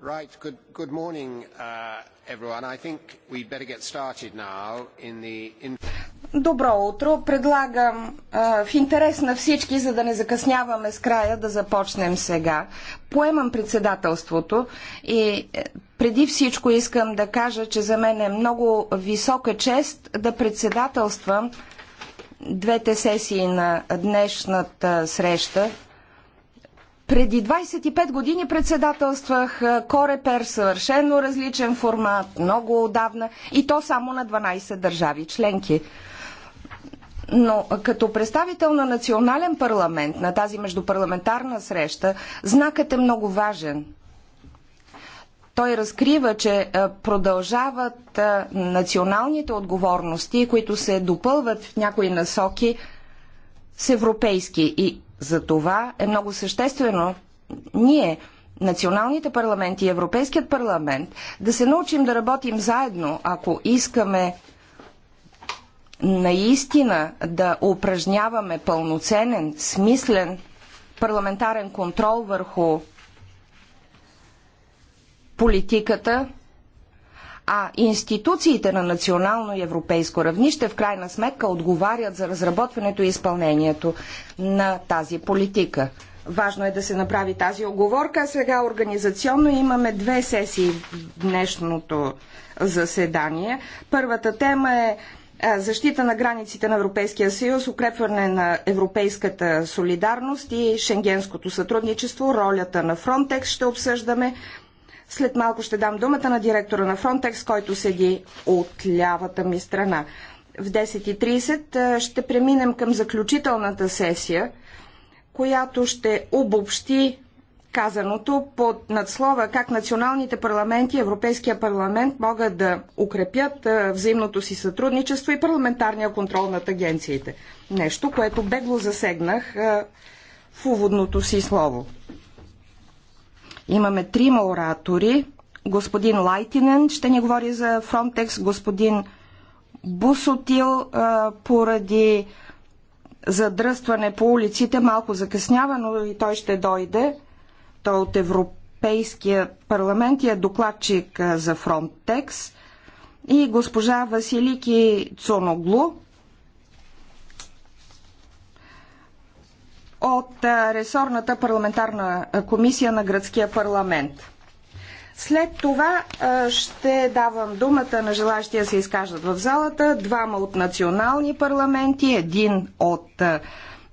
Right. Good morning, uh, everyone. I think we'd better get started now in the. Добро утро! Предлагам в интерес на всички, за да не закъсняваме с края, да започнем сега. Поемам председателството и е, преди всичко искам да кажа, че за мен е много висока чест да председателствам двете сесии на днешната среща преди 25 години председателствах е, Корепер, съвършено различен формат, много отдавна и то само на 12 държави членки. Но е, като представител на национален парламент на тази междупарламентарна среща, знакът е много важен. Той разкрива, че е, продължават националните отговорности, които се допълват в някои насоки с европейски. И за това е много съществено ние, националните парламенти и Европейският парламент, да се научим да работим заедно, ако искаме наистина да упражняваме пълноценен, смислен парламентарен контрол върху политиката а институциите на национално и европейско равнище в крайна сметка отговарят за разработването и изпълнението на тази политика. Важно е да се направи тази оговорка. Сега организационно имаме две сесии в днешното заседание. Първата тема е защита на границите на Европейския съюз, укрепване на европейската солидарност и шенгенското сътрудничество, ролята на Фронтекс ще обсъждаме. След малко ще дам думата на директора на Frontex, който седи от лявата ми страна. В 10.30 ще преминем към заключителната сесия, която ще обобщи казаното под надслова как националните парламенти и Европейския парламент могат да укрепят взаимното си сътрудничество и парламентарния контрол над агенциите. Нещо, което бегло засегнах в уводното си слово. Имаме трима оратори. Господин Лайтинен ще ни говори за Фронтекс, господин Бусотил поради задръстване по улиците малко закъснява, но и той ще дойде. Той от Европейския парламент и е докладчик за Фронтекс. И госпожа Василики Цоноглу, от ресорната парламентарна комисия на гръцкия парламент. След това ще давам думата на желащия се изкажат в залата. Двама от национални парламенти, един от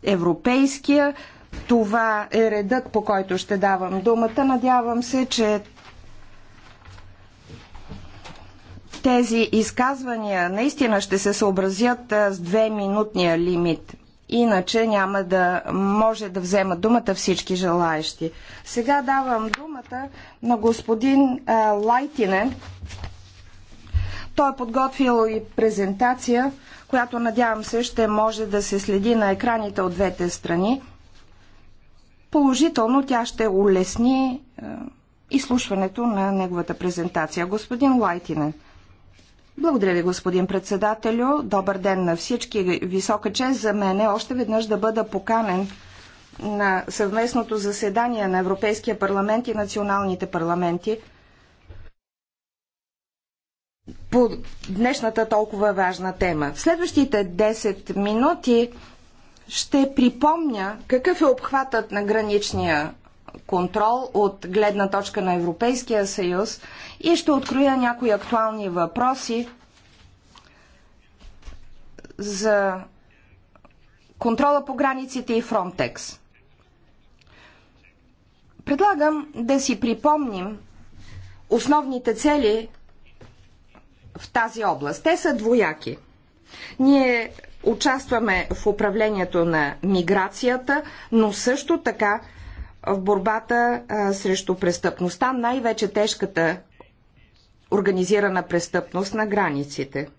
европейския. Това е редът, по който ще давам думата. Надявам се, че тези изказвания наистина ще се съобразят с две минутния лимит. Иначе няма да може да взема думата всички желаещи. Сега давам думата на господин а, Лайтинен. Той е подготвил и презентация, която надявам се ще може да се следи на екраните от двете страни. Положително тя ще улесни изслушването на неговата презентация. Господин Лайтинен. Благодаря ви, господин председателю. Добър ден на всички. Висока чест за мен е още веднъж да бъда поканен на съвместното заседание на Европейския парламент и националните парламенти по днешната толкова важна тема. В следващите 10 минути ще припомня какъв е обхватът на граничния контрол от гледна точка на Европейския съюз и ще откроя някои актуални въпроси за контрола по границите и Фронтекс. Предлагам да си припомним основните цели в тази област. Те са двояки. Ние участваме в управлението на миграцията, но също така в борбата срещу престъпността, най-вече тежката организирана престъпност на границите.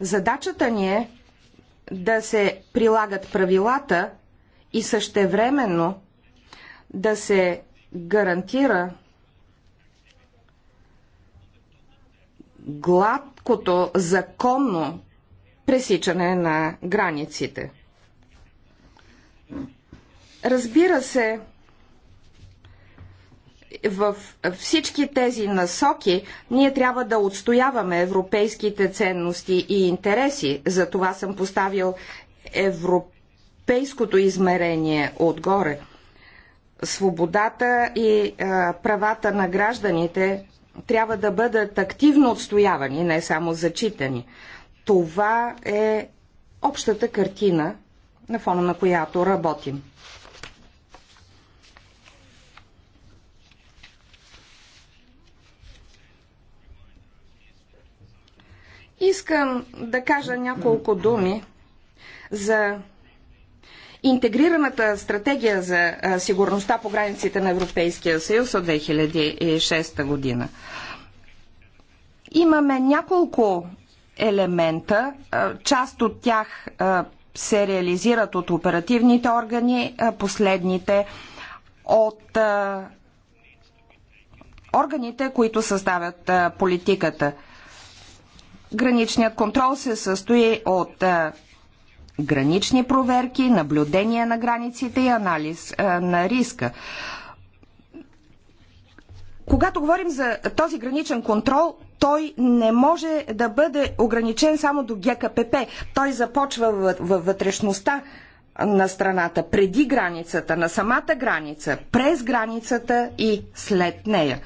Задачата ни е да се прилагат правилата и същевременно да се гарантира гладкото законно пресичане на границите. Разбира се, в всички тези насоки ние трябва да отстояваме европейските ценности и интереси. За това съм поставил европейското измерение отгоре. Свободата и а, е, правата на гражданите трябва да бъдат активно отстоявани, не само зачитани. Това е общата картина, на фона на която работим. Искам да кажа няколко думи за интегрираната стратегия за сигурността по границите на Европейския съюз от 2006 година. Имаме няколко елемента, част от тях се реализират от оперативните органи, последните от органите, които съставят политиката. Граничният контрол се състои от гранични проверки, наблюдение на границите и анализ на риска. Когато говорим за този граничен контрол, той не може да бъде ограничен само до ГКПП. Той започва във вътрешността на страната, преди границата, на самата граница, през границата и след нея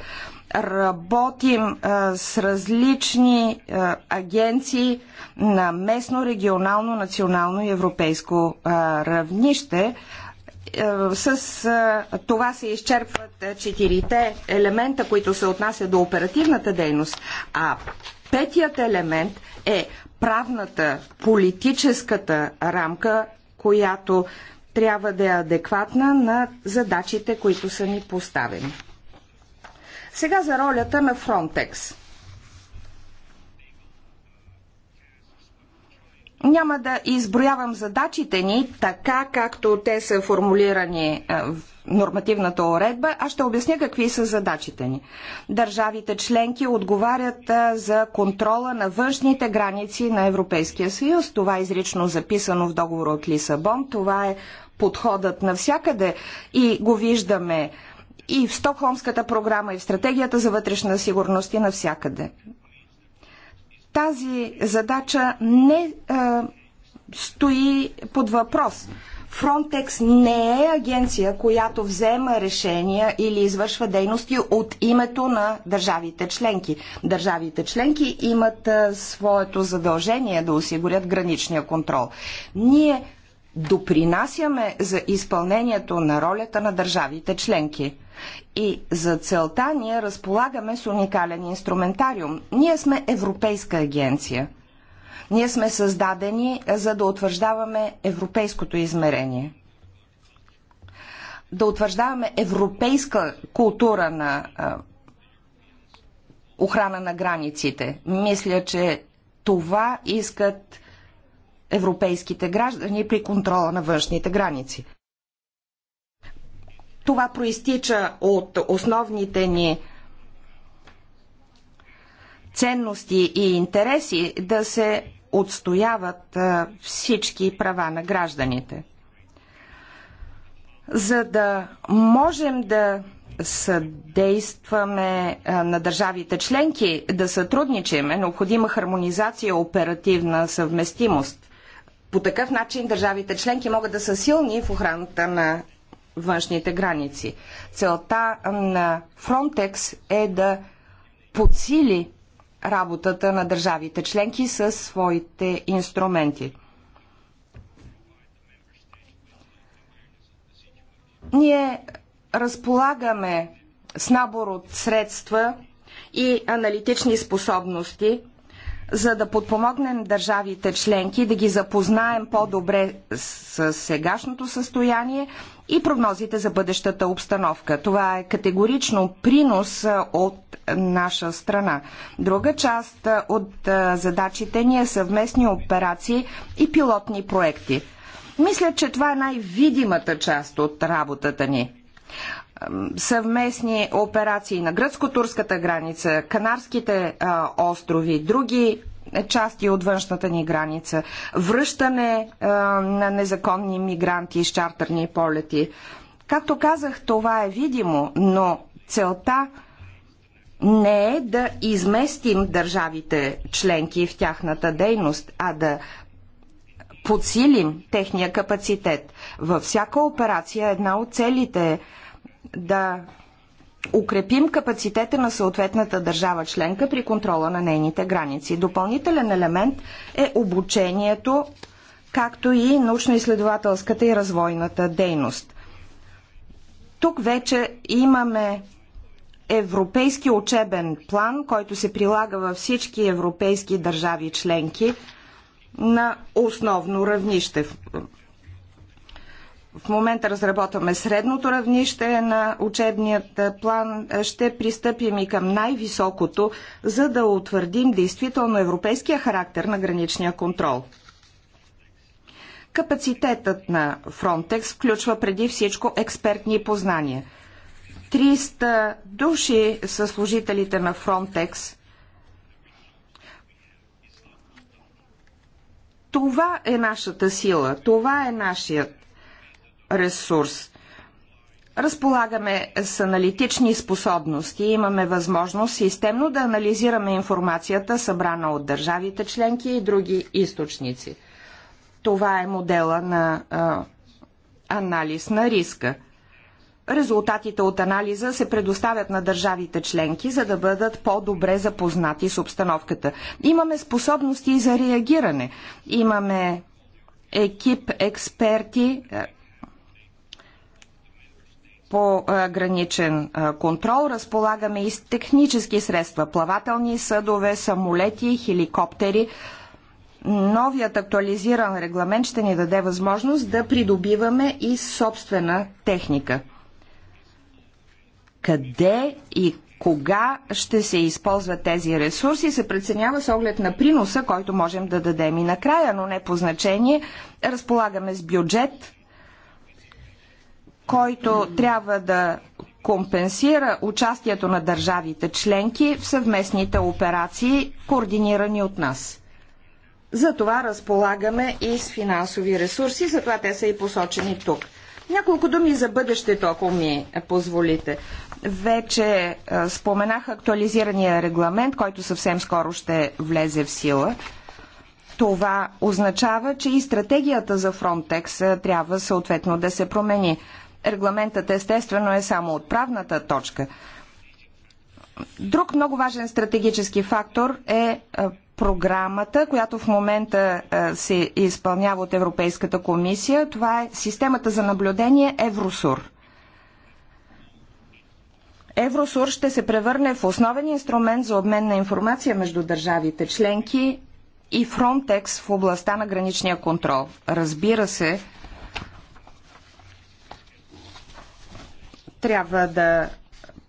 работим а, с различни а, агенции на местно, регионално, национално и европейско а, равнище. С това се изчерпват четирите елемента, които се отнасят до оперативната дейност. А петият елемент е правната, политическата рамка, която трябва да е адекватна на задачите, които са ни поставени. Сега за ролята на Фронтекс. Няма да изброявам задачите ни така, както те са формулирани е, в нормативната уредба, а ще обясня какви са задачите ни. Държавите членки отговарят е, за контрола на външните граници на Европейския съюз. Това е изрично записано в договора от Лисабон. Това е подходът навсякъде и го виждаме и в Стокхолмската програма, и в стратегията за вътрешна сигурност и навсякъде. Тази задача не а, стои под въпрос. Фронтекс не е агенция, която взема решения или извършва дейности от името на държавите членки. Държавите членки имат а, своето задължение да осигурят граничния контрол. Ние допринасяме за изпълнението на ролята на държавите членки. И за целта ние разполагаме с уникален инструментариум. Ние сме Европейска агенция. Ние сме създадени е, за да утвърждаваме европейското измерение. Да утвърждаваме европейска култура на а, е, охрана на границите. Мисля, че това искат европейските граждани при контрола на външните граници. Това проистича от основните ни ценности и интереси да се отстояват всички права на гражданите. За да можем да съдействаме на държавите членки да сътрудничим, е необходима хармонизация и оперативна съвместимост. По такъв начин държавите членки могат да са силни в охраната на външните граници. Целта на Frontex е да подсили работата на държавите членки със своите инструменти. Ние разполагаме с набор от средства и аналитични способности – за да подпомогнем държавите членки, да ги запознаем по-добре с сегашното състояние и прогнозите за бъдещата обстановка. Това е категорично принос от наша страна. Друга част от задачите ни е съвместни операции и пилотни проекти. Мисля, че това е най-видимата част от работата ни съвместни операции на гръцко-турската граница, Канарските а, острови, други е, части от външната ни граница, връщане а, на незаконни мигранти с чартерни полети. Както казах, това е видимо, но целта не е да изместим държавите членки в тяхната дейност, а да подсилим техния капацитет. Във всяка операция една от целите е да укрепим капацитета на съответната държава членка при контрола на нейните граници. Допълнителен елемент е обучението, както и научно-изследователската и развойната дейност. Тук вече имаме европейски учебен план, който се прилага във всички европейски държави членки на основно равнище. В момента разработваме средното равнище на учебният план. Ще пристъпим и към най-високото, за да утвърдим действително европейския характер на граничния контрол. Капацитетът на Frontex включва преди всичко експертни познания. 300 души са служителите на Frontex. Това е нашата сила, това е нашият ресурс. Разполагаме с аналитични способности и имаме възможност системно да анализираме информацията, събрана от държавите членки и други източници. Това е модела на а, анализ на риска. Резултатите от анализа се предоставят на държавите членки, за да бъдат по-добре запознати с обстановката. Имаме способности и за реагиране. Имаме екип експерти, по граничен контрол. Разполагаме и с технически средства, плавателни съдове, самолети, хеликоптери. Новият актуализиран регламент ще ни даде възможност да придобиваме и собствена техника. Къде и кога ще се използват тези ресурси, се преценява с оглед на приноса, който можем да дадем и накрая, но не по значение. Разполагаме с бюджет, който трябва да компенсира участието на държавите членки в съвместните операции, координирани от нас. За това разполагаме и с финансови ресурси, затова те са и посочени тук. Няколко думи за бъдещето, ако ми позволите. Вече е, споменах актуализирания регламент, който съвсем скоро ще влезе в сила. Това означава, че и стратегията за Frontex е, трябва съответно да се промени. Регламентът естествено е само отправната точка. Друг много важен стратегически фактор е, е програмата, която в момента е, се изпълнява от Европейската комисия. Това е системата за наблюдение Евросур. Евросур ще се превърне в основен инструмент за обмен на информация между държавите членки и Фронтекс в областта на граничния контрол. Разбира се, трябва да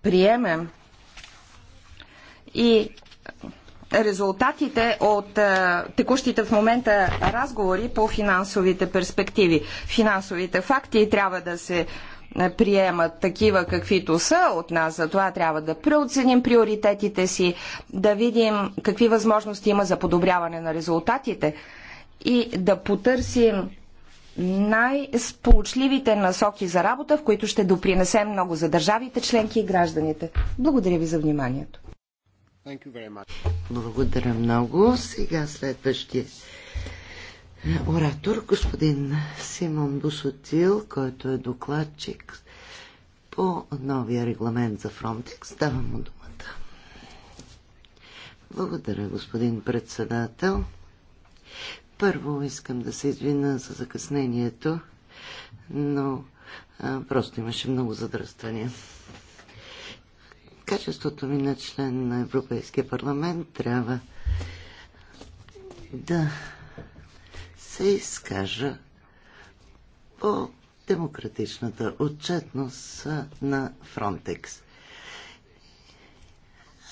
приемем и резултатите от текущите в момента разговори по финансовите перспективи. Финансовите факти трябва да се приемат такива каквито са от нас, затова трябва да преоценим приоритетите си, да видим какви възможности има за подобряване на резултатите и да потърсим най-сполучливите насоки за работа, в които ще допринесе много за държавите, членки и гражданите. Благодаря ви за вниманието. Благодаря много. Сега следващия оратор, господин Симон Бусотил, който е докладчик по новия регламент за Фронтекс. Давам му думата. Благодаря, господин председател. Първо искам да се извина за закъснението, но а, просто имаше много задръствания. Качеството ми на член на Европейския парламент трябва да се изкажа по демократичната отчетност на Фронтекс.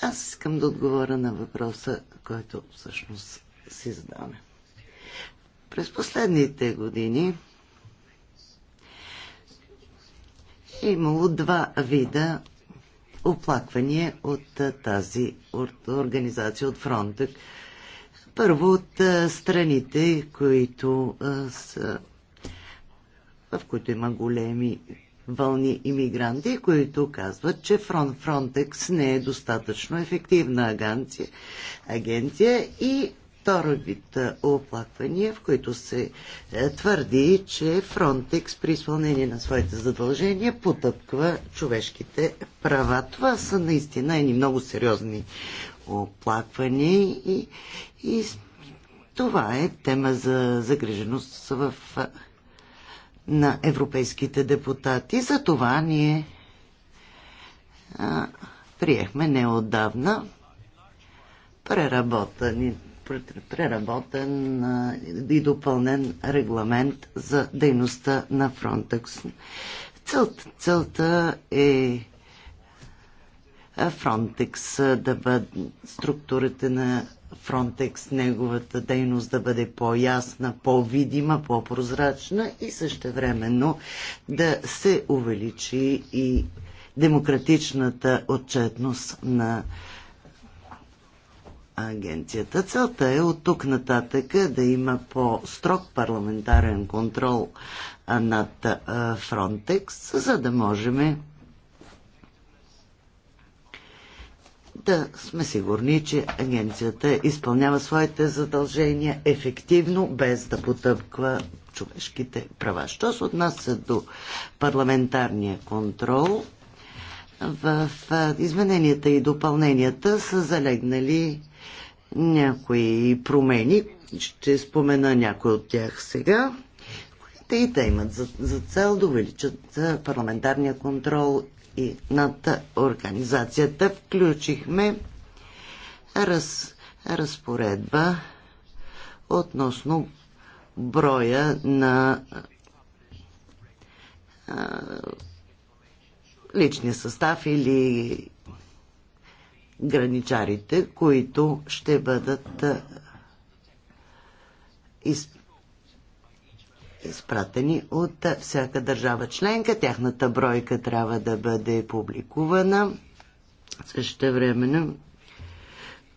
Аз искам да отговоря на въпроса, който всъщност си задаваме. През последните години е имало два вида оплаквания от тази от организация, от Фронтък. Първо от страните, които са, в които има големи вълни иммигранти, които казват, че Фронт Фронтекс не е достатъчно ефективна агенция, агенция и втора вид е, оплаквания, в които се е, твърди, че Фронтекс при изпълнение на своите задължения потъпква човешките права. Това са наистина едни много сериозни оплаквания и, и това е тема за загриженост в, е, на европейските депутати. За това ние а, приехме неодавна преработани преработен и допълнен регламент за дейността на Frontex. Целта, целта е Фронтекс да бъде структурите на Фронтекс, неговата дейност да бъде по-ясна, по-видима, по-прозрачна и същевременно да се увеличи и демократичната отчетност на агенцията. Целта е от тук нататък да има по-строг парламентарен контрол над Фронтекс, за да можем да сме сигурни, че агенцията изпълнява своите задължения ефективно, без да потъпква човешките права. Що се отнася до парламентарния контрол, в измененията и допълненията са залегнали някои промени. Ще спомена някои от тях сега. Те и те имат за, за цел да увеличат парламентарния контрол и над организацията. Включихме раз, разпоредба относно броя на а, личния състав или граничарите, които ще бъдат из... изпратени от всяка държава членка. Тяхната бройка трябва да бъде публикувана. Също времено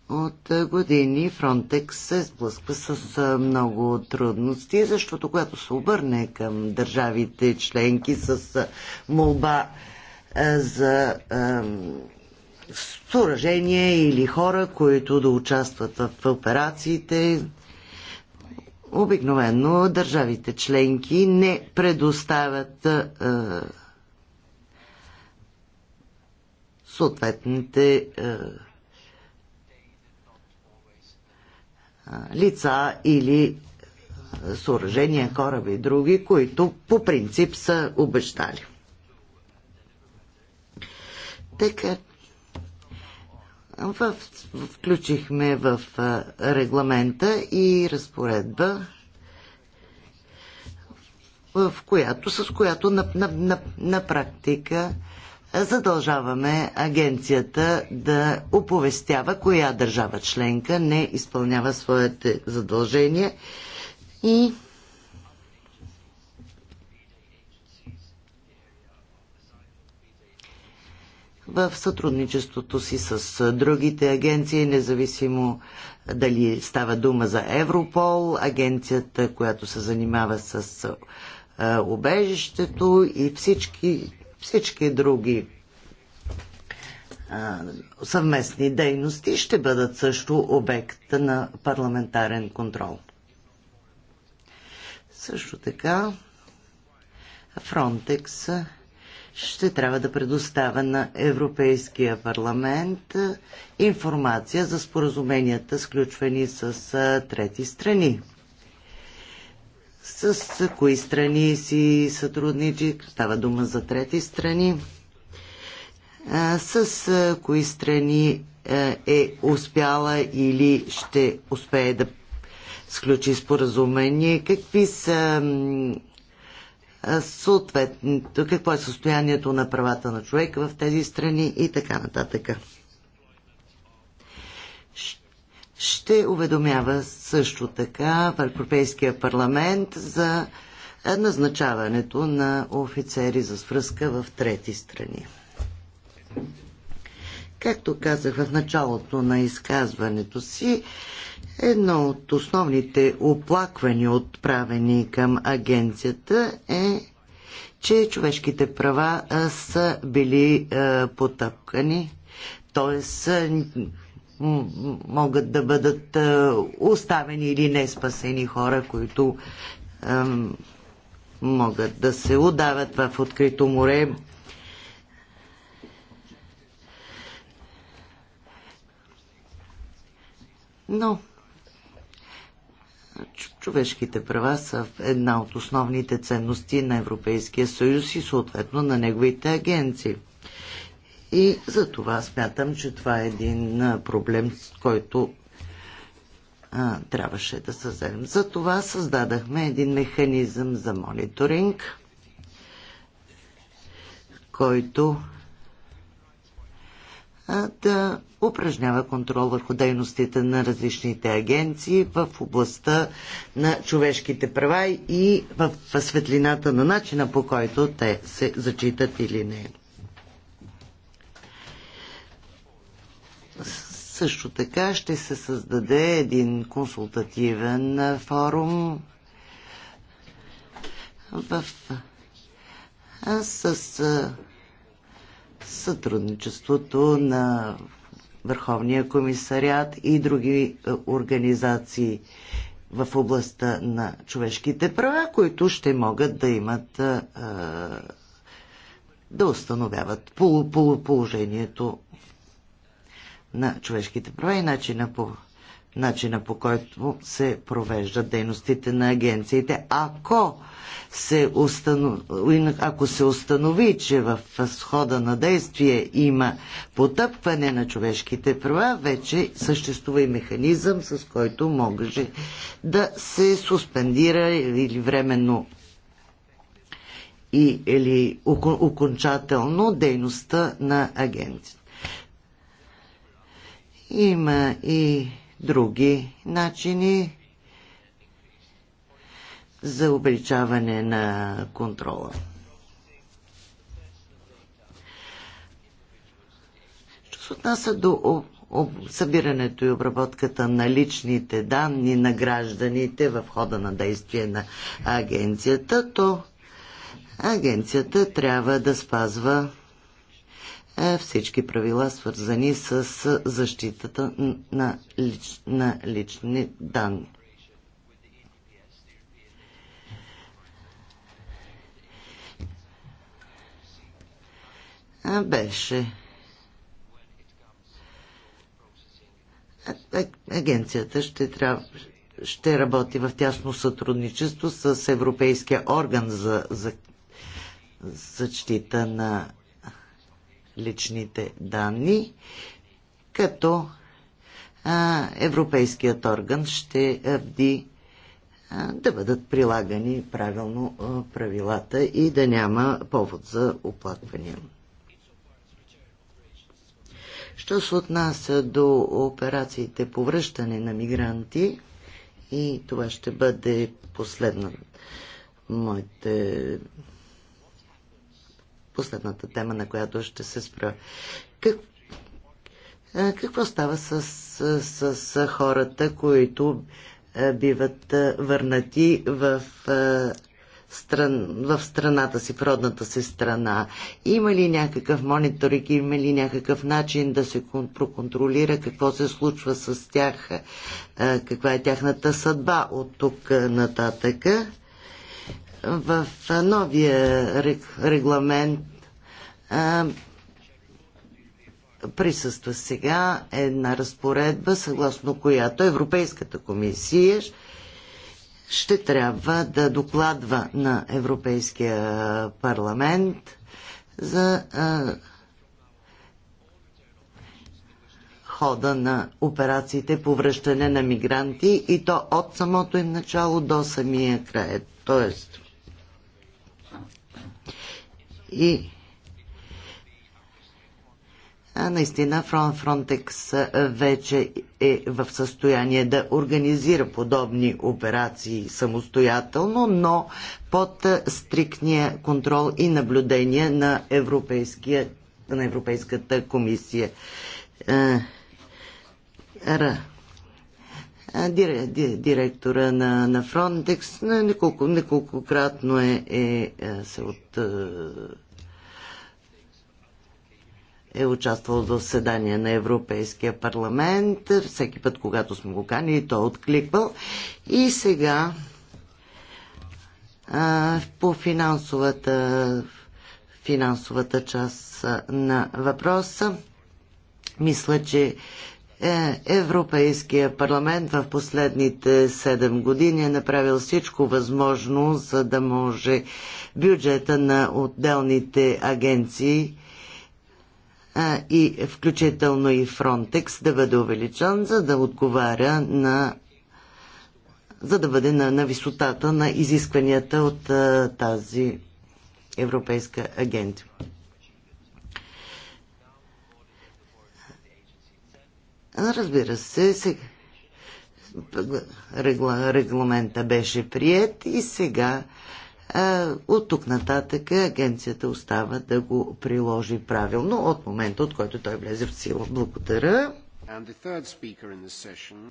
от години Фронтекс се сблъсква с много трудности, защото когато се обърне към държавите членки с молба за съоръжения или хора, които да участват в операциите. Обикновено държавите членки не предоставят е, съответните е, лица или е, съоръжения, кораби и други, които по принцип са обещали. Така в, включихме в регламента и разпоредба, в която, с която на, на, на, на практика задължаваме агенцията да оповестява коя държава членка не изпълнява своите задължения и в сътрудничеството си с другите агенции, независимо дали става дума за Европол, агенцията, която се занимава с обежището и всички, всички други съвместни дейности ще бъдат също обект на парламентарен контрол. Също така Фронтекс ще трябва да предоставя на Европейския парламент е, информация за споразуменията, сключвани с е, трети страни. С е, кои страни си сътрудничи? Става дума за трети страни. С кои страни е успяла или ще успее да сключи споразумение? Какви са съответно, какво е състоянието на правата на човека в тези страни и така нататък. Ще уведомява също така в Европейския парламент за назначаването на офицери за свръзка в трети страни. Както казах в началото на изказването си, едно от основните оплаквания, отправени към агенцията е, че човешките права са били потъпкани, т.е. могат да бъдат оставени или не спасени хора, които могат да се удават в открито море Но човешките права са една от основните ценности на Европейския съюз и съответно на неговите агенции. И за това смятам, че това е един проблем, с който а, трябваше да се вземем. За това създадахме един механизъм за мониторинг, който да упражнява контрол върху дейностите на различните агенции в областта на човешките права и в светлината на начина по който те се зачитат или не. Също така ще се създаде един консултативен форум в с сътрудничеството на Върховния комисариат и други е, организации в областта на човешките права, които ще могат да имат е, е, да установяват полу -полу положението на човешките права и начина по начина по който се провеждат дейностите на агенциите. Ако се установи, ако се установи че в схода на действие има потъпване на човешките права, вече съществува и механизъм, с който може да се суспендира или временно и, или окончателно дейността на агентите. Има и други начини за обличаване на контрола. Що се отнася до събирането и обработката на личните данни на гражданите в хода на действие на агенцията, то агенцията трябва да спазва е, всички правила, свързани с защитата на, лич, на лични данни. Беше е, агенцията ще трябва ще работи в тясно сътрудничество с Европейския орган за, за защита на личните данни, като а, Европейският орган ще бди да бъдат прилагани правилно правилата и да няма повод за оплаквания. Що се отнася до операциите по връщане на мигранти, и това ще бъде последна моите последната тема, на която ще се спра. Как, какво става с, с, с, хората, които биват върнати в, стран, в страната си, в родната си страна? Има ли някакъв мониторинг, има ли някакъв начин да се проконтролира какво се случва с тях, каква е тяхната съдба от тук нататъка? в новия регламент присъства сега една разпоредба, съгласно която Европейската комисия ще трябва да докладва на Европейския парламент за а, хода на операциите по връщане на мигранти и то от самото им начало до самия край. Тоест, и а наистина Фронтекс вече е в състояние да организира подобни операции самостоятелно, но под стриктния контрол и наблюдение на, на Европейската комисия. Е, директора на, на Frontex неколко, неколкократно е, е, е, се от, е, е участвал в заседание на Европейския парламент. Всеки път, когато сме го канили, е той е откликвал. И сега а, по финансовата, финансовата част на въпроса, мисля, че е, Европейския парламент в последните 7 години е направил всичко възможно, за да може бюджета на отделните агенции и включително и Фронтекс да бъде увеличен, за да отговаря на за да бъде на, на висотата на изискванията от тази европейска агенция. Разбира се, сега регла, регламента беше прият и сега а, от тук нататък агенцията остава да го приложи правилно от момента, от който той влезе в сила. Благодаря.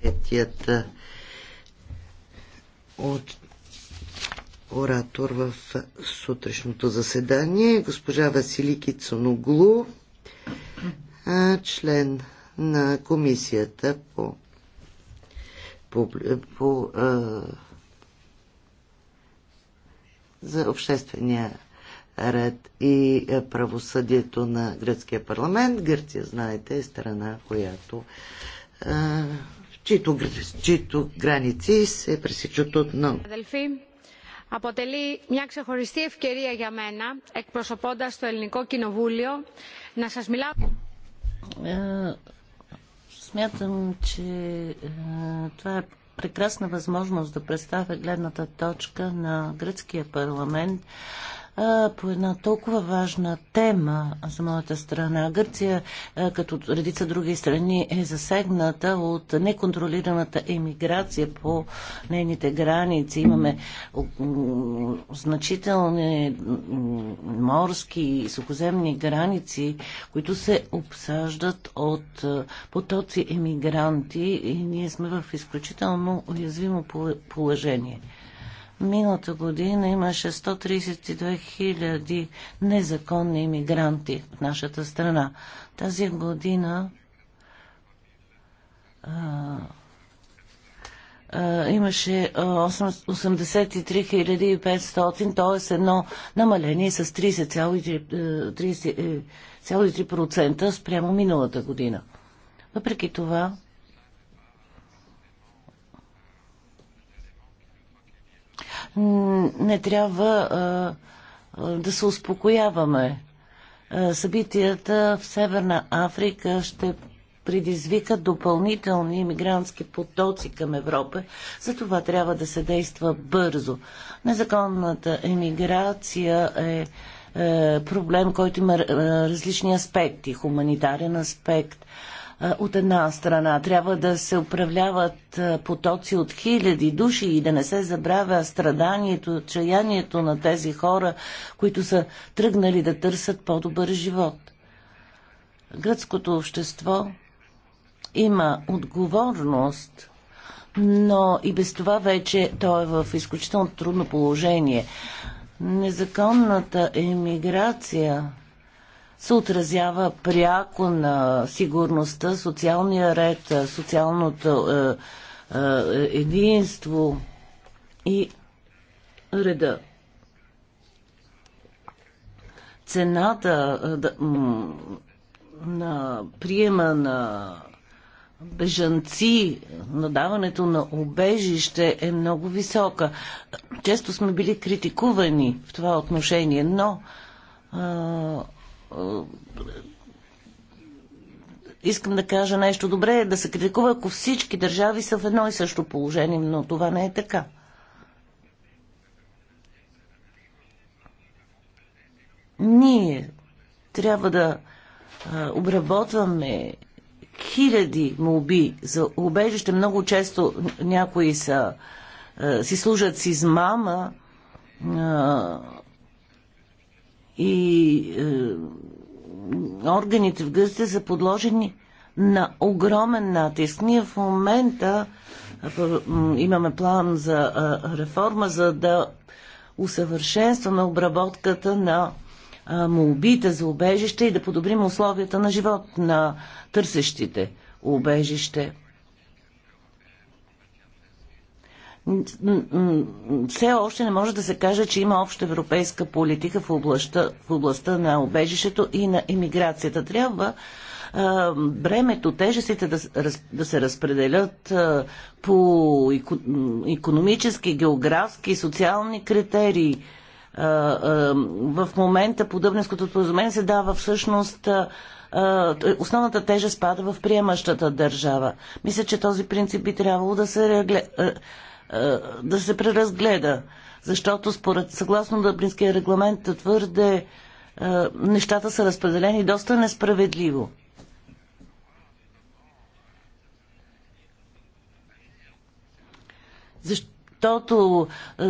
Третият от оратор в сутрешното заседание, госпожа Василики Цоноглу, член на комисията по, по, по а, за обществения ред и правосъдието на гръцкия парламент. Гърция, знаете, е страна, която а, чието, чието граници се пресичат от много. Αποτελεί μια ξεχωριστή ευκαιρία για μένα, εκπροσωπώντας το Ελληνικό Κοινοβούλιο, να σας μιλάω... Смятам, че е, това е прекрасна възможност да представя гледната точка на гръцкия парламент по една толкова важна тема за моята страна. Гърция, като редица други страни, е засегната от неконтролираната емиграция по нейните граници. Имаме значителни морски и сухоземни граници, които се обсаждат от потоци емигранти и ние сме в изключително уязвимо положение. Миналата година имаше 132 хиляди незаконни иммигранти в нашата страна. Тази година а, а, имаше 83 500, т.е. едно намаление с 30,3% е, е, спрямо миналата година. Въпреки това, не трябва да се успокояваме. събитията в Северна Африка ще предизвика допълнителни иммигрантски потоци към Европа. За това трябва да се действа бързо. Незаконната емиграция е, е проблем, който има различни аспекти. Хуманитарен аспект, от една страна трябва да се управляват потоци от хиляди души и да не се забравя страданието, отчаянието на тези хора, които са тръгнали да търсят по-добър живот. Гръцкото общество има отговорност, но и без това вече то е в изключително трудно положение. Незаконната емиграция се отразява пряко на сигурността, социалния ред, е, социалното е, е, е, единство и реда. Цената е, да, на приема на бежанци, надаването на обежище е много висока. Често сме били критикувани в това отношение, но е, искам да кажа нещо. Добре е да се критикува, ако всички държави са в едно и също положение, но това не е така. Ние трябва да обработваме хиляди молби за убежище. Много често някои са, си служат с измама и е, органите в гъста са подложени на огромен натиск. Ние в момента е, имаме план за е, реформа, за да усъвършенстваме обработката на е, молбите за убежище и да подобрим условията на живот на търсещите убежище. все още не може да се каже, че има обща европейска политика в областта, в областта на обежището и на иммиграцията. Трябва бремето, тежестите да, да се разпределят по економически, географски, социални критерии. в момента по Дъбненското споразумение се дава всъщност основната тежест пада в приемащата държава. Мисля, че този принцип би трябвало да се да се преразгледа. Защото според, съгласно Дъблинския регламент твърде е, нещата са разпределени доста несправедливо. Защото е,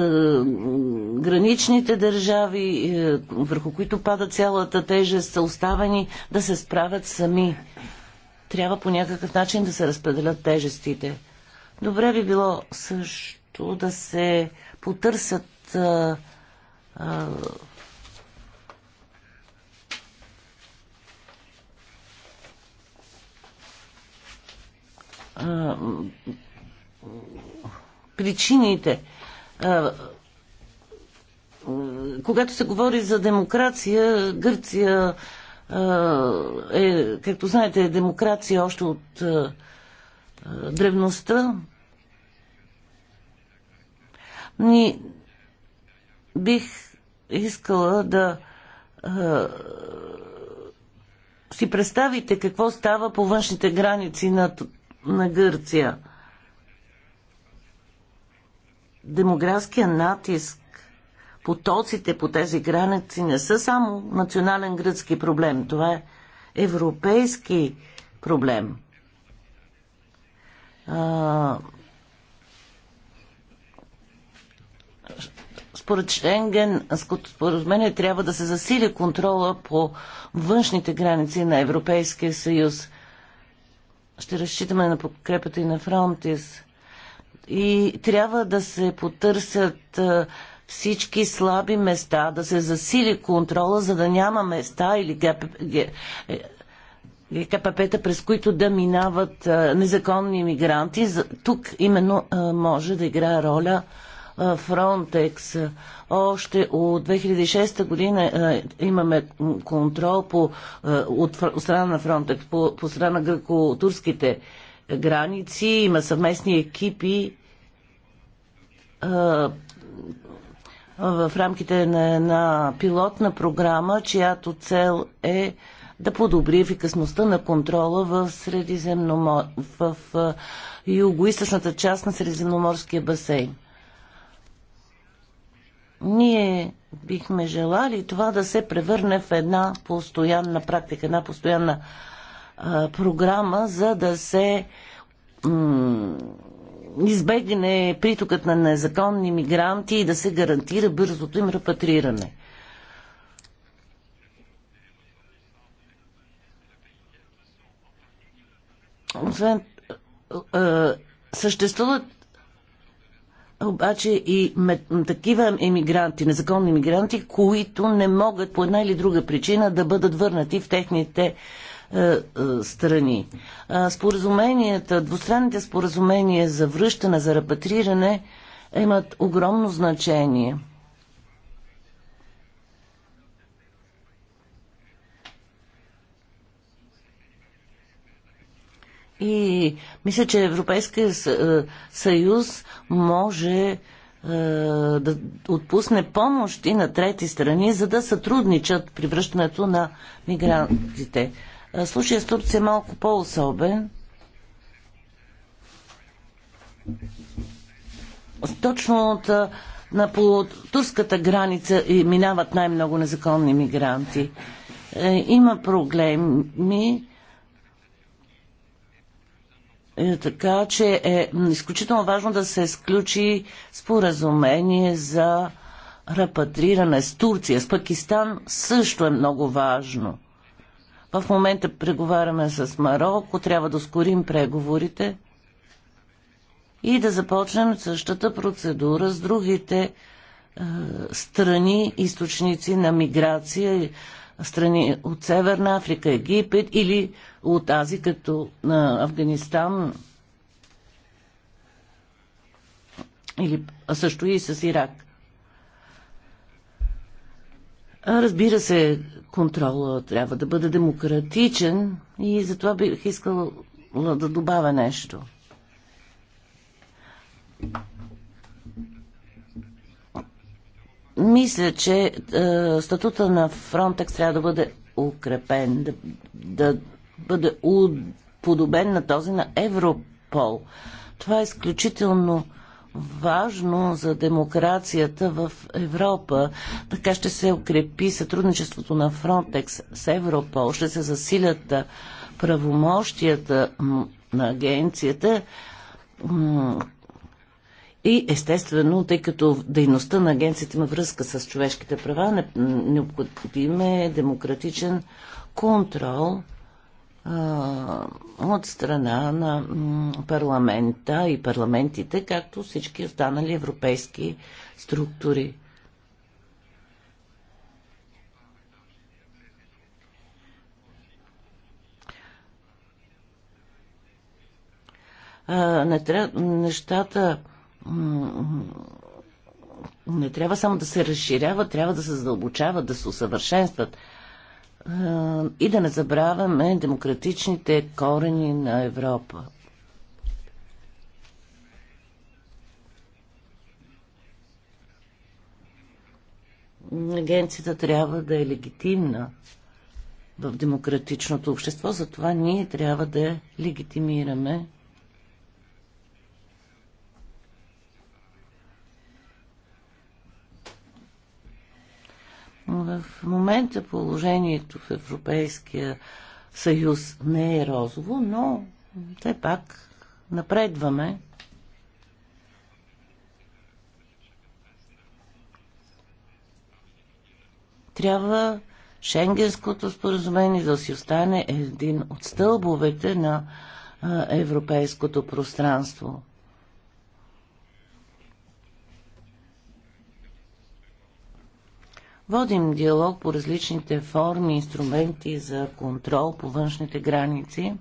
граничните държави, е, върху които пада цялата тежест, са оставени да се справят сами. Трябва по някакъв начин да се разпределят тежестите. Добре би било също да се потърсят а, а, причините. А, когато се говори за демокрация, Гърция е, както знаете, е демокрация още от е, древността ни бих искала да а, си представите какво става по външните граници на, на Гърция. Демографския натиск, потоците по тези граници не са само национален гръцки проблем. Това е европейски проблем. А, Според Шенгенското споразумение трябва да се засили контрола по външните граници на Европейския съюз. Ще разчитаме на подкрепата и на Фронтис. И трябва да се потърсят всички слаби места, да се засили контрола, за да няма места или ГКПП-та, е, е, през които да минават незаконни иммигранти. Тук именно може да играе роля Фронтекс. Още от 2006 година имаме контрол по, от, от страна на Фронтекс, по, по страна на гръко-турските граници. Има съвместни екипи в рамките на една пилотна програма, чиято цел е да подобри ефикасността на контрола в, Средиземномор... в юго-источната част на Средиземноморския басейн. Ние бихме желали това да се превърне в една постоянна практика, една постоянна а, програма, за да се избегне притокът на незаконни мигранти и да се гарантира бързото им репатриране. Освен, съществуват обаче и такива емигранти, незаконни емигранти, които не могат по една или друга причина да бъдат върнати в техните е, е, страни. Споразуменията, двустранните споразумения за връщане, за репатриране имат огромно значение – И мисля, че Европейския е, съюз може е, да отпусне помощи на трети страни, за да сътрудничат при връщането на мигрантите. Е, случая с Турция е малко по-особен. Точно от, на, по турската граница минават най-много незаконни мигранти. Има проблеми е, така че е изключително важно да се сключи споразумение за репатриране с Турция. С Пакистан също е много важно. В момента преговаряме с Марокко, трябва да ускорим преговорите и да започнем същата процедура с другите е, страни, източници на миграция страни от Северна Африка, Египет или от тази като на Афганистан или а също и с Ирак. А разбира се, контрола трябва да бъде демократичен и затова бих искала да добавя нещо. Мисля, че е, статута на Фронтекс трябва да бъде укрепен, да, да бъде подобен на този на Европол. Това е изключително важно за демокрацията в Европа. Така ще се укрепи сътрудничеството на Фронтекс с Европол, ще се засилят правомощията на агенцията и естествено, тъй като дейността на агенцията има връзка с човешките права, необходим е демократичен контрол а, от страна на парламента и парламентите, както всички останали европейски структури. не трябва, нещата не трябва само да се разширяват, трябва да се задълбочават, да се усъвършенстват. И да не забравяме демократичните корени на Европа. Агенцията трябва да е легитимна в демократичното общество, затова ние трябва да легитимираме В момента положението в Европейския съюз не е розово, но все пак напредваме. Трябва Шенгенското споразумение да си остане един от стълбовете на европейското пространство. Водим диалог по различните форми, инструменти за контрол по външните граници.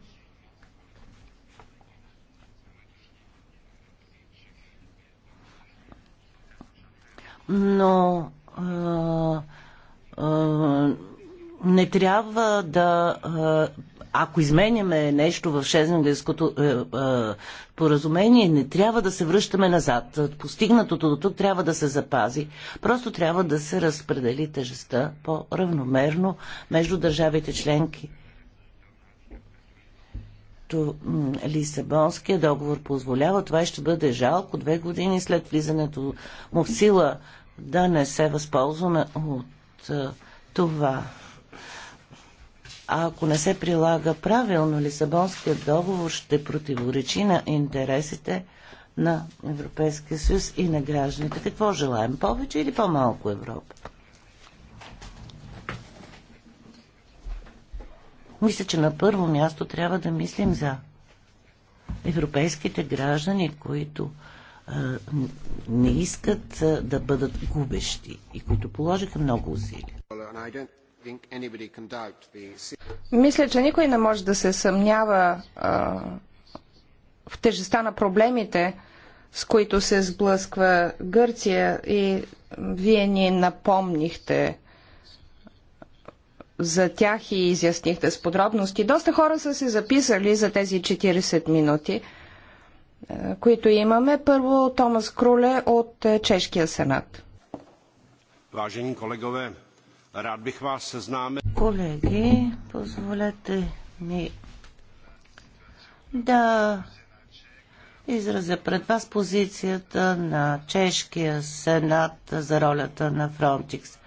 Но а, а, не трябва да. Ако изменяме нещо в Шезенгельското е, е, поразумение, не трябва да се връщаме назад. Постигнатото до тук трябва да се запази. Просто трябва да се разпредели тежестта по-равномерно между държавите членки. Лисабонския договор позволява, това ще бъде жалко две години след влизането му в сила да не се възползваме от е, това. А ако не се прилага правилно, Лисабонският договор ще противоречи на интересите на Европейския съюз и на гражданите. Какво желаем? Повече или по-малко Европа? Мисля, че на първо място трябва да мислим за европейските граждани, които е, не искат да бъдат губещи и които положиха много усилия. Мисля, че никой не може да се съмнява а, в тежеста на проблемите, с които се сблъсква Гърция и вие ни напомнихте за тях и изяснихте с подробности. Доста хора са се записали за тези 40 минути, които имаме. Първо Томас Круле от Чешкия сенат. Важени колегове, Rád bych vás seznámil. Колеги, позволете ми да изразя пред вас позицията на Чешкия сенат за ролята на Фронтикс. Е,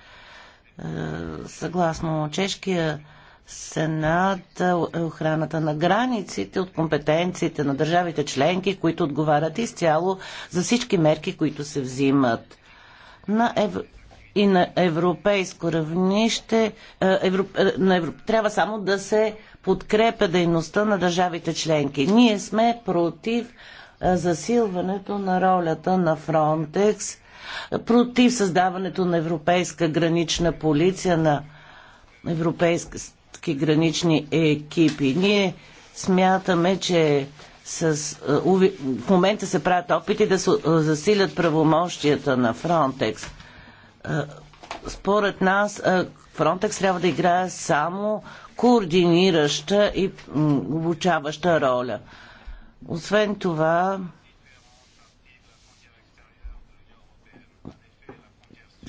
съгласно Чешкия Сенат, е, е охраната на границите от компетенциите на държавите членки, които отговарят изцяло за всички мерки, които се взимат. На Ев и на европейско равнище е, евро, е, на евро, трябва само да се подкрепя дейността на държавите членки. Ние сме против е, засилването на ролята на Фронтекс, против създаването на европейска гранична полиция, на европейски гранични екипи. Ние смятаме, че с, в момента се правят опити да засилят правомощията на Фронтекс. Според нас Фронтекс трябва да играе само координираща и обучаваща роля. Освен това,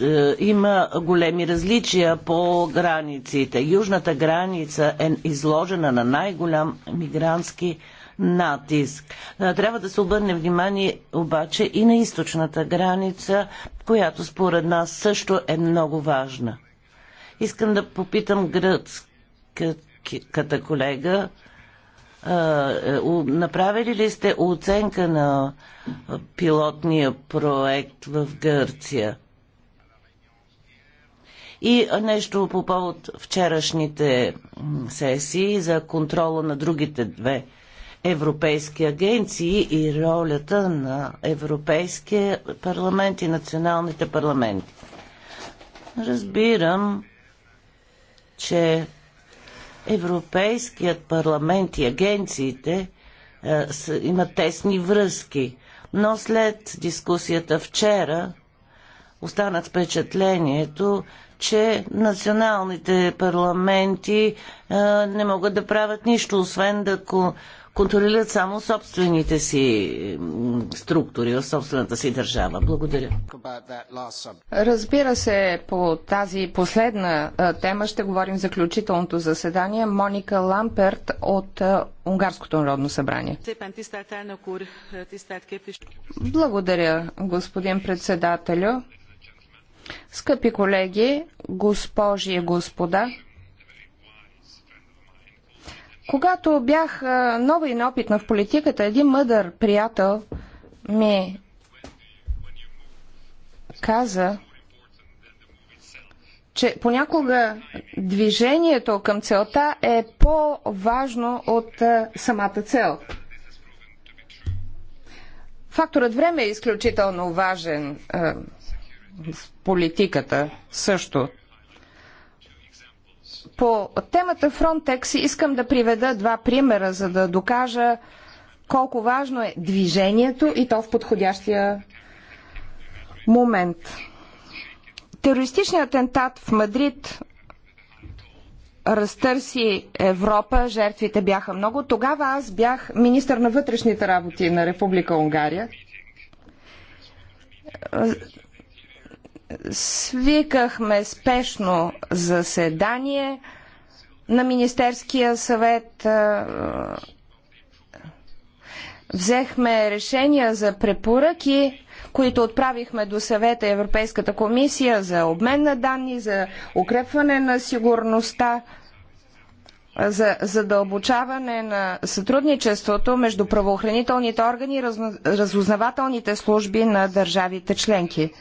е, има големи различия по границите. Южната граница е изложена на най-голям мигрантски натиск. Трябва да се обърне внимание обаче и на източната граница, която според нас също е много важна. Искам да попитам гръцката колега, е, направили ли сте оценка на пилотния проект в Гърция? И нещо по повод вчерашните сесии за контрола на другите две европейски агенции и ролята на Европейския парламент и националните парламенти. Разбирам, че Европейският парламент и агенциите е, имат тесни връзки, но след дискусията вчера останах впечатлението, че националните парламенти е, не могат да правят нищо, освен да контролират само собствените си структури в собствената си държава. Благодаря. Разбира се, по тази последна тема ще говорим в заключителното заседание. Моника Ламперт от Унгарското народно събрание. Благодаря, господин председателю. Скъпи колеги, госпожи и господа, когато бях нова и неопитна в политиката, един мъдър приятел ми каза, че понякога движението към целта е по-важно от самата цел. Факторът време е изключително важен в политиката също. По темата Frontex искам да приведа два примера, за да докажа колко важно е движението и то в подходящия момент. Терористичният атентат в Мадрид разтърси Европа, жертвите бяха много. Тогава аз бях министър на вътрешните работи на Република Унгария свикахме спешно заседание на Министерския съвет. Взехме решения за препоръки, които отправихме до съвета Европейската комисия за обмен на данни, за укрепване на сигурността, за задълбочаване на сътрудничеството между правоохранителните органи и разузнавателните служби на държавите членки.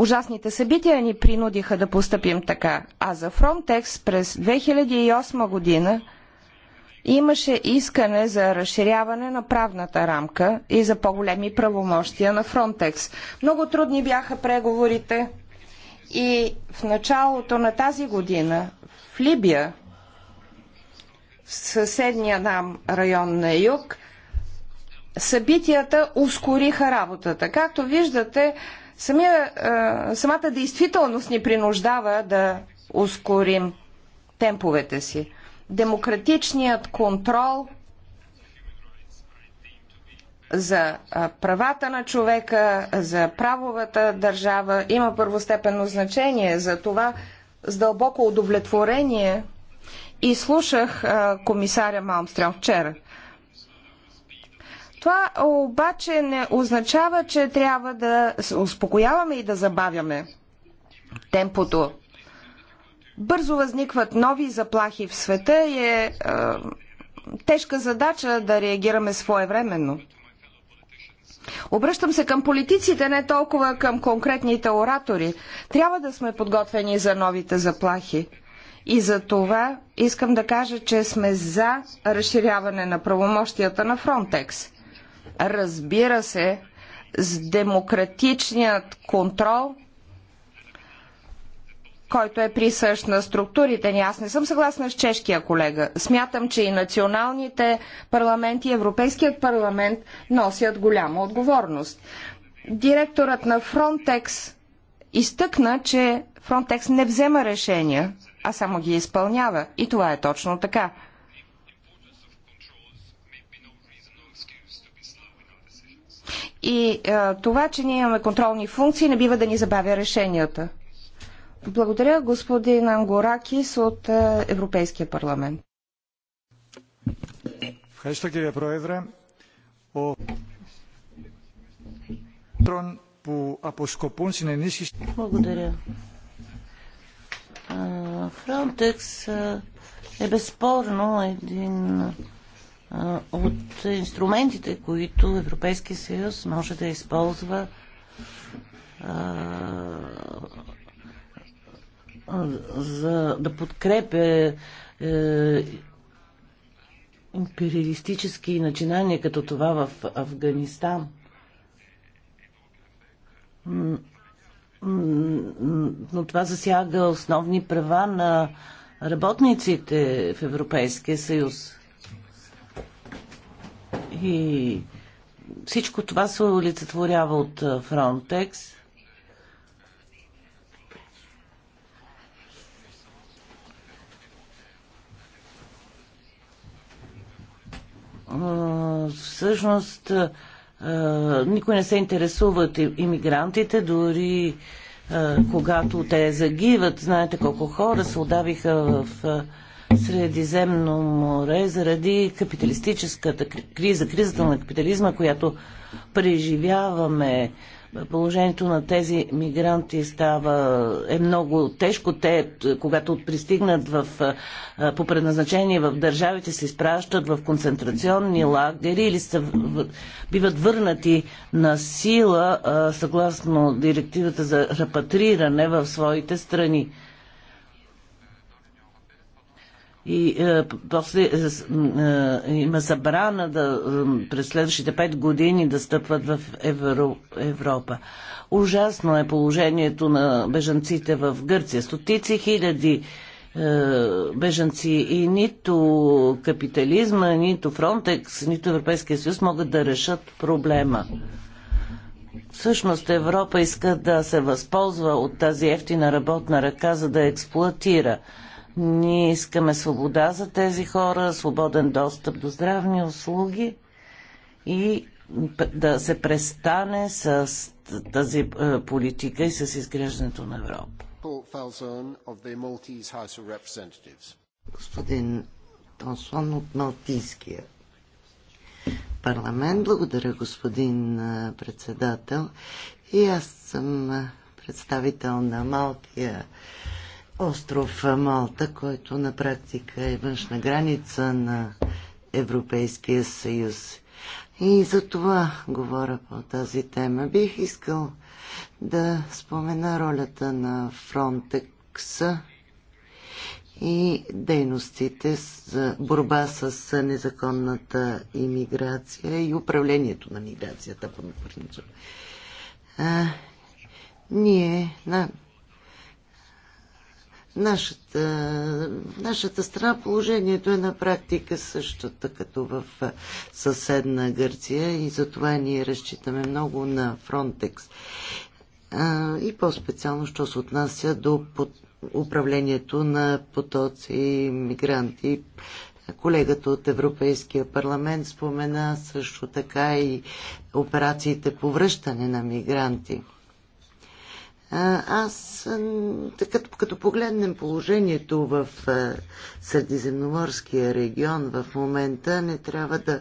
Ужасните събития ни принудиха да постъпим така. А за Frontex през 2008 година имаше искане за разширяване на правната рамка и за по-големи правомощия на Frontex. Много трудни бяха преговорите и в началото на тази година в Либия, в съседния нам район на юг, събитията ускориха работата. Както виждате, Самия, самата действителност ни принуждава да ускорим темповете си. Демократичният контрол за правата на човека, за правовата държава има първостепенно значение. За това с дълбоко удовлетворение и слушах комисаря Малмстрем вчера. Това обаче не означава, че трябва да успокояваме и да забавяме темпото. Бързо възникват нови заплахи в света и е, е тежка задача да реагираме своевременно. Обръщам се към политиците, не толкова към конкретните оратори. Трябва да сме подготвени за новите заплахи. И за това искам да кажа, че сме за разширяване на правомощията на Фронтекс разбира се, с демократичният контрол, който е присъщ на структурите ни. Аз не съм съгласна с чешкия колега. Смятам, че и националните парламенти, и Европейският парламент носят голяма отговорност. Директорът на Фронтекс изтъкна, че Фронтекс не взема решения, а само ги изпълнява. И това е точно така. И а, е, това, че ние имаме контролни функции, не бива да ни забавя решенията. Благодаря господин Ангоракис от а, е, Европейския парламент. Ευχαριστώ κύριε Πρόεδρε. Ο μέτρων που αποσκοπούν στην ενίσχυση... Благодаря. Фронтекс е, е безспорно един от инструментите, които Европейския съюз може да използва за да подкрепя е, империалистически начинания като това в Афганистан. Но това засяга основни права на работниците в Европейския съюз. И всичко това се олицетворява от Frontex. Всъщност, никой не се интересуват иммигрантите, дори когато те загиват. Знаете колко хора се удавиха в Средиземно море заради капиталистическата криза, кризата на капитализма, която преживяваме. Положението на тези мигранти става е много тежко. Те, когато пристигнат в, по предназначение в държавите, се изпращат в концентрационни лагери или са, биват върнати на сила съгласно директивата за репатриране в своите страни и е, после е, е, има забрана да, е, през следващите пет години да стъпват в Евро, Европа. Ужасно е положението на бежанците в Гърция. Стотици хиляди е, бежанци и нито капитализма, нито Фронтекс, нито Европейския съюз могат да решат проблема. Всъщност Европа иска да се възползва от тази ефтина работна ръка, за да експлуатира. Ние искаме свобода за тези хора, свободен достъп до здравни услуги и да се престане с тази е, политика и с изграждането на Европа. Господин Тонсон от Малтийския парламент. Благодаря, господин е, председател. И аз съм е, представител на Малтия остров Малта, който на практика е външна граница на Европейския съюз. И за това говоря по тази тема. Бих искал да спомена ролята на Фронтекса и дейностите за борба с незаконната иммиграция и управлението на миграцията по принцип. Ние на нашата, нашата страна положението е на практика същата като в съседна Гърция и затова ние разчитаме много на Фронтекс. И по-специално, що се отнася до под, управлението на потоци мигранти. Колегата от Европейския парламент спомена също така и операциите по връщане на мигранти – аз, като, като погледнем положението в Средиземноморския регион в момента, не трябва да,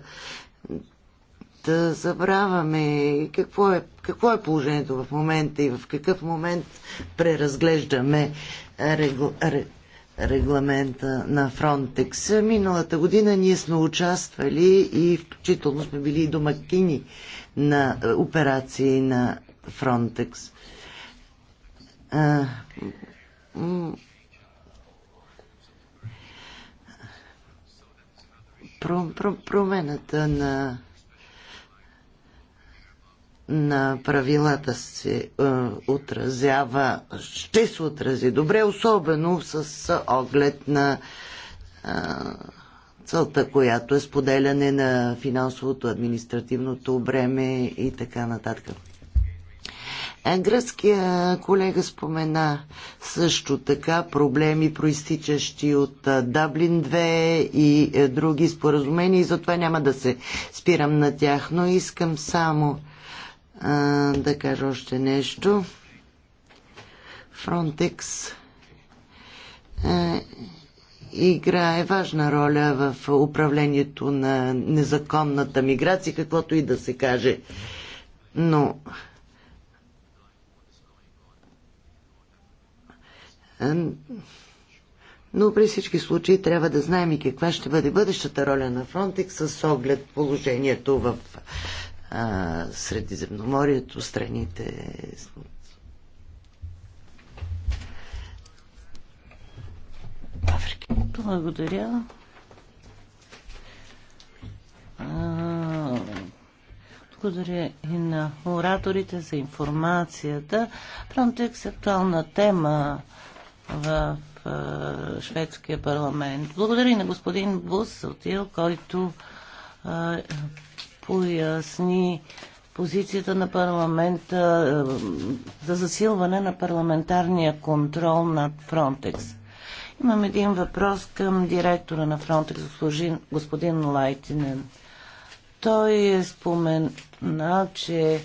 да забравяме какво е, какво е положението в момента и в какъв момент преразглеждаме регу, регламента на Фронтекс. Миналата година ние сме участвали и включително сме били и домакини на операции на Фронтекс а, про, про, промената на на правилата се е, отразява, ще се отрази добре, особено с оглед на е, целта, която е споделяне на финансовото, административното бреме и така нататък. Е, гръцкия колега спомена също така проблеми, проистичащи от Даблин 2 и е, други споразумения и затова няма да се спирам на тях, но искам само а, да кажа още нещо. Фронтекс играе важна роля в управлението на незаконната миграция, каквото и да се каже. Но Но при всички случаи трябва да знаем и каква ще бъде бъдещата роля на Фронтекс с оглед положението в а, Средиземноморието, страните. Африка. Благодаря. благодаря и на ораторите за информацията. Фронтекс е актуална тема в шведския парламент. Благодаря и на господин Бусотил, който поясни позицията на парламента за засилване на парламентарния контрол над Фронтекс. Имам един въпрос към директора на Фронтекс, господин Лайтинен. Той е спомена, че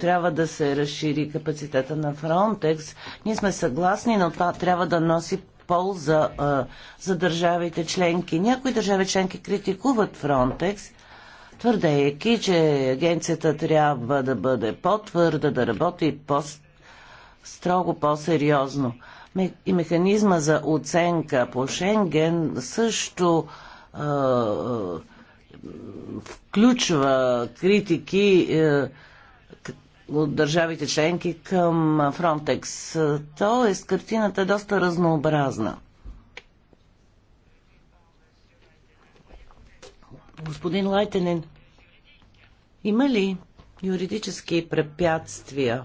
трябва да се разшири капацитета на Фронтекс. Ние сме съгласни, но това трябва да носи полза за държавите членки. Някои държави членки критикуват Фронтекс, твърдейки, че агенцията трябва да бъде по-твърда, да работи по-строго, по-сериозно. И механизма за оценка по Шенген също а, включва критики е, от държавите членки към Фронтекс. Тоест, картината е доста разнообразна. Господин Лайтенен, има ли юридически препятствия,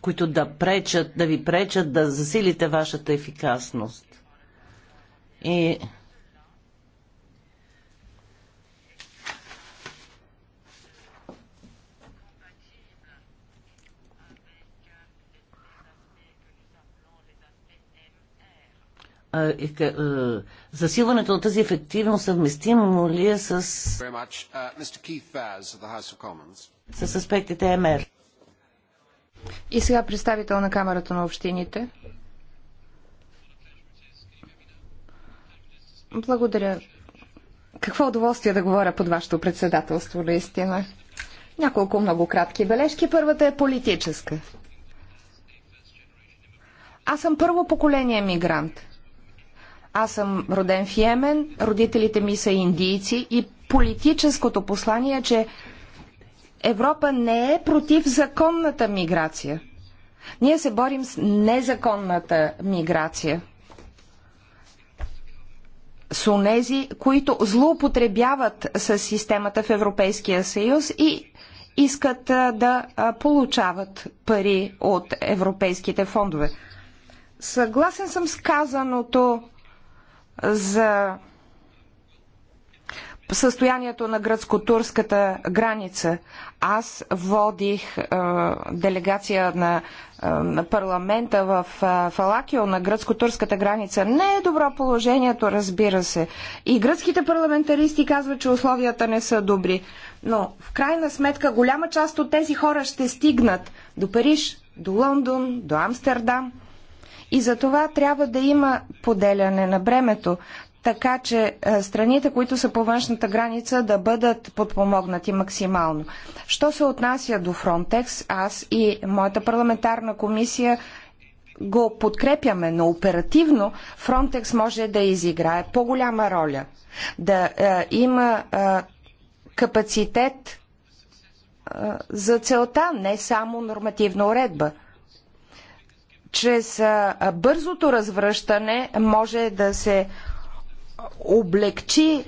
които да пречат, да ви пречат да засилите вашата ефикасност? И засилването на тази ефективност съвместимо ли е с, uh, с аспектите МР? И сега представител на Камерата на общините. Благодаря. Какво удоволствие да говоря под вашето председателство, наистина. Няколко много кратки бележки. Първата е политическа. Аз съм първо поколение мигрант. Аз съм роден в Йемен, родителите ми са индийци и политическото послание е, че Европа не е против законната миграция. Ние се борим с незаконната миграция – с онези, които злоупотребяват с системата в Европейския съюз и искат да получават пари от европейските фондове. Съгласен съм с казаното за състоянието на гръцко-турската граница. Аз водих е, делегация на, е, на парламента в е, Фалакио на гръцко-турската граница. Не е добро положението, разбира се. И гръцките парламентаристи казват, че условията не са добри. Но в крайна сметка голяма част от тези хора ще стигнат до Париж, до Лондон, до Амстердам. И за това трябва да има поделяне на бремето така че е, страните, които са по външната граница, да бъдат подпомогнати максимално. Що се отнася до Фронтекс, аз и моята парламентарна комисия го подкрепяме, но оперативно Фронтекс може да изиграе по-голяма роля, да е, има е, капацитет е, за целта, не само нормативна уредба чрез е, бързото развръщане може да се облегчи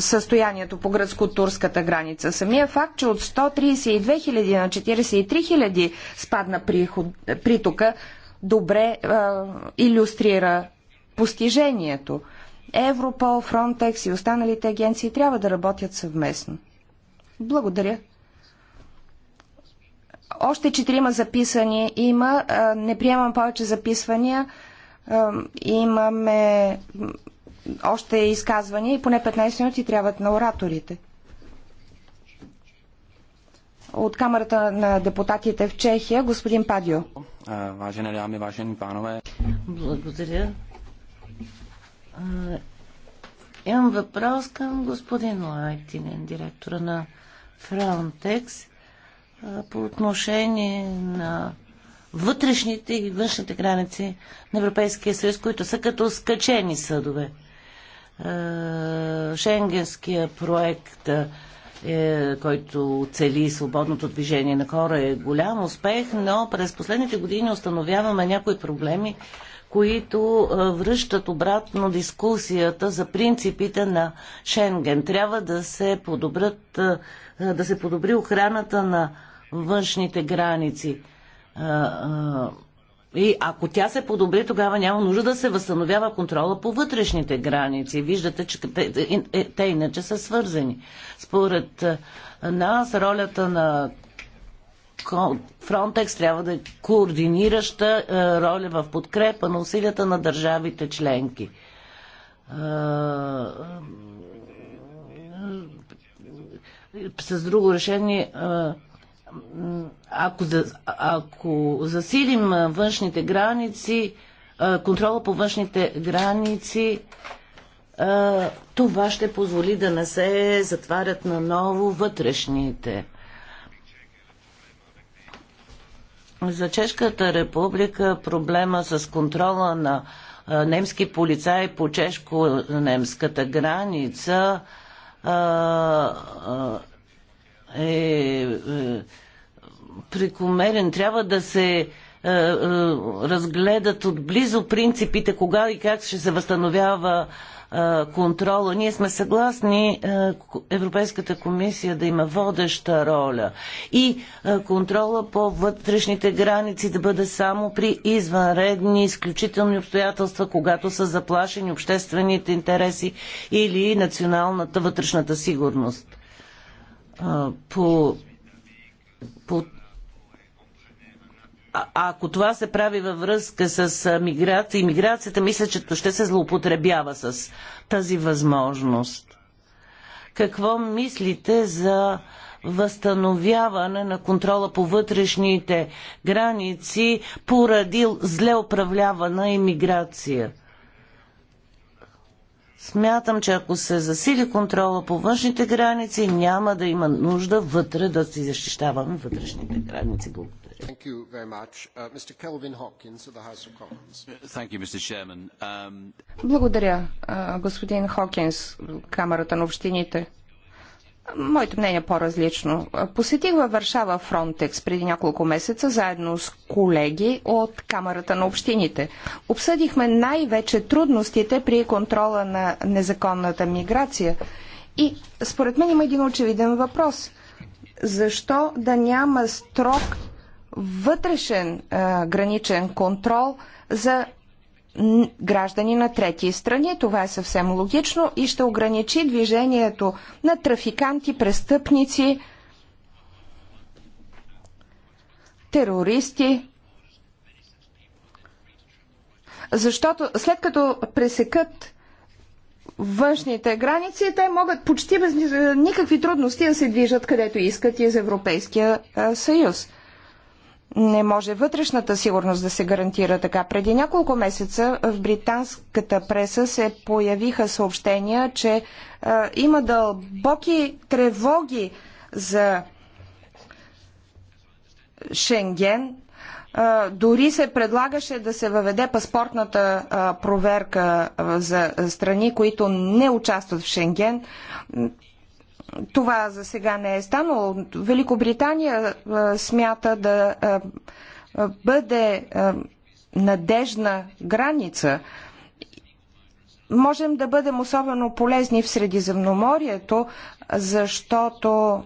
състоянието по гръцко-турската граница. Самия факт, че от 132 000 на 43 000 спадна приход, притока, добре е, иллюстрира постижението. Европол, Фронтекс и останалите агенции трябва да работят съвместно. Благодаря. Още четирима записания има. Не приемам повече записвания. Имаме още изказвания и поне 15 минути трябват на ораторите. От Камерата на депутатите в Чехия, господин Падио. Важене дами, важени панове. Благодаря. Имам въпрос към господин Лайтинен, директора на Frontex, по отношение на вътрешните и външните граници на Европейския съюз, които са като скачени съдове. Е, Шенгенския проект, е, който цели свободното движение на хора, е голям успех, но през последните години установяваме някои проблеми, които е, връщат обратно дискусията за принципите на Шенген. Трябва да се, подобрят, да се подобри охраната на външните граници и ако тя се подобри, тогава няма нужда да се възстановява контрола по вътрешните граници. Виждате, че те, е, е, е, те иначе са свързани. Според нас ролята на Фронтекс трябва да е координираща роля в подкрепа на усилията на държавите членки. С друго решение ако, ако засилим външните граници, контрола по външните граници, това ще позволи да не се затварят наново вътрешните. За Чешката република проблема с контрола на немски полицаи по чешко-немската граница е, е прекомерен. Трябва да се е, е, разгледат отблизо принципите, кога и как ще се възстановява е, контрола. Ние сме съгласни е, Европейската комисия да има водеща роля и е, контрола по вътрешните граници да бъде само при извънредни, изключителни обстоятелства, когато са заплашени обществените интереси или националната вътрешната сигурност по, по а, ако това се прави във връзка с миграция, миграцията, мисля, че ще се злоупотребява с тази възможност. Какво мислите за възстановяване на контрола по вътрешните граници поради зле управлявана иммиграция? Смятам, че ако се засили контрола по външните граници, няма да има нужда вътре да си защищаваме вътрешните граници. Благодаря. Thank you very much. Uh, Mr. Kelvin Hopkins of the House of Commons. Thank you, Mr. Chairman. Um... Благодаря, uh, господин Хокинс, Камерата на общините. Моето мнение е по-различно. Посетих във Варшава Фронтекс преди няколко месеца, заедно с колеги от Камерата на общините. Обсъдихме най-вече трудностите при контрола на незаконната миграция. И според мен има един очевиден въпрос. Защо да няма строг вътрешен а, граничен контрол за граждани на трети страни. Това е съвсем логично и ще ограничи движението на трафиканти, престъпници, терористи. Защото след като пресекат външните граници, те могат почти без никакви трудности да се движат където искат из Европейския съюз не може вътрешната сигурност да се гарантира така. Преди няколко месеца в британската преса се появиха съобщения, че а, има дълбоки тревоги за Шенген. А, дори се предлагаше да се въведе паспортната а, проверка а, за страни, които не участват в Шенген. Това за сега не е станало. Великобритания смята да бъде надежна граница. Можем да бъдем особено полезни в Средиземноморието, защото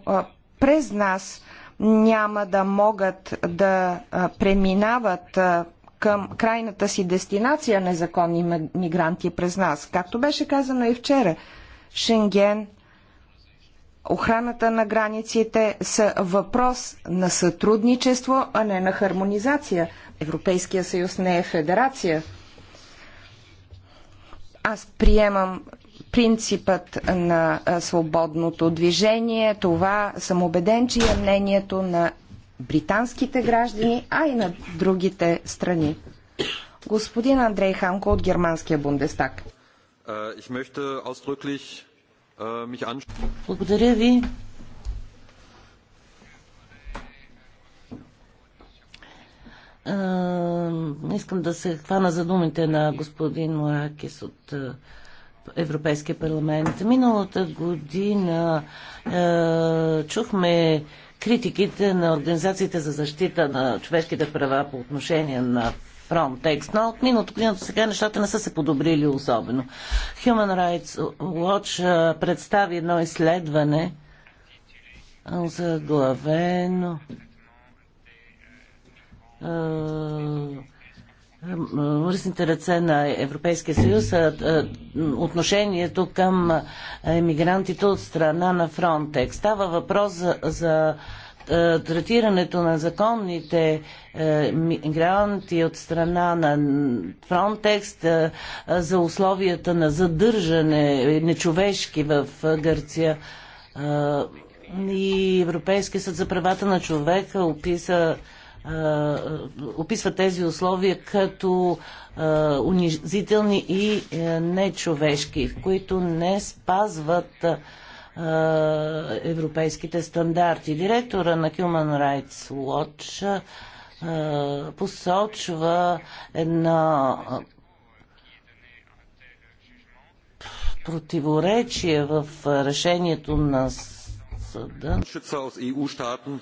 през нас няма да могат да преминават към крайната си дестинация незаконни мигранти през нас. Както беше казано и вчера, Шенген – охраната на границите са въпрос на сътрудничество, а не на хармонизация. Европейския съюз не е федерация. Аз приемам принципът на свободното движение. Това съм убеден, че е мнението на британските граждани, а и на другите страни. Господин Андрей Ханко от Германския Бундестаг. Uh, Äh, Благодаря ви. Е, искам да се хвана за думите на господин Моракис от е, Европейския парламент. Миналата година е, чухме критиките на Организацията за защита на човешките права по отношение на Frontex. Но от миналото година до сега нещата не са се подобрили особено. Human Rights Watch представи едно изследване заглавено мръсните ръце на Европейския съюз, отношението към емигрантите от страна на Фронтекс. Става въпрос за, за е, третирането на законните е, мигранти от страна на Frontex е, за условията на задържане нечовешки в Гърция и Европейския съд за правата на човека описа описва тези условия като унизителни и нечовешки, които не спазват европейските стандарти. Директора на Human Rights Watch посочва едно противоречие в решението на съда. E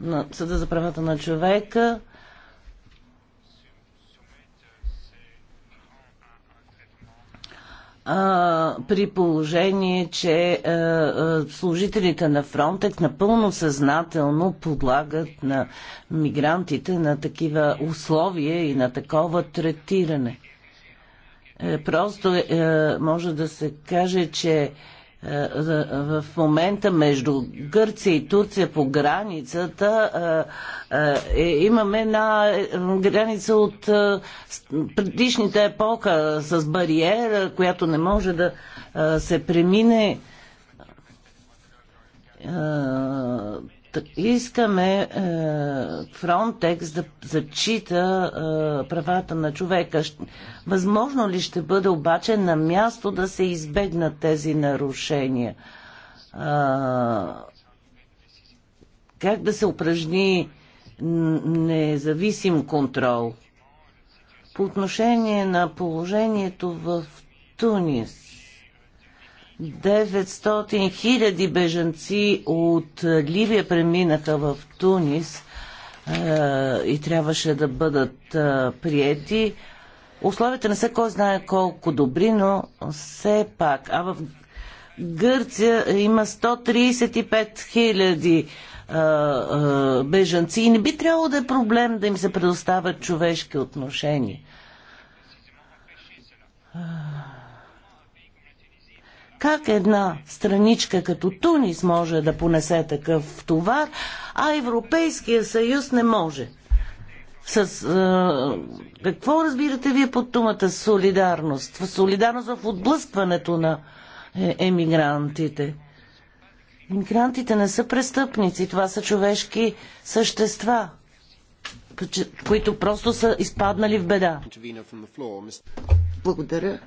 на съда за правата на човека а, при положение, че а, а, служителите на Фронтек напълно съзнателно подлагат на мигрантите на такива условия и на такова третиране. Е, просто е, може да се каже, че е, в момента между Гърция и Турция по границата е, е, имаме една граница от предишната епоха с бариера, която не може да се премине Искаме е, Фронтекс да зачита е, правата на човека. Възможно ли ще бъде обаче на място да се избегнат тези нарушения? Е, как да се упражни независим контрол? По отношение на положението в Тунис, 900 хиляди бежанци от Ливия преминаха в Тунис е, и трябваше да бъдат е, приети. Условията не са кой знае колко добри, но все пак. А в Гърция има 135 хиляди е, бежанци и не би трябвало да е проблем да им се предоставят човешки отношения. Как една страничка като Тунис може да понесе такъв товар, а Европейския съюз не може? С е, какво разбирате вие под думата солидарност? В солидарност в отблъскването на е, емигрантите. Емигрантите не са престъпници, това са човешки същества, които просто са изпаднали в беда. Благодаря.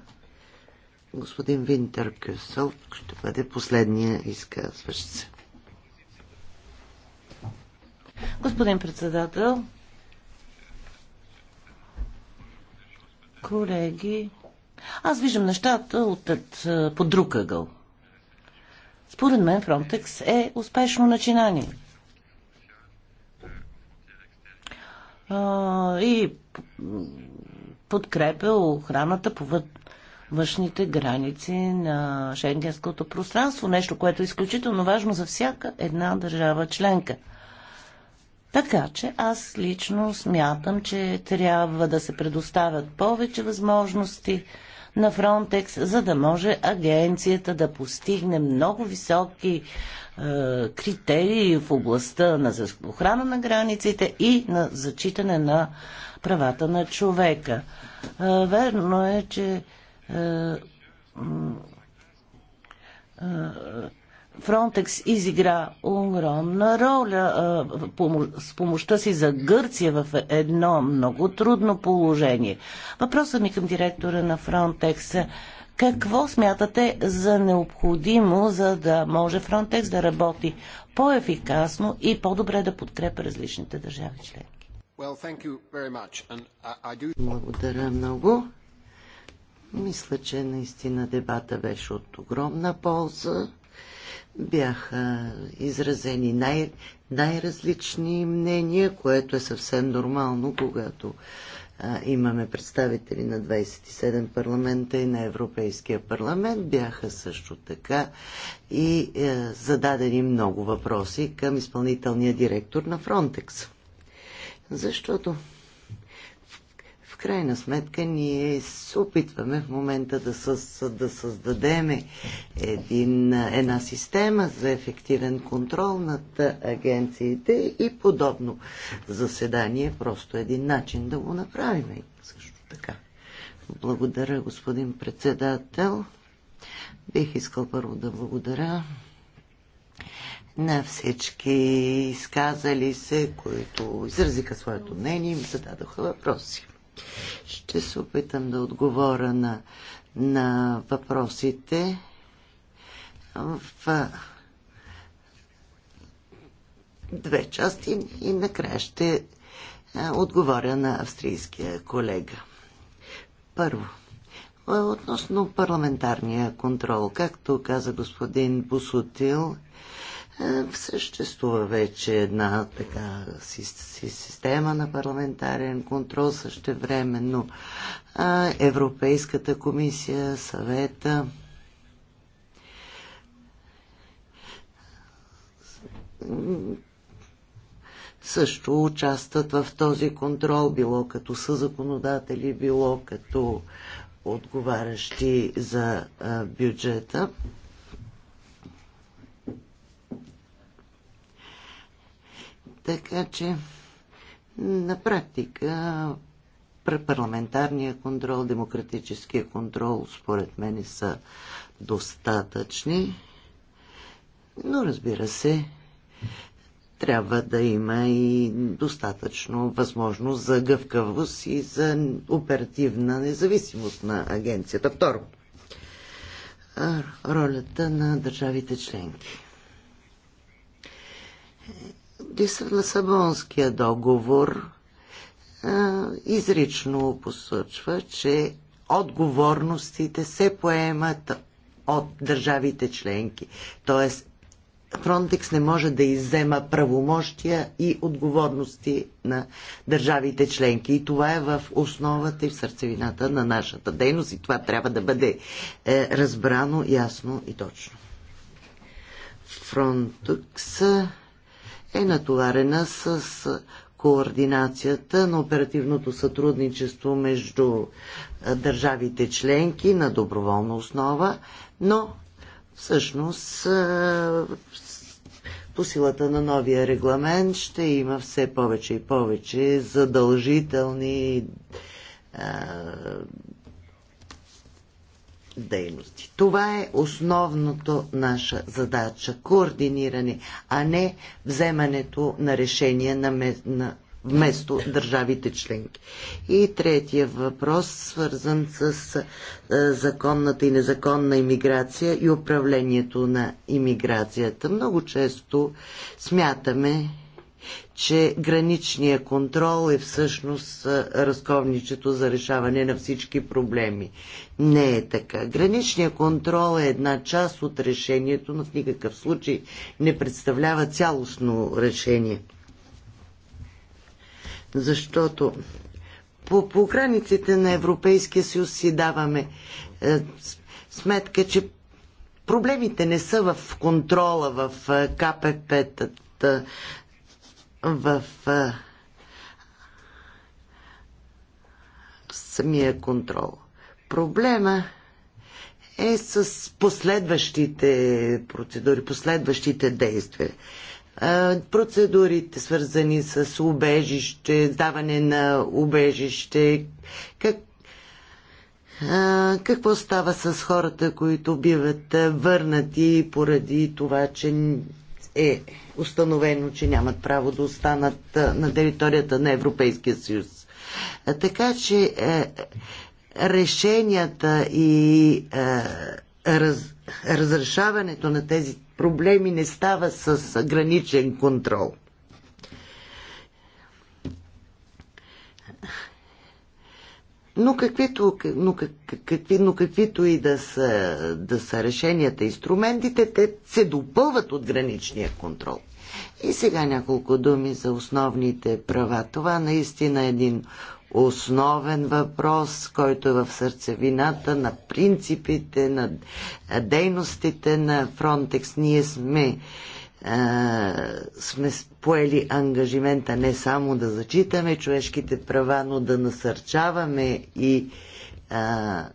Господин Винтер Кюсъл ще бъде последния изказващ се. Господин председател, колеги, аз виждам нещата от, от по друг ъгъл. Според мен Фронтекс е успешно начинание. А, и подкрепя охраната по, външните граници на шенгенското пространство. Нещо, което е изключително важно за всяка една държава членка. Така че аз лично смятам, че трябва да се предоставят повече възможности на Фронтекс, за да може агенцията да постигне много високи е, критерии в областта на охрана на границите и на зачитане на правата на човека. Е, верно е, че Фронтекс изигра огромна роля с помощта си за Гърция в едно много трудно положение. Въпросът ми към директора на Фронтекс е какво смятате за необходимо, за да може Фронтекс да работи по-ефикасно и по-добре да подкрепя различните държави членки? Благодаря много. Мисля, че наистина дебата беше от огромна полза. Бяха изразени най- най-различни мнения, което е съвсем нормално, когато а, имаме представители на 27 парламента и на Европейския парламент. Бяха също така и е, зададени много въпроси към изпълнителния директор на Фронтекс. Защото крайна сметка ние се опитваме в момента да, със, да създадеме един, една система за ефективен контрол над агенциите и подобно заседание просто един начин да го направим също така. Благодаря, господин председател. Бих искал първо да благодаря на всички изказали се, които изразиха своето мнение и ми зададоха въпроси. Ще се опитам да отговоря на, на въпросите. В две части и накрая ще отговоря на австрийския колега. Първо, относно парламентарния контрол, както каза господин Бусутил, е, съществува вече една така система на парламентарен контрол също време, но е, Европейската комисия, съвета също участват в този контрол, било като са законодатели, било като отговарящи за е, бюджета. Така че на практика парламентарния контрол, демократическия контрол, според мен са достатъчни. Но разбира се, трябва да има и достатъчно възможност за гъвкавост и за оперативна независимост на агенцията. Второ, ролята на държавите членки. Лисабонския договор изрично посочва, че отговорностите се поемат от държавите членки. Тоест, Фронтекс не може да иззема правомощия и отговорности на държавите членки. И това е в основата и в сърцевината на нашата дейност. И това трябва да бъде е, разбрано ясно и точно. Фронтекс е натоварена с координацията на оперативното сътрудничество между държавите членки на доброволна основа, но всъщност по силата на новия регламент ще има все повече и повече задължителни дейности. Това е основното наша задача координиране, а не вземането на решения на, на вместо държавите членки. И третия въпрос, свързан с е, законната и незаконна иммиграция и управлението на иммиграцията. Много често смятаме, че граничния контрол е всъщност разковничето за решаване на всички проблеми. Не е така. Граничният контрол е една част от решението, но в никакъв случай не представлява цялостно решение. Защото по, по границите на Европейския съюз си даваме е, сметка, че проблемите не са в контрола, в е, КПП-тата, в самия контрол. Проблема е с последващите процедури, последващите действия. Процедурите свързани с убежище, даване на убежище, как, какво става с хората, които биват върнати поради това, че е установено, че нямат право да останат на територията на Европейския съюз. Така че е, решенията и е, раз, разрешаването на тези проблеми не става с граничен контрол. Но каквито, но, какви, но каквито и да са, да са решенията, инструментите, те се допълват от граничния контрол. И сега няколко думи за основните права. Това наистина е един основен въпрос, който е в сърцевината на принципите, на дейностите на Фронтекс. Ние сме сме поели ангажимента не само да зачитаме човешките права, но да насърчаваме и а,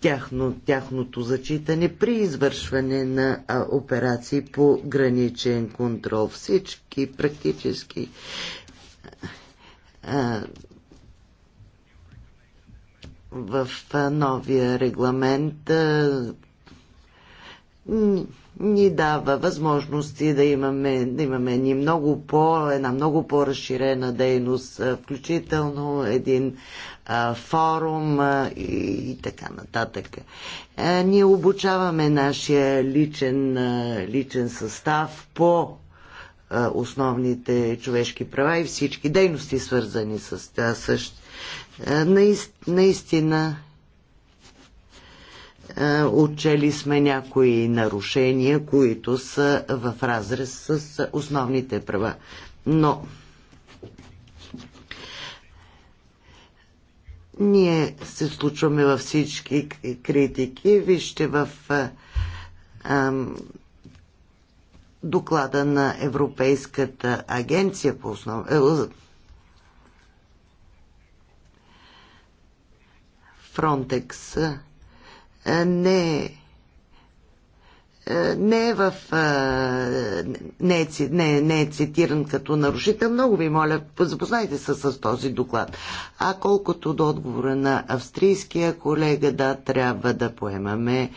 тяхно, тяхното зачитане при извършване на а, операции по граничен контрол. Всички практически а, в новия регламент а, ни дава възможности да имаме, да имаме ни много по, една много по-разширена дейност, включително един а, форум а, и, и така нататък. А, ние обучаваме нашия личен, а, личен състав по а, основните човешки права и всички дейности, свързани с тя също. А, наистина е, отчели сме някои нарушения, които са в разрез с основните права. Но ние се случваме във всички критики. Вижте в е, ам, доклада на Европейската агенция по основ... Фронтекс не е не е в не е, не, не е цитиран като нарушител. Много ви моля, запознайте се с този доклад. А колкото до отговора на австрийския колега, да, трябва да поемаме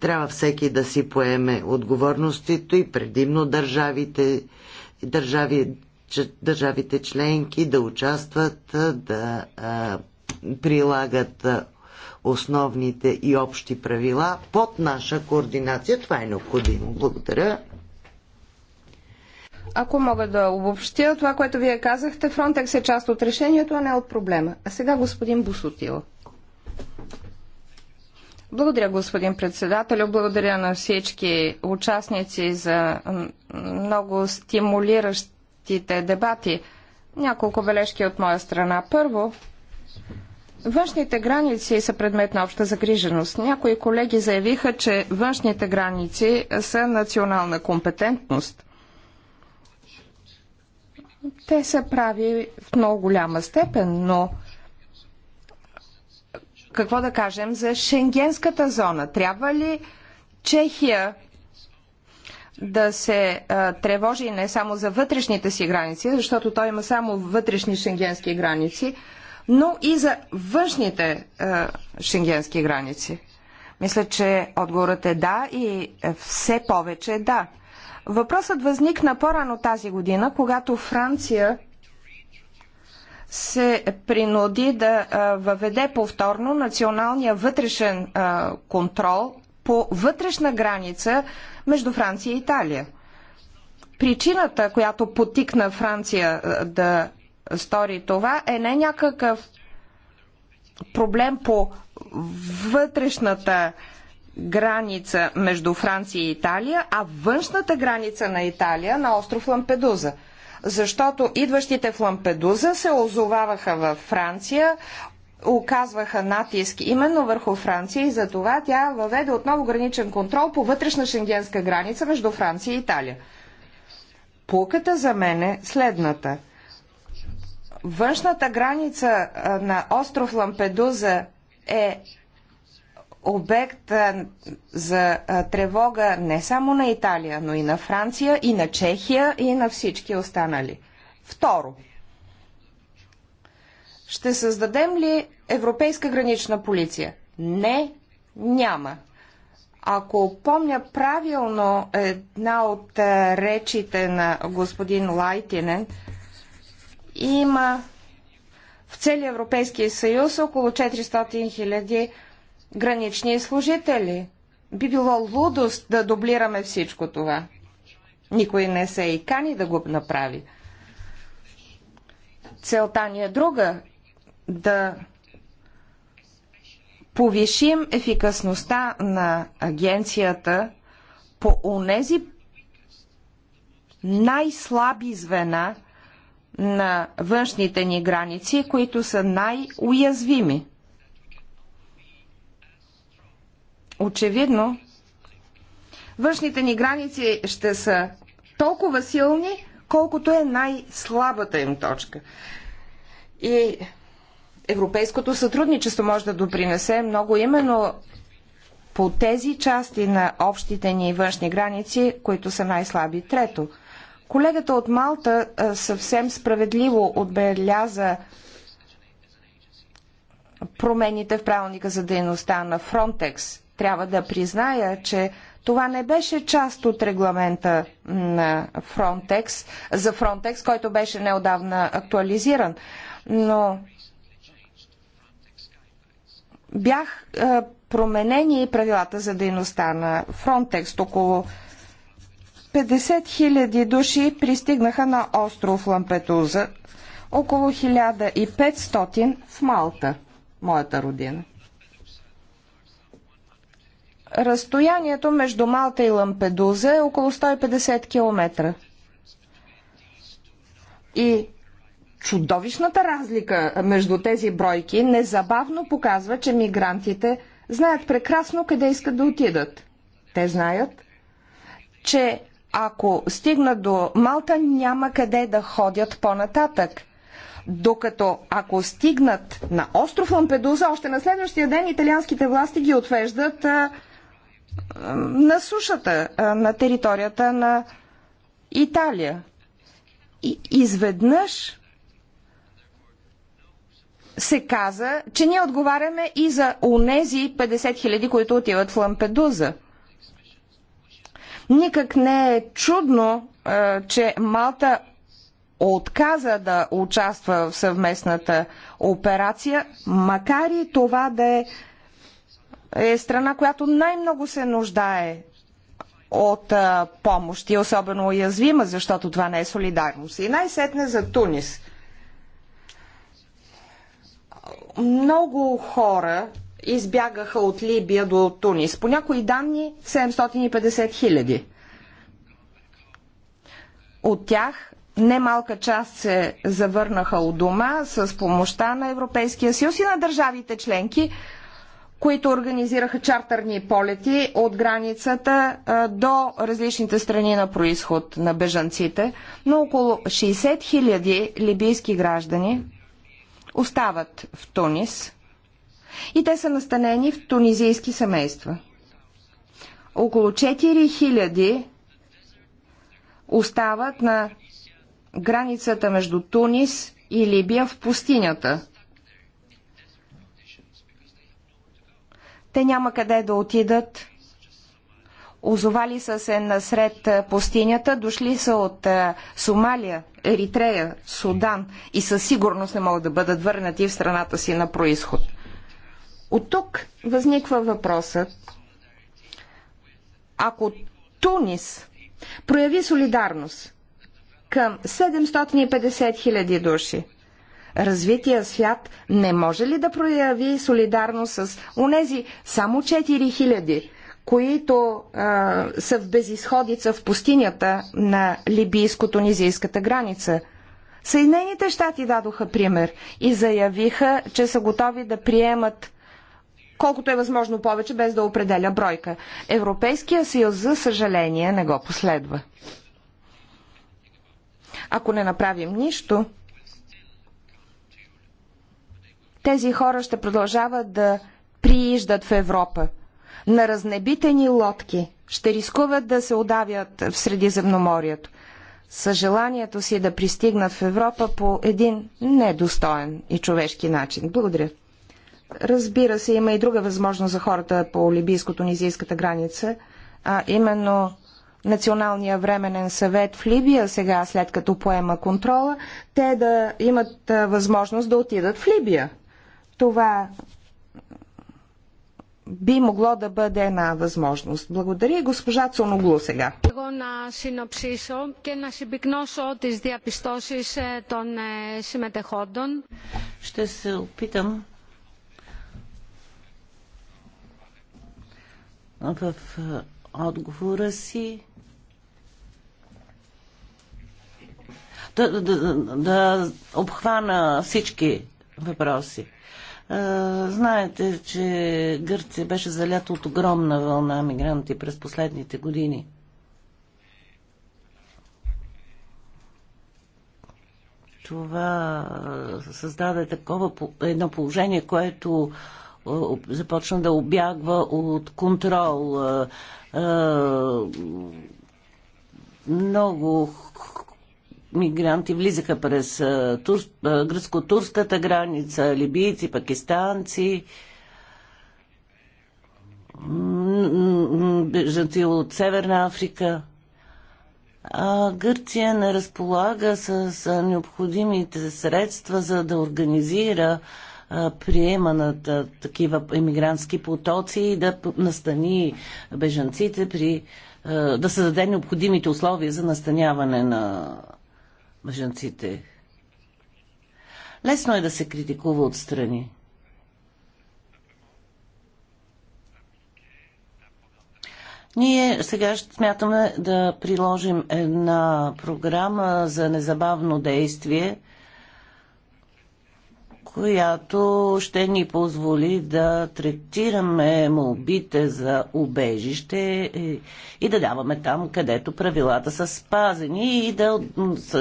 трябва всеки да си поеме отговорностите и предимно държавите, държави, държавите членки да участват, да а, прилагат основните и общи правила под наша координация. Това е необходимо. Благодаря. Ако мога да обобщя това, което вие казахте, Фронтекс е част от решението, а не от проблема. А сега господин Бусотил. Благодаря, господин председател. Благодаря на всички участници за много стимулиращите дебати. Няколко бележки от моя страна. Първо, Външните граници са предмет на обща загриженост. Някои колеги заявиха, че външните граници са национална компетентност. Те са прави в много голяма степен, но какво да кажем за шенгенската зона? Трябва ли Чехия да се а, тревожи не само за вътрешните си граници, защото той има само вътрешни шенгенски граници, но и за външните е, шенгенски граници? Мисля, че отговорът е да и е все повече е да. Въпросът възникна по-рано тази година, когато Франция се принуди да въведе повторно националния вътрешен контрол по вътрешна граница между Франция и Италия. Причината, която потикна Франция да стори това, е не някакъв проблем по вътрешната граница между Франция и Италия, а външната граница на Италия на остров Лампедуза. Защото идващите в Лампедуза се озоваваха във Франция, оказваха натиск именно върху Франция и затова тя въведе отново граничен контрол по вътрешна шенгенска граница между Франция и Италия. Пулката за мен е следната – Външната граница на остров Лампедуза е обект за тревога не само на Италия, но и на Франция, и на Чехия, и на всички останали. Второ, ще създадем ли Европейска гранична полиция? Не, няма. Ако помня правилно една от речите на господин Лайтинен – има в целия Европейския съюз около 400 хиляди гранични служители. Би било лудост да дублираме всичко това. Никой не се и кани да го направи. Целта ни е друга да повишим ефикасността на агенцията по онези най-слаби звена на външните ни граници, които са най-уязвими. Очевидно, външните ни граници ще са толкова силни, колкото е най-слабата им точка. И европейското сътрудничество може да допринесе много именно по тези части на общите ни външни граници, които са най-слаби. Трето – Колегата от Малта съвсем справедливо отбеляза промените в правилника за дейността на Фронтекс. Трябва да призная, че това не беше част от регламента на Фронтекс, за Фронтекс, който беше неодавна актуализиран. Но бях променени правилата за дейността на Фронтекс. Около 50 хиляди души пристигнаха на остров Лампетуза, около 1500 в Малта, моята родина. Разстоянието между Малта и Лампедуза е около 150 км. И чудовищната разлика между тези бройки незабавно показва, че мигрантите знаят прекрасно къде искат да отидат. Те знаят, че ако стигнат до Малта, няма къде да ходят по-нататък. Докато ако стигнат на остров Лампедуза, още на следващия ден италианските власти ги отвеждат а, а, на сушата, а, на територията на Италия. И изведнъж се каза, че ние отговаряме и за онези 50 хиляди, които отиват в Лампедуза. Никак не е чудно, е, че Малта отказа да участва в съвместната операция, макар и това да е, е страна, която най-много се нуждае от а, е, помощ и особено уязвима, защото това не е солидарност. И най-сетне за Тунис. Много хора избягаха от Либия до Тунис. По някои данни 750 хиляди. От тях немалка част се завърнаха у дома с помощта на Европейския съюз и на държавите членки, които организираха чартърни полети от границата до различните страни на происход на бежанците, но около 60 хиляди либийски граждани остават в Тунис и те са настанени в тунизийски семейства. Около 4000 остават на границата между Тунис и Либия в пустинята. Те няма къде да отидат. Озовали са се насред пустинята, дошли са от Сомалия, Еритрея, Судан и със сигурност не могат да бъдат върнати в страната си на происход. От тук възниква въпросът, ако Тунис прояви солидарност към 750 000 души, развития свят не може ли да прояви солидарност с онези само 4 хиляди, които а, са в безисходица в пустинята на либийско-тунизийската граница? Съединените щати дадоха пример и заявиха, че са готови да приемат колкото е възможно повече, без да определя бройка. Европейския съюз, за съжаление, не го последва. Ако не направим нищо, тези хора ще продължават да прииждат в Европа. На разнебитени лодки ще рискуват да се удавят в Средиземноморието. С желанието си да пристигнат в Европа по един недостоен и човешки начин. Благодаря. Разбира се, има и друга възможност за хората по либийско-тунизийската граница, а именно Националния временен съвет в Либия, сега след като поема контрола, те да имат възможност да отидат в Либия. Това би могло да бъде една възможност. Благодаря и госпожа Цоноглу сега. Ще се опитам в отговора си. Да, да, да обхвана всички въпроси. Знаете, че Гърция беше залята от огромна вълна мигранти през последните години. Това създаде такова едно положение, което започна да обягва от контрол. Много мигранти влизаха през тур... гръцко-турската граница, либийци, пакистанци, бежанци от Северна Африка. А Гърция не разполага с необходимите средства за да организира приема на такива емигрантски потоци и да настани бежанците при да се даде необходимите условия за настаняване на бежанците. Лесно е да се критикува отстрани. Ние сега ще смятаме да приложим една програма за незабавно действие която ще ни позволи да третираме молбите за убежище и да даваме там, където правилата са спазени и да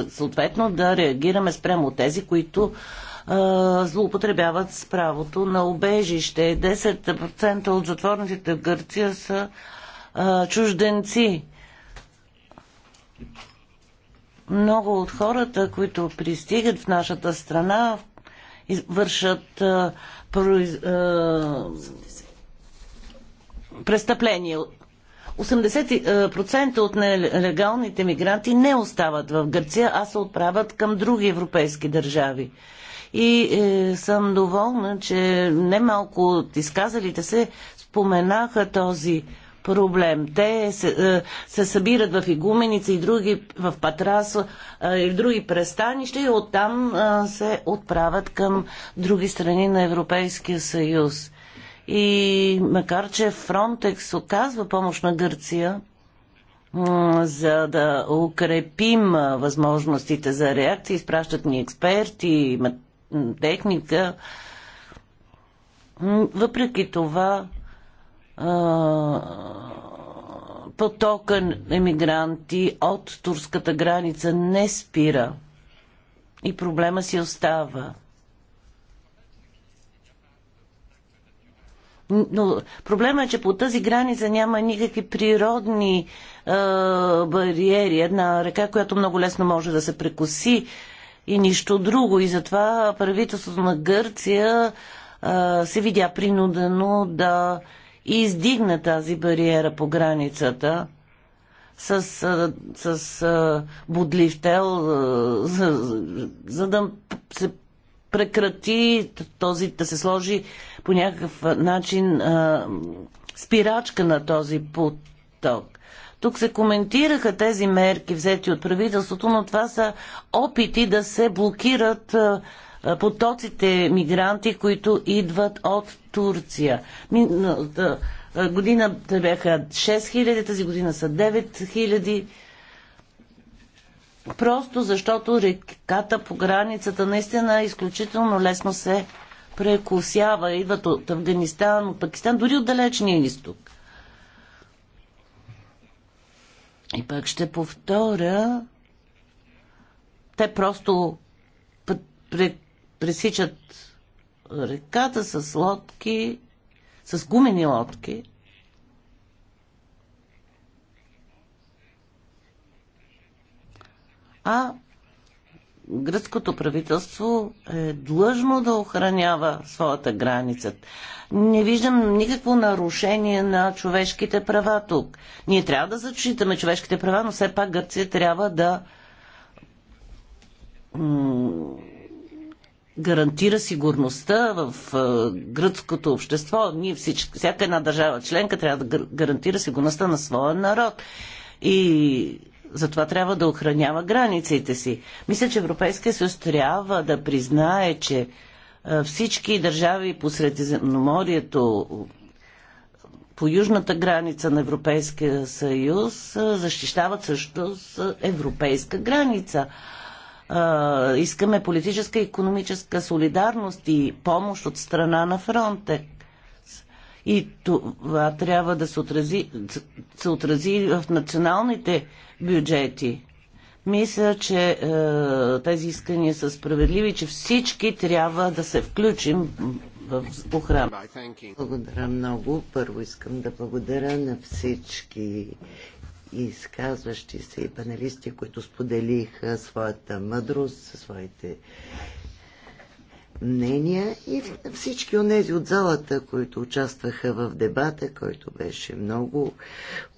съответно да реагираме спрямо тези, които злоупотребяват с правото на убежище. 10% от затворниците в Гърция са а, чужденци. Много от хората, които пристигат в нашата страна, вършат а, произ... а, престъпления. 80% от нелегалните мигранти не остават в Гърция, а се отправят към други европейски държави. И е, съм доволна, че немалко от изказалите се споменаха този проблем. Те се, е, се събират в Игуменица и други в Патрасо е, и в други престанища и оттам е, се отправят към други страни на Европейския съюз. И макар, че Фронтекс оказва помощ на Гърция, за да укрепим възможностите за реакция, изпращат ни експерти, техника. Въпреки това, потока емигранти от турската граница не спира и проблема си остава. Но проблема е, че по тази граница няма никакви природни е, бариери. Една река, която много лесно може да се прекоси и нищо друго. И затова правителството на Гърция е, се видя принудено да е, и издигна тази бариера по границата с, с, будлив тел, за, за да се прекрати този, да се сложи по някакъв начин спирачка на този поток. Тук се коментираха тези мерки, взети от правителството, но това са опити да се блокират а, потоците мигранти, които идват от Турция. Миналата година бяха 6000, тази година са 9000. Просто защото реката по границата наистина изключително лесно се прекусява. Идват от Афганистан, от Пакистан, дори от далечния изток. И пак ще повторя, те просто пресичат реката с лодки, с гумени лодки. А гръцкото правителство е длъжно да охранява своята граница. Не виждам никакво нарушение на човешките права тук. Ние трябва да зачитаме човешките права, но все пак Гърция трябва да гарантира сигурността в гръцкото общество. Ние всички, всяка една държава членка трябва да гарантира сигурността на своя народ. И затова трябва да охранява границите си. Мисля, че Европейския съюз трябва да признае, че всички държави по Средиземноморието, по южната граница на Европейския съюз, защищават също с европейска граница искаме политическа и економическа солидарност и помощ от страна на фронте. И това трябва да се отрази, се отрази в националните бюджети. Мисля, че е, тези искания са справедливи, че всички трябва да се включим в охрана. Благодаря много. Първо искам да благодаря на всички изказващи се и панелисти, които споделиха своята мъдрост, своите мнения и всички тези от залата, които участваха в дебата, който беше много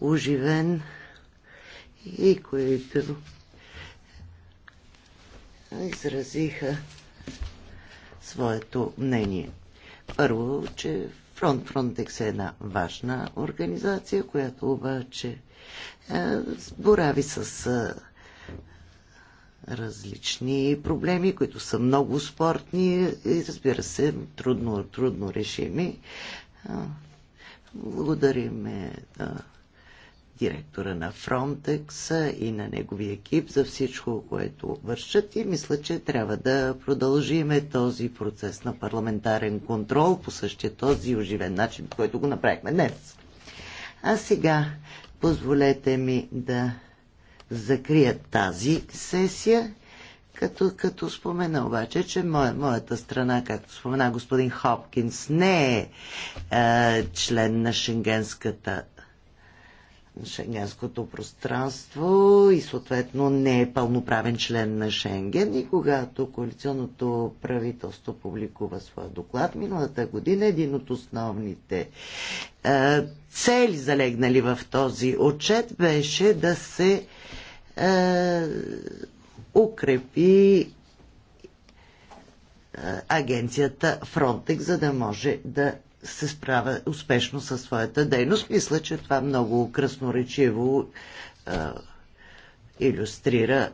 оживен и които изразиха своето мнение. Първо, че Фронт Фронтекс е една важна организация, която обаче е, борави с е, различни проблеми, които са много спортни и разбира се, трудно, трудно решими. Е, благодарим директора на Фронтекс и на неговия екип за всичко, което вършат и мисля, че трябва да продължиме този процес на парламентарен контрол по същия този оживен начин, който го направихме днес. А сега Позволете ми да закрия тази сесия, като, като спомена обаче, че моя, моята страна, както спомена господин Хопкинс, не е, е член на Шенгенската шенгенското пространство и съответно не е пълноправен член на Шенген. И когато коалиционното правителство публикува своя доклад, миналата година един от основните е, цели, залегнали в този отчет, беше да се е, укрепи е, агенцията Фронтекс, за да може да се справя успешно със своята дейност. Мисля, че това много красноречиво е, иллюстрира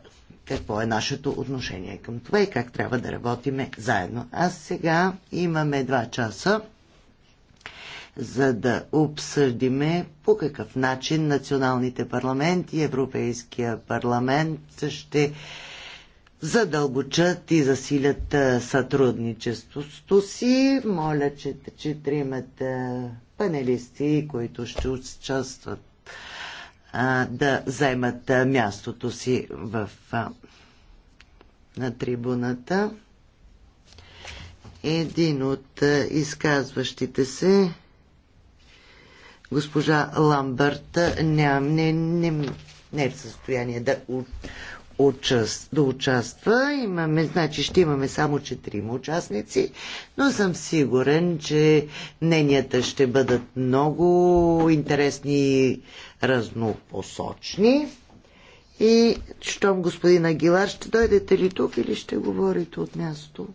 какво е нашето отношение към това и как трябва да работиме заедно. А сега имаме два часа за да обсъдиме по какъв начин националните парламенти и Европейския парламент ще задълбочат и засилят сътрудничеството си. Моля, че четиримата панелисти, които ще участват да вземат мястото си в, на трибуната. Един от изказващите се, госпожа Ламбърт, не, не, не, не е в състояние да да участва. Имаме, значи ще имаме само четирима участници, но съм сигурен, че мненията ще бъдат много интересни и разнопосочни. И щом господин Агилар, ще дойдете ли тук или ще говорите от място?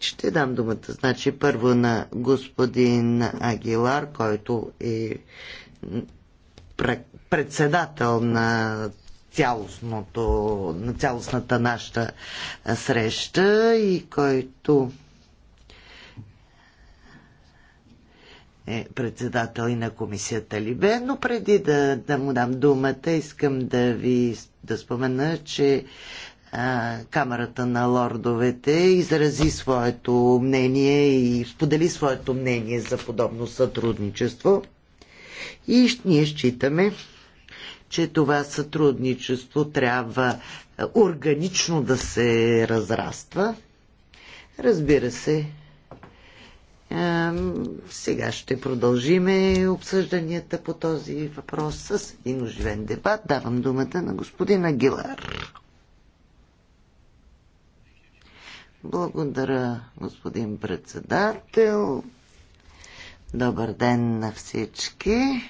Ще дам думата, значи първо на господин Агилар, който е практически председател на цялостното, на цялостната наша среща и който е председател и на комисията Либе, но преди да, да му дам думата, искам да ви да спомена, че а, Камерата на лордовете изрази своето мнение и сподели своето мнение за подобно сътрудничество. И ние считаме, че това сътрудничество трябва е, органично да се разраства. Разбира се, е, сега ще продължиме обсъжданията по този въпрос с един оживен дебат. Давам думата на господин Агилар. Благодаря, господин председател. Добър ден на всички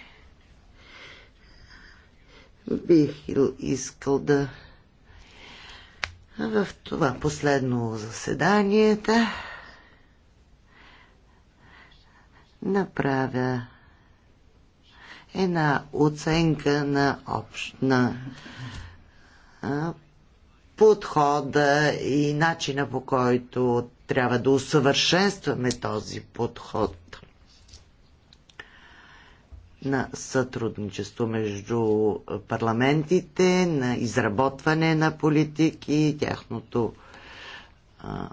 бих искал да в това последно заседание да направя една оценка на общна подхода и начина по който трябва да усъвършенстваме този подход на сътрудничество между парламентите, на изработване на политики, тяхното а,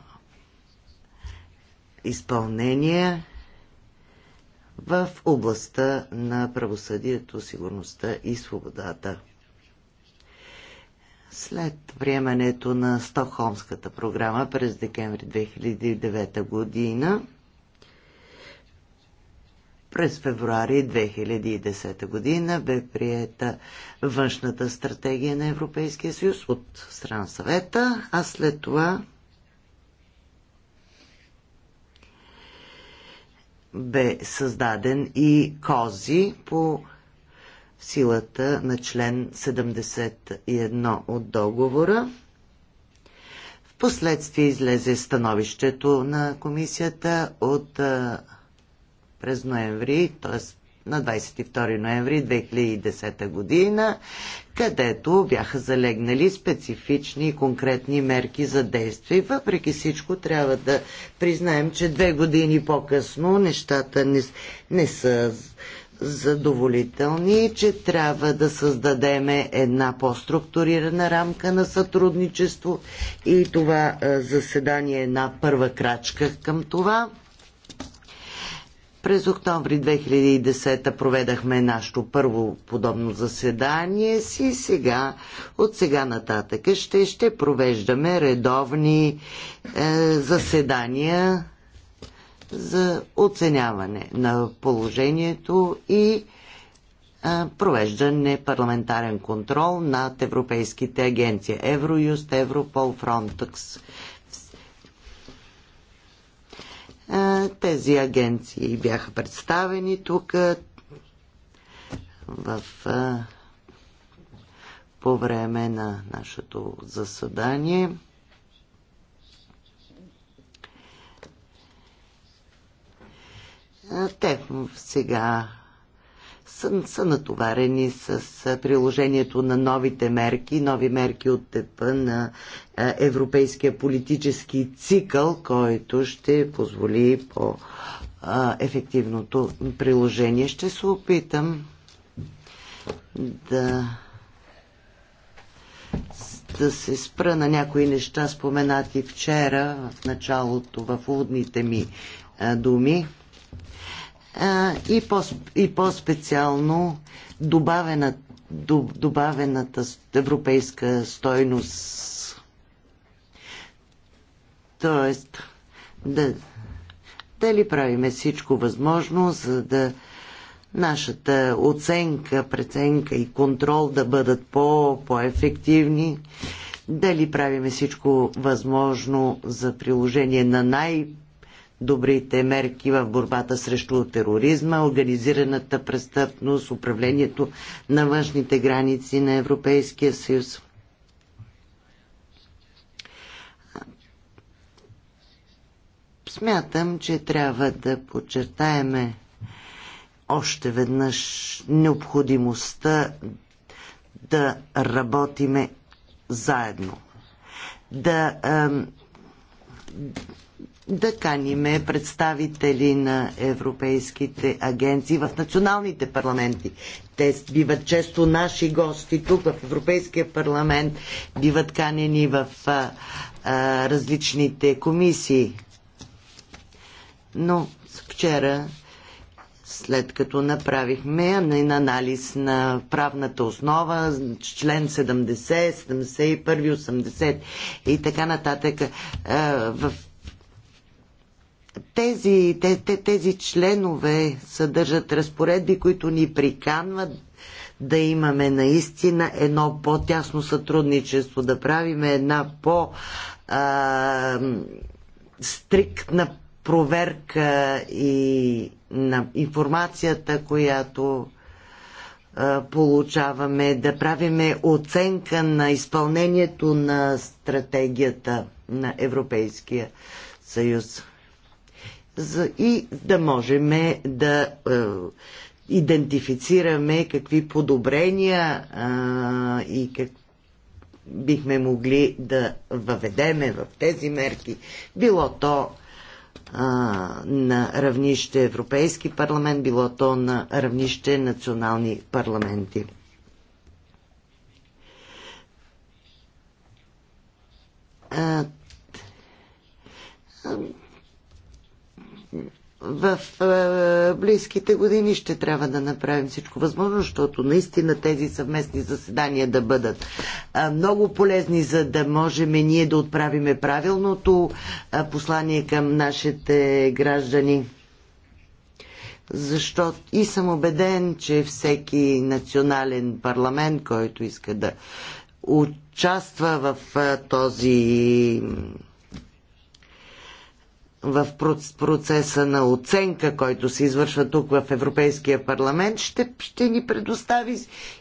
изпълнение в областта на правосъдието, сигурността и свободата. След приемането на Стокхолмската програма през декември 2009 година, през февруари 2010 година бе приета външната стратегия на Европейския съюз от страна съвета, а след това бе създаден и Кози по силата на член 71 от договора. Впоследствие излезе становището на комисията от през ноември, т.е. на 22 ноември 2010 година, където бяха залегнали специфични и конкретни мерки за действие. Въпреки всичко, трябва да признаем, че две години по-късно нещата не, не са задоволителни, че трябва да създадем една по-структурирана рамка на сътрудничество и това заседание е една първа крачка към това. През октомври 2010 проведахме нашето първо подобно заседание си. Сега, от сега нататък ще, ще провеждаме редовни е, заседания за оценяване на положението и е, провеждане парламентарен контрол над европейските агенции Евроюст, Европол, Фронтекс Тези агенции бяха представени тук в, по време на нашето заседание. Те сега са, са натоварени с приложението на новите мерки, нови мерки от типа на европейския политически цикъл, който ще позволи по ефективното приложение. Ще се опитам да да се спра на някои неща, споменати вчера в началото, в уводните ми думи и, по, и по-специално добавена, добавената европейска стойност. Тоест, да, дали правиме всичко възможно, за да нашата оценка, преценка и контрол да бъдат по, по-ефективни, дали правиме всичко възможно за приложение на най- добрите мерки в борбата срещу тероризма, организираната престъпност, управлението на външните граници на Европейския съюз. Смятам, че трябва да подчертаеме още веднъж необходимостта да работиме заедно. Да, да каниме представители на европейските агенции в националните парламенти. Те биват често наши гости тук в Европейския парламент, биват канени в а, а, различните комисии. Но вчера след като направихме анализ на правната основа, член 70, 71, 80 и така нататък. В тези, те, тези членове съдържат разпоредби, които ни приканват да имаме наистина едно по-тясно сътрудничество, да правиме една по-стриктна проверка и на информацията, която получаваме, да правиме оценка на изпълнението на стратегията на Европейския съюз за, и да можем да е, идентифицираме какви подобрения е, и как бихме могли да въведеме в тези мерки, било то на равнище Европейски парламент, било то на равнище национални парламенти в е, близките години ще трябва да направим всичко възможно, защото наистина тези съвместни заседания да бъдат е, много полезни, за да можем ние да отправиме правилното е, послание към нашите граждани. Защото и съм убеден, че всеки национален парламент, който иска да участва в е, този в процеса на оценка, който се извършва тук в Европейския парламент, ще, ще ни предостави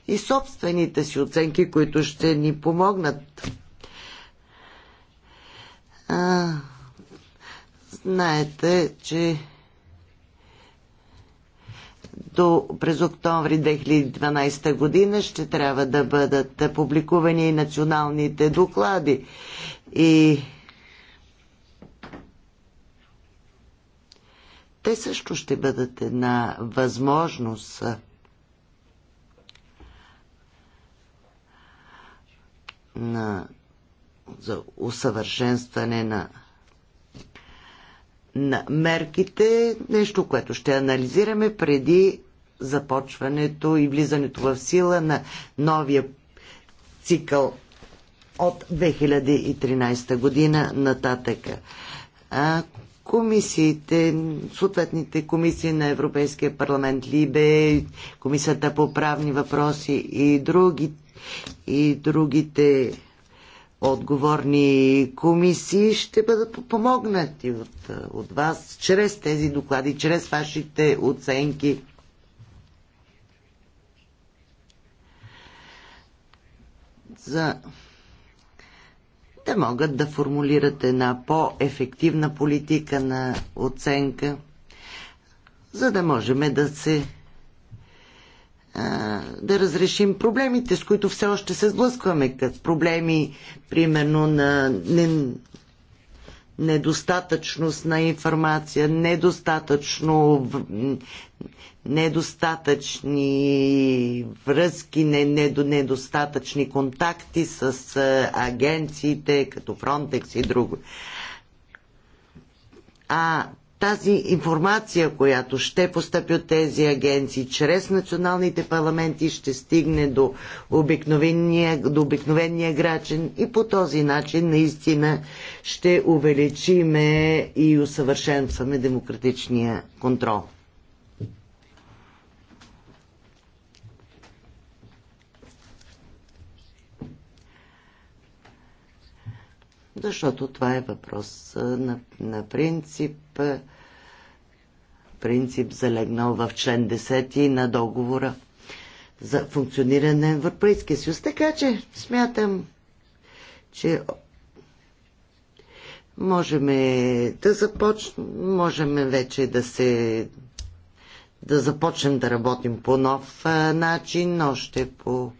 и собствените си оценки, които ще ни помогнат. А, знаете, че до през октомври 2012 година ще трябва да бъдат публикувани и националните доклади. И те също ще бъдат една възможност на, за усъвършенстване на, на мерките, нещо, което ще анализираме преди започването и влизането в сила на новия цикъл от 2013 година нататъка. А, комисиите, съответните комисии на Европейския парламент, Либе, Комисията по правни въпроси и, други, и другите отговорни комисии ще бъдат помогнати от, от вас чрез тези доклади, чрез вашите оценки. За да могат да формулират една по-ефективна политика на оценка, за да можем да се да разрешим проблемите, с които все още се сблъскваме, като проблеми, примерно на недостатъчност на информация, недостатъчно недостатъчни връзки, недостатъчни контакти с агенциите, като Фронтекс и друго. А тази информация, която ще постъпи от тези агенции чрез националните парламенти, ще стигне до обикновения, до обикновения грачен и по този начин наистина ще увеличиме и усъвършенстваме демократичния контрол. Защото това е въпрос на, на принцип, принцип залегнал в член 10 на договора за функциониране на Европейския съюз. Така че смятам, че Можем е да започнем, можем е вече да се да започнем да работим по нов начин, още по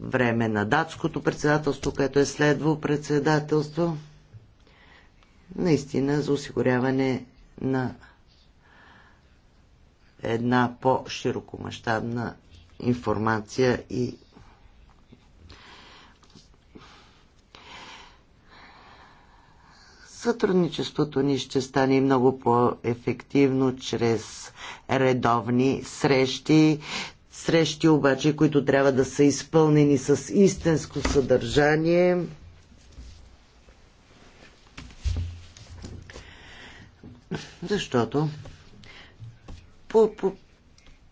време на датското председателство, което е следвало председателство, наистина за осигуряване на една по-широкомащабна информация и Сътрудничеството ни ще стане много по-ефективно чрез редовни срещи, срещи обаче, които трябва да са изпълнени с истинско съдържание. Защото по, по,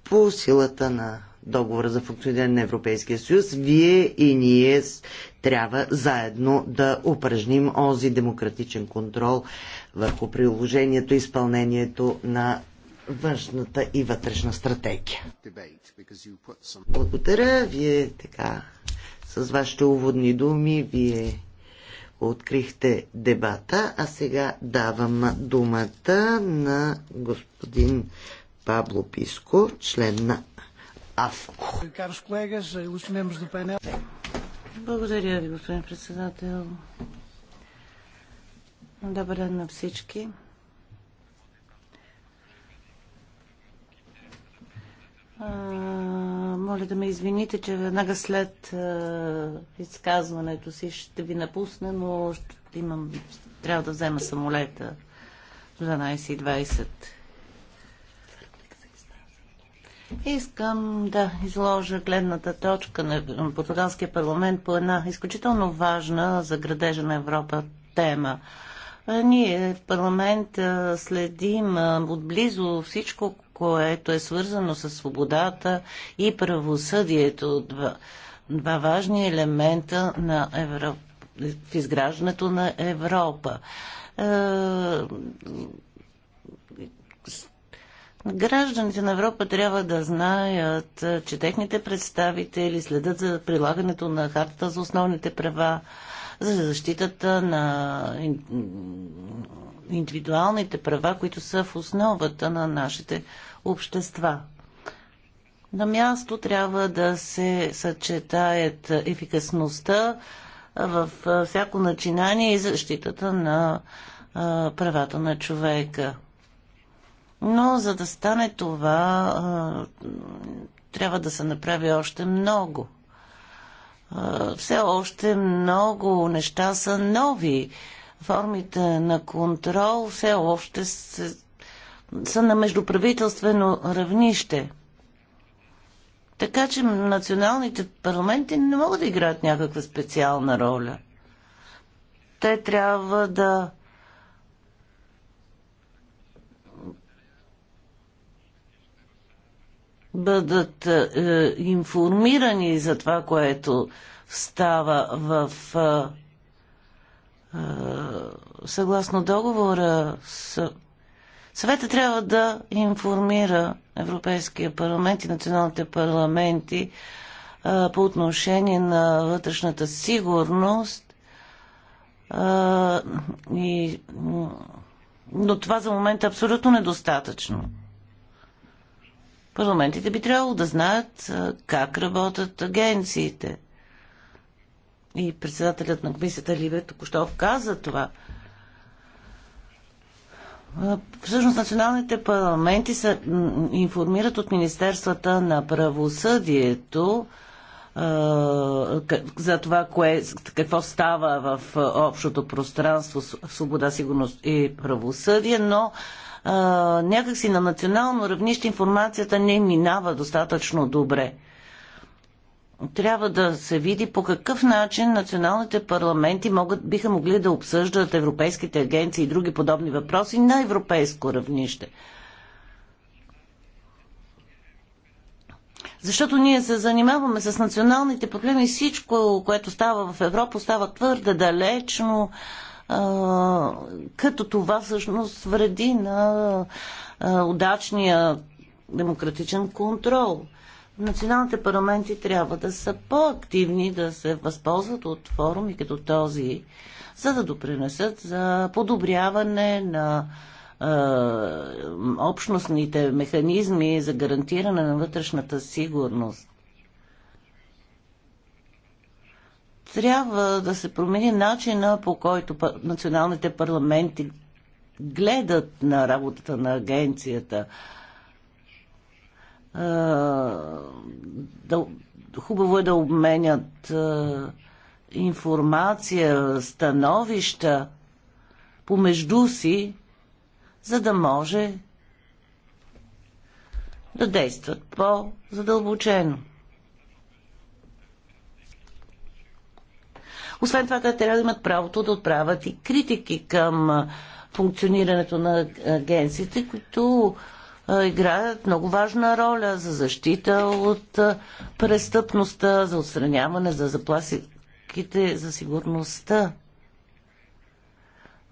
по силата на договора за функциониране на Европейския съюз, вие и ние трябва заедно да упражним ози демократичен контрол върху приложението и изпълнението на външната и вътрешна стратегия. Благодаря. Вие така с вашите уводни думи, вие открихте дебата, а сега давам думата на господин Пабло Писко, член на АВКО. Благодаря ви, господин председател. Добър ден на всички. А, моля да ме извините, че веднага след а, изказването си ще ви напусна, но ще имам, трябва да взема самолета 12.20. Искам да изложа гледната точка на португалския парламент по една изключително важна за градежа на Европа тема. Ние в парламент следим отблизо всичко, което е свързано с свободата и правосъдието. Два, два важни елемента на Европа, в изграждането на Европа Гражданите на Европа трябва да знаят, че техните представители следят за прилагането на хартата за основните права, за защитата на индивидуалните права, които са в основата на нашите общества. На място трябва да се съчетаят ефикасността в всяко начинание и защитата на правата на човека. Но за да стане това, трябва да се направи още много. Все още много неща са нови. Формите на контрол все още са, са на междуправителствено равнище. Така че националните парламенти не могат да играят някаква специална роля. Те трябва да бъдат е, информирани за това, което става в е, е, съгласно договора. С... Съвета трябва да информира Европейския парламент и националните парламенти е, по отношение на вътрешната сигурност е, и но това за момент е абсолютно недостатъчно. Парламентите би трябвало да знаят как работят агенциите. И председателят на комисията Ливе току-що каза това. Всъщност националните парламенти се информират от Министерствата на правосъдието за това, кое, какво става в общото пространство свобода, сигурност и правосъдие, но а, някакси на национално равнище информацията не минава достатъчно добре. Трябва да се види по какъв начин националните парламенти могат, биха могли да обсъждат европейските агенции и други подобни въпроси на европейско равнище. Защото ние се занимаваме с националните проблеми, всичко, което става в Европа, става твърде далечно като това всъщност вреди на удачния демократичен контрол. Националните парламенти трябва да са по-активни, да се възползват от форуми като този, за да допринесат за подобряване на е, общностните механизми за гарантиране на вътрешната сигурност. трябва да се промени начина по който националните парламенти гледат на работата на агенцията. Да, хубаво е да обменят информация, становища помежду си, за да може да действат по-задълбочено. Освен това, те трябва да имат правото да отправят и критики към функционирането на агенциите, които играят много важна роля за защита от престъпността, за отстраняване, за запласите, за сигурността.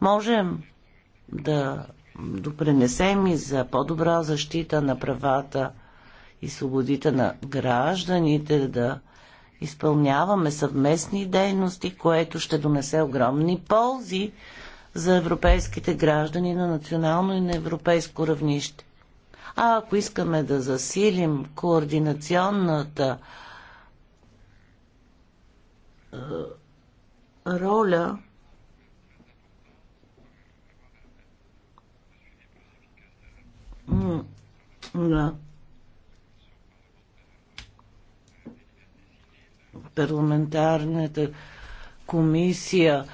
Можем да допренесем и за по-добра защита на правата и свободите на гражданите, да изпълняваме съвместни дейности, което ще донесе огромни ползи за европейските граждани на национално и на европейско равнище. А ако искаме да засилим координационната е, роля на парламентарната комисия,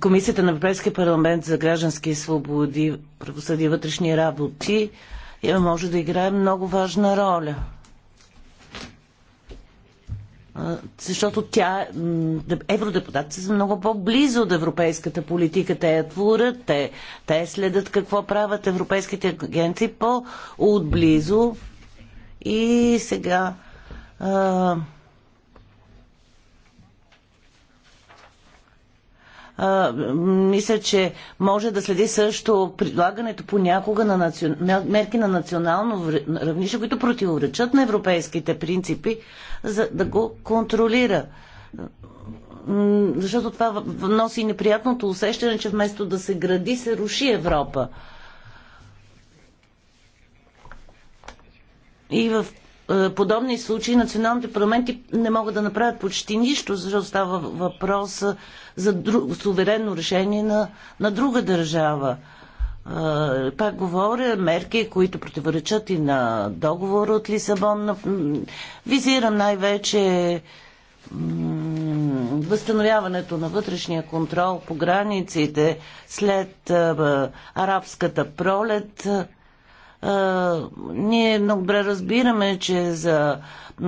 Комисията на Европейския парламент за граждански свободи, правосъдие и вътрешни работи е, може да играе много важна роля. Защото тя, евродепутатите са много по-близо от европейската политика. Те я творят, те, те следят какво правят европейските агенции по-отблизо. И сега мисля, че може да следи също предлагането понякога на национ... мерки на национално равнище, които противоречат на европейските принципи, за да го контролира. Защото това носи неприятното усещане, че вместо да се гради, се руши Европа. И в е, подобни случаи националните парламенти не могат да направят почти нищо, защото става въпрос за друг, суверенно решение на, на друга държава. Е, пак говоря, мерки, които противоречат и на договор от Лисабон. Визирам най-вече възстановяването на вътрешния контрол по границите след е, арабската пролет ние много добре разбираме, че за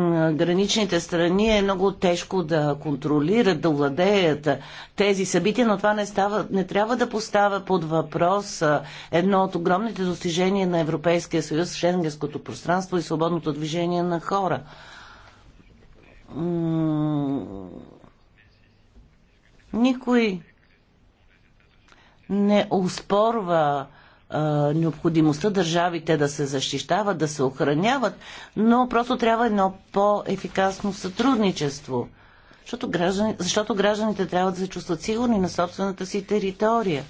граничните страни е много тежко да контролират, да владеят тези събития, но това не, става, не трябва да поставя под въпрос едно от огромните достижения на Европейския съюз, Шенгенското пространство и свободното движение на хора. Никой не успорва необходимостта държавите да се защищават, да се охраняват, но просто трябва едно по-ефикасно сътрудничество. Защото, граждани, защото гражданите трябва да се чувстват сигурни на собствената си територия.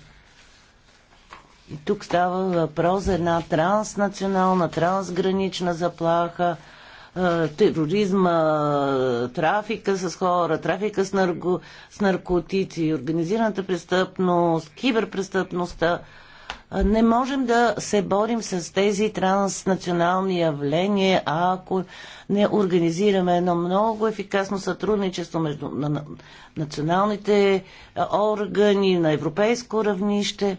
И тук става въпрос за една транснационална, трансгранична заплаха, тероризма, трафика с хора, трафика с, нарко, с наркотици, организираната престъпност, киберпрестъпността. Не можем да се борим с тези транснационални явления, ако не организираме едно много ефикасно сътрудничество между националните органи на европейско равнище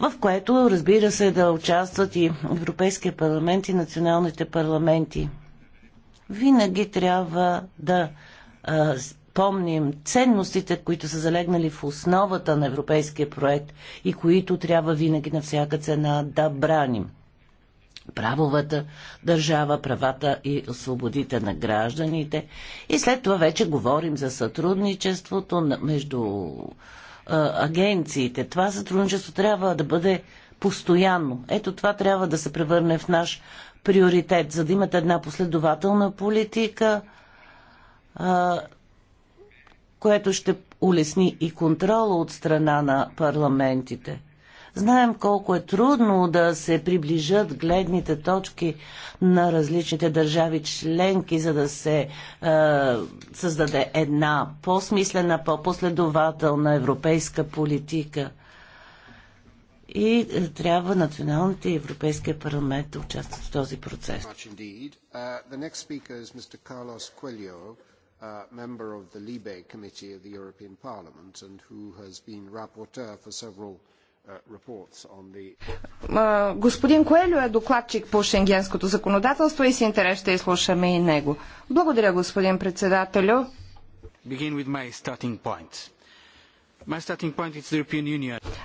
в което, разбира се, да участват и Европейския парламент и националните парламенти. Винаги трябва да а, припомним ценностите, които са залегнали в основата на европейския проект и които трябва винаги на всяка цена да браним. Правовата държава, правата и свободите на гражданите. И след това вече говорим за сътрудничеството между агенциите. Това сътрудничество трябва да бъде постоянно. Ето това трябва да се превърне в наш приоритет, за да имате една последователна политика, което ще улесни и контрола от страна на парламентите. Знаем колко е трудно да се приближат гледните точки на различните държави членки, за да се е, създаде една по-смислена, по-последователна европейска политика. И е, трябва националните и Европейския парламент да участват в този процес member of the Libe Committee of the European Parliament and who has been rapporteur for several uh, reports on the... Господин Коелю е докладчик по шенгенското законодателство и с интерес ще изслушаме и него. Благодаря, господин председателю.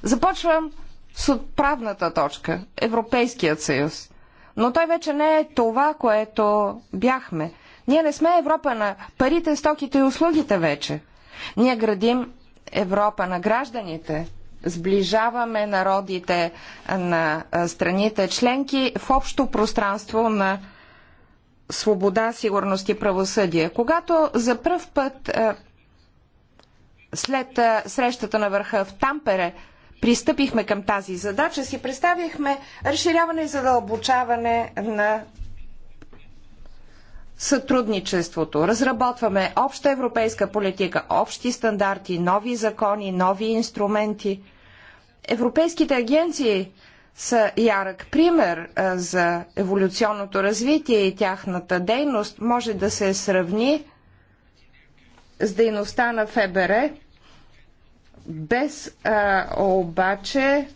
Започвам с отправната точка – Европейският съюз. Но той вече не е това, което бяхме – ние не сме Европа на парите, стоките и услугите вече. Ние градим Европа на гражданите, сближаваме народите на страните членки в общо пространство на свобода, сигурност и правосъдие. Когато за пръв път след срещата на върха в Тампере пристъпихме към тази задача, си представихме разширяване и задълбочаване на сътрудничеството. Разработваме обща европейска политика, общи стандарти, нови закони, нови инструменти. Европейските агенции са ярък пример за еволюционното развитие и тяхната дейност може да се сравни с дейността на ФБР, без а, обаче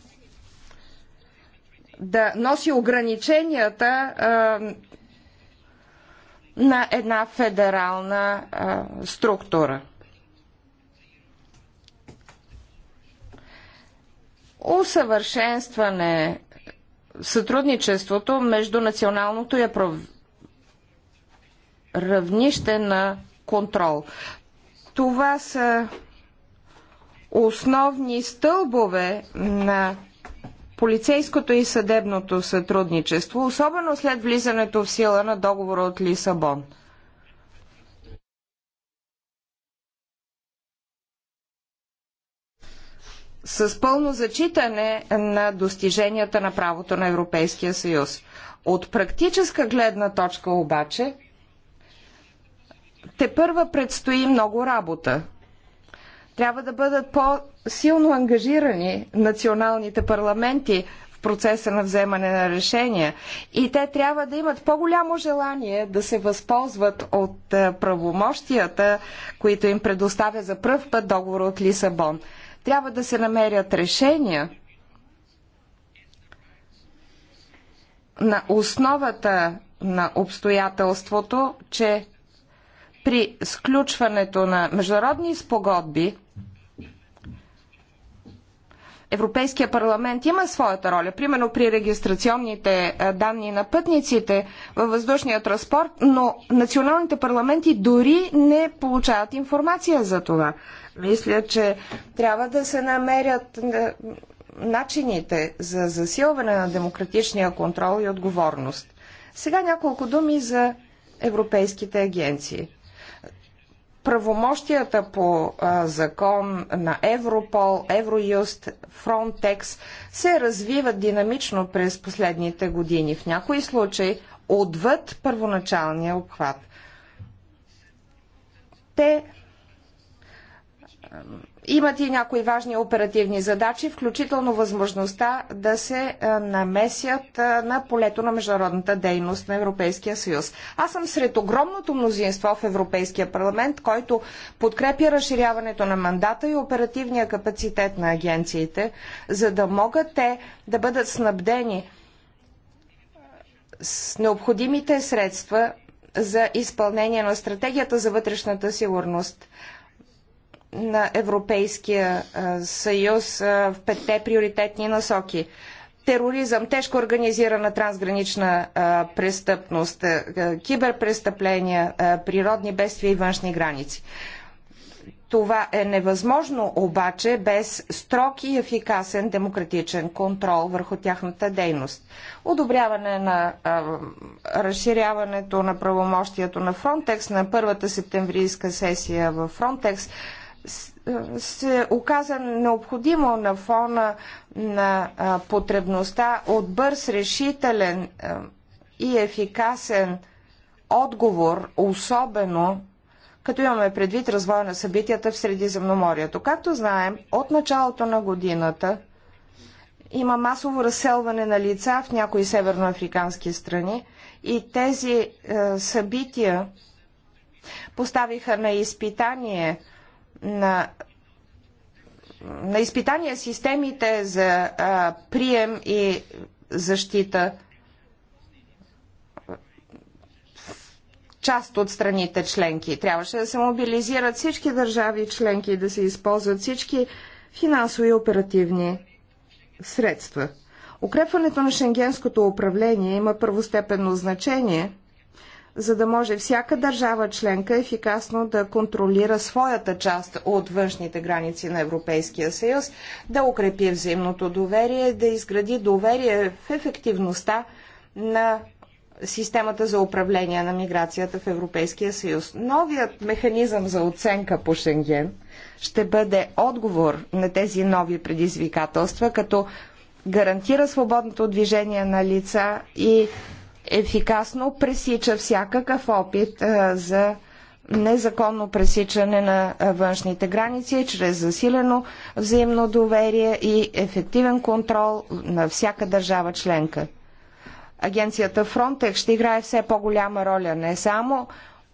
да носи ограниченията на една федерална а, структура. Усъвършенстване сътрудничеството между националното и равнище на контрол. Това са основни стълбове на полицейското и съдебното сътрудничество, особено след влизането в сила на договора от Лисабон. с пълно зачитане на достиженията на правото на Европейския съюз. От практическа гледна точка обаче, те първа предстои много работа. Трябва да бъдат по-силно ангажирани националните парламенти в процеса на вземане на решения и те трябва да имат по-голямо желание да се възползват от е, правомощията, които им предоставя за пръв път договор от Лисабон. Трябва да се намерят решения на основата на обстоятелството, че при сключването на международни спогодби Европейския парламент има своята роля, примерно при регистрационните е, данни на пътниците във въздушния транспорт, но националните парламенти дори не получават информация за това. Мисля, че трябва да се намерят е, начините за засилване на демократичния контрол и отговорност. Сега няколко думи за европейските агенции правомощията по а, закон на Европол, Евроюст, Фронтекс се развиват динамично през последните години, в някои случаи отвъд първоначалния обхват. Те имат и някои важни оперативни задачи, включително възможността да се намесят на полето на международната дейност на Европейския съюз. Аз съм сред огромното мнозинство в Европейския парламент, който подкрепя разширяването на мандата и оперативния капацитет на агенциите, за да могат те да бъдат снабдени с необходимите средства за изпълнение на стратегията за вътрешната сигурност – на Европейския съюз в петте приоритетни насоки. Тероризъм, тежко организирана трансгранична престъпност, киберпрестъпления, природни бедствия и външни граници. Това е невъзможно обаче без строг и ефикасен демократичен контрол върху тяхната дейност. Одобряване на а, разширяването на правомощието на Фронтекс на първата септемврийска сесия в Фронтекс се оказа необходимо на фона на потребността от бърз, решителен и ефикасен отговор, особено като имаме предвид развоя на събитията в Средиземноморието. Както знаем, от началото на годината има масово разселване на лица в някои северноафрикански страни и тези е, събития поставиха на изпитание на, на изпитания системите за а, прием и защита част от страните членки. Трябваше да се мобилизират всички държави членки и да се използват всички финансови и оперативни средства. Укрепването на шенгенското управление има първостепенно значение – за да може всяка държава членка ефикасно да контролира своята част от външните граници на Европейския съюз, да укрепи взаимното доверие, да изгради доверие в ефективността на системата за управление на миграцията в Европейския съюз. Новият механизъм за оценка по Шенген ще бъде отговор на тези нови предизвикателства, като гарантира свободното движение на лица и ефикасно пресича всякакъв опит за незаконно пресичане на външните граници чрез засилено взаимно доверие и ефективен контрол на всяка държава членка. Агенцията Frontex ще играе все по-голяма роля, не само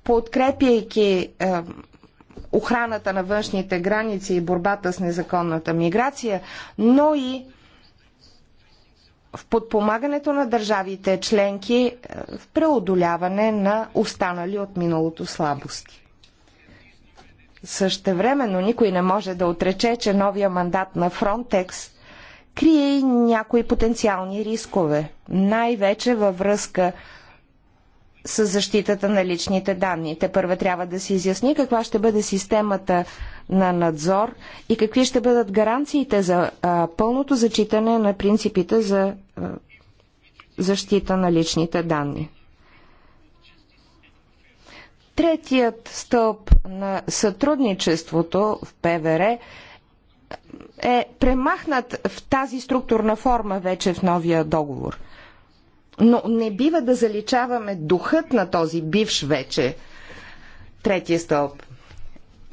подкрепяйки е, охраната на външните граници и борбата с незаконната миграция, но и в подпомагането на държавите членки е, в преодоляване на останали от миналото слабости. Същевременно никой не може да отрече, че новия мандат на Фронтекс крие и някои потенциални рискове, най-вече във връзка с защитата на личните данни. Те първа трябва да се изясни каква ще бъде системата на надзор и какви ще бъдат гаранциите за а, пълното зачитане на принципите за а, защита на личните данни. Третият стълб на сътрудничеството в ПВР е премахнат в тази структурна форма вече в новия договор. Но не бива да заличаваме духът на този бивш вече третия стълб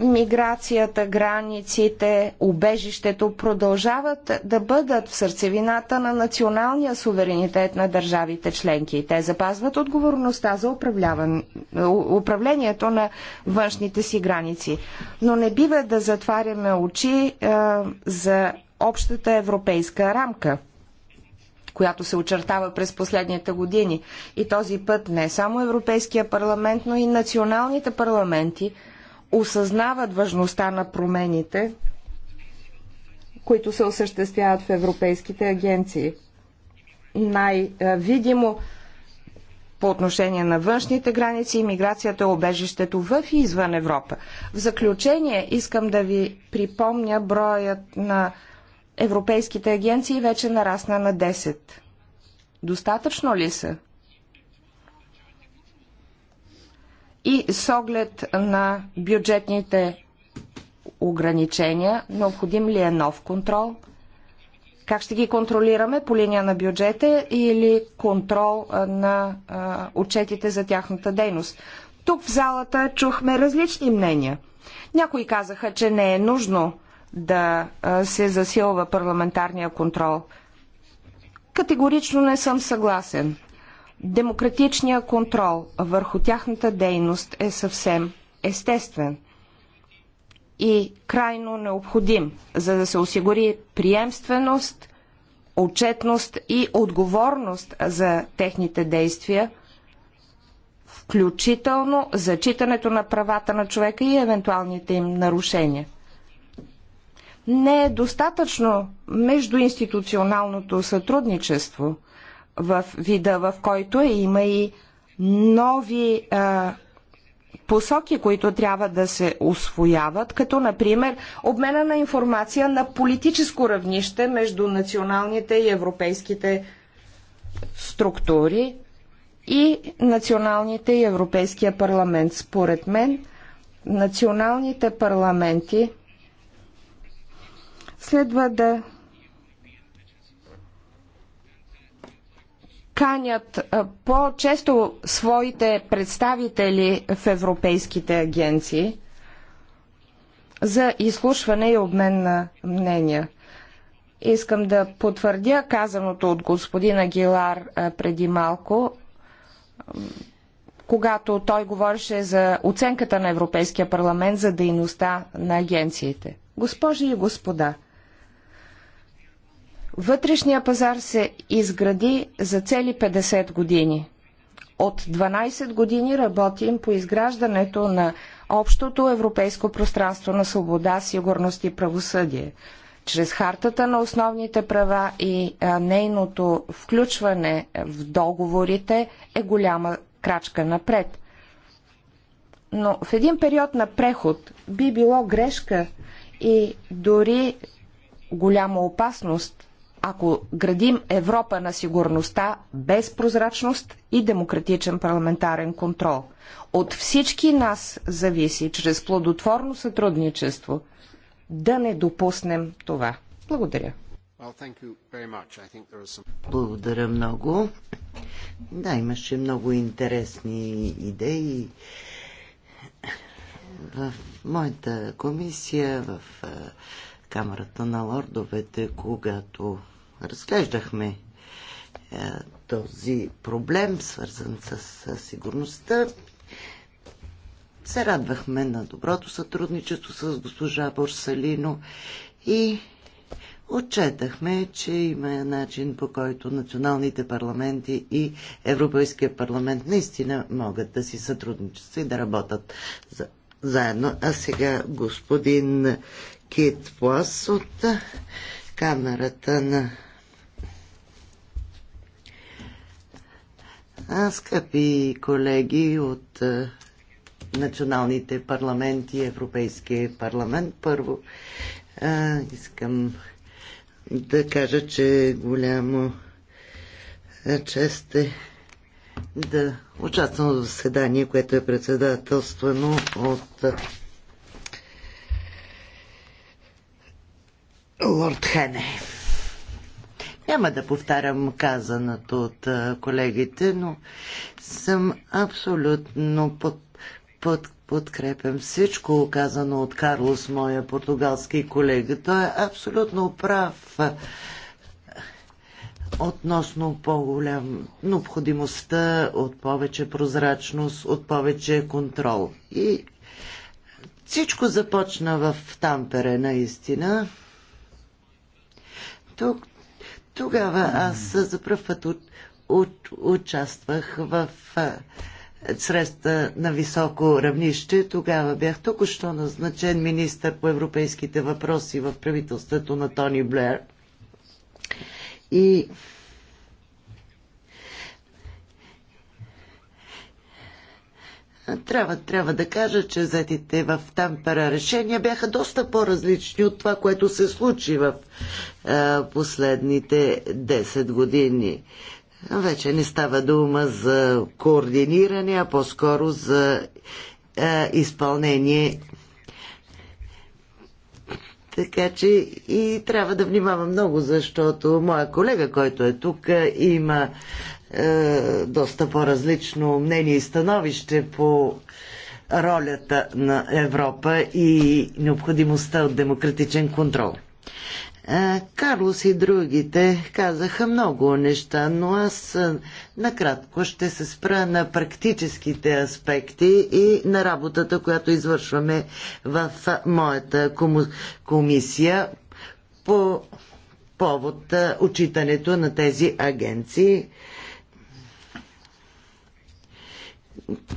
миграцията, границите, убежището продължават да бъдат в сърцевината на националния суверенитет на държавите членки. Те запазват отговорността за управлението на външните си граници. Но не бива да затваряме очи а, е, за общата европейска рамка която се очертава през последните години. И този път не само Европейския парламент, но и националните парламенти – осъзнават важността на промените, които се осъществяват в европейските агенции. Най-видимо по отношение на външните граници, иммиграцията и обежището в и извън Европа. В заключение искам да ви припомня броят на европейските агенции вече нарасна на 10. Достатъчно ли са? и с оглед на бюджетните ограничения, необходим ли е нов контрол? Как ще ги контролираме по линия на бюджета или контрол на а, отчетите за тяхната дейност? Тук в залата чухме различни мнения. Някои казаха, че не е нужно да се засилва парламентарния контрол. Категорично не съм съгласен. Демократичният контрол върху тяхната дейност е съвсем естествен и крайно необходим, за да се осигури приемственост, отчетност и отговорност за техните действия, включително зачитането на правата на човека и евентуалните им нарушения. Не е достатъчно междуинституционалното сътрудничество – в вида, в който е. Има и нови а, посоки, които трябва да се освояват, като например обмена на информация на политическо равнище между националните и европейските структури и националните и Европейския парламент. Според мен, националните парламенти следва да канят по-често своите представители в европейските агенции за изслушване и обмен на мнения. Искам да потвърдя казаното от господина Гилар преди малко, когато той говореше за оценката на Европейския парламент за дейността на агенциите. Госпожи и господа, Вътрешния пазар се изгради за цели 50 години. От 12 години работим по изграждането на общото европейско пространство на свобода, сигурност и правосъдие. Чрез хартата на основните права и нейното включване в договорите е голяма крачка напред. Но в един период на преход би било грешка и дори голяма опасност ако градим Европа на сигурността без прозрачност и демократичен парламентарен контрол. От всички нас зависи, чрез плодотворно сътрудничество, да не допуснем това. Благодаря. Благодаря много. Да, имаше много интересни идеи. В моята комисия, в Камерата на лордовете, когато разглеждахме е, този проблем, свързан с сигурността. Се радвахме на доброто сътрудничество с госпожа Борсалино и Отчетахме, че има начин по който националните парламенти и Европейския парламент наистина могат да си сътрудничат и да работят за, заедно. А сега господин Кит Плас от Камерата на Скъпи колеги от националните парламенти, Европейския парламент, първо искам да кажа, че голямо чест е да участвам в заседание, което е председателствано от Лорд Хене. Няма да повтарям казаното от колегите, но съм абсолютно под, под, подкрепям всичко казано от Карлос, моя португалски колега. Той е абсолютно прав относно по-голям необходимостта от повече прозрачност, от повече контрол. И всичко започна в Тампере, наистина. Тук тогава аз за първ път от, от, участвах в а, средства на високо равнище. Тогава бях току-що назначен министър по европейските въпроси в правителството на Тони Блер. И Трябва, трябва да кажа, че взетите в Тампера решения бяха доста по-различни от това, което се случи в е, последните 10 години. Вече не става дума за координиране, а по-скоро за е, изпълнение. Така че и трябва да внимавам много, защото моя колега, който е тук, има е, доста по-различно мнение и становище по ролята на Европа и необходимостта от демократичен контрол. Е, Карлос и другите казаха много неща, но аз е, накратко ще се спра на практическите аспекти и на работата, която извършваме в моята комисия по повод отчитането на тези агенции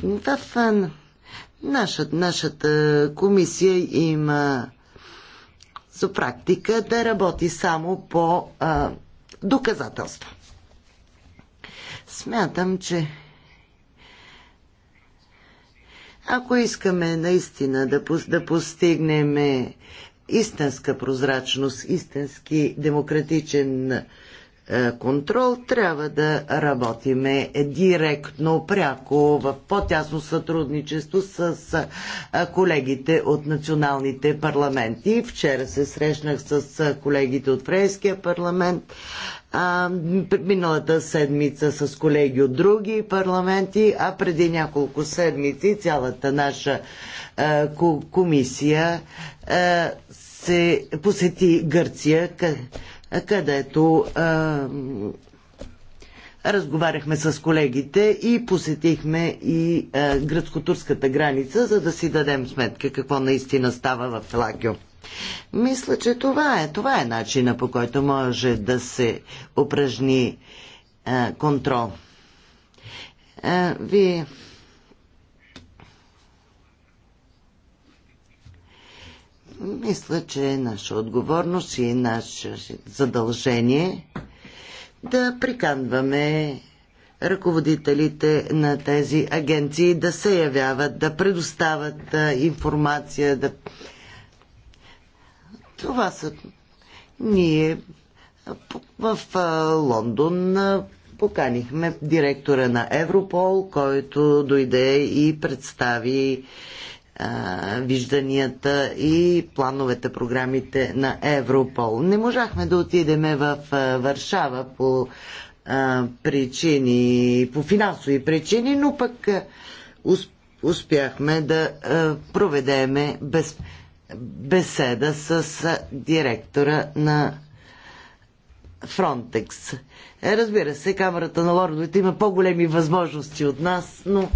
в нашата, нашата комисия има за практика да работи само по а, доказателства. Смятам, че ако искаме наистина да, да постигнем истинска прозрачност, истински демократичен е, контрол, трябва да работиме директно, пряко, в по-тясно сътрудничество с е, колегите от националните парламенти. Вчера се срещнах с е, колегите от Френския парламент, миналата седмица с колеги от други парламенти, а преди няколко седмици цялата наша комисия се посети Гърция, където разговаряхме с колегите и посетихме и гръцко-турската граница, за да си дадем сметка какво наистина става в Лакио. Мисля, че това е, това е начина по който може да се упражни а, контрол. А, вие мисля, че е наша отговорност и е наше задължение да приканваме ръководителите на тези агенции да се явяват, да предоставят информация, да... Това са ние в Лондон поканихме директора на Европол, който дойде и представи вижданията и плановете, програмите на Европол. Не можахме да отидеме в Варшава по причини, по финансови причини, но пък успяхме да проведеме без, беседа с директора на Фронтекс. Разбира се, камерата на лордовете има по-големи възможности от нас, но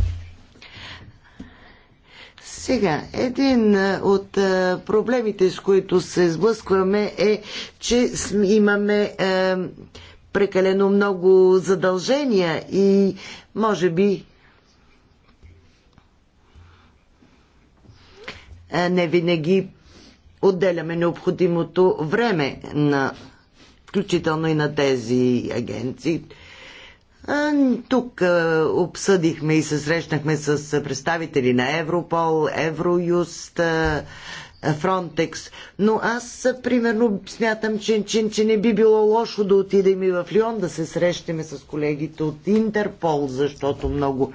сега, един е, от е, проблемите, с които се сблъскваме е, че имаме е, прекалено много задължения и може би не винаги отделяме необходимото време на включително и на тези агенции. Тук обсъдихме и се срещнахме с представители на Европол, Евроюст, Фронтекс. Но аз, примерно, смятам, че, че, че не би било лошо да отидем и в Лион да се срещаме с колегите от Интерпол, защото много,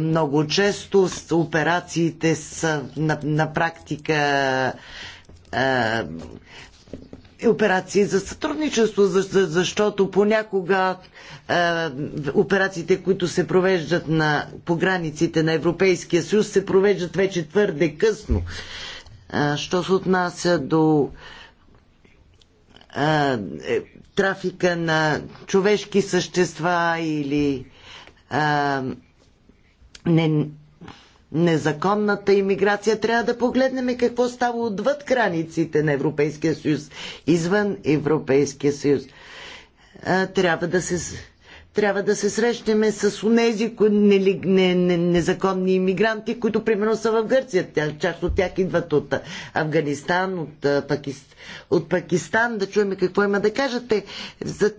много често операциите са на, на практика операции за сътрудничество, защото понякога е, операциите, които се провеждат на, по границите на Европейския съюз, се провеждат вече твърде късно. Е, що се отнася до е, е трафика на човешки същества или е, не, незаконната иммиграция. Трябва да погледнем какво става отвъд границите на Европейския съюз, извън Европейския съюз. Трябва да се трябва да се срещнеме с онези незаконни иммигранти, които примерно са в Гърция. Част от тях идват от Афганистан, от, Пакист... от Пакистан, да чуем какво има да кажете. За...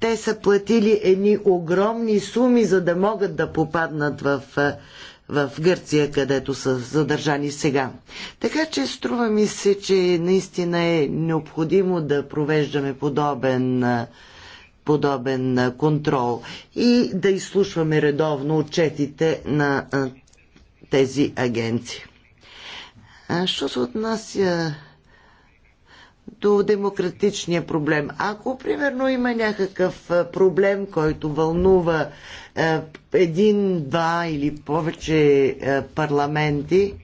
Те са платили едни огромни суми, за да могат да попаднат в в Гърция, където са задържани сега. Така че струва ми се, че наистина е необходимо да провеждаме подобен подобен контрол и да изслушваме редовно отчетите на тези агенции. що се отнася до демократичния проблем. Ако, примерно, има някакъв проблем, който вълнува един, два или повече парламенти,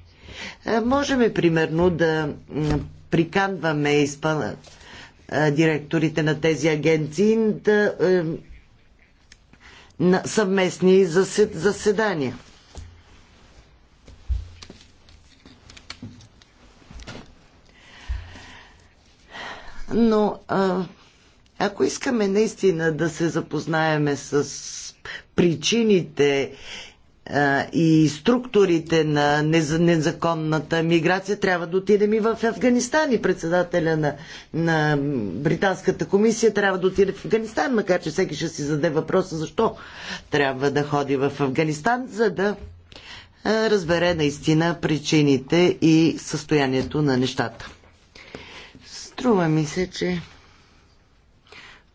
можем, примерно, да приканваме изпъл... директорите на тези агенции да на съвместни засед... заседания. но а, ако искаме наистина да се запознаеме с причините а, и структурите на незаконната миграция, трябва да отидем и в Афганистан. И председателя на, на Британската комисия трябва да отиде в Афганистан, макар че всеки ще си зададе въпроса защо трябва да ходи в Афганистан, за да разбере наистина причините и състоянието на нещата. Струва ми се, че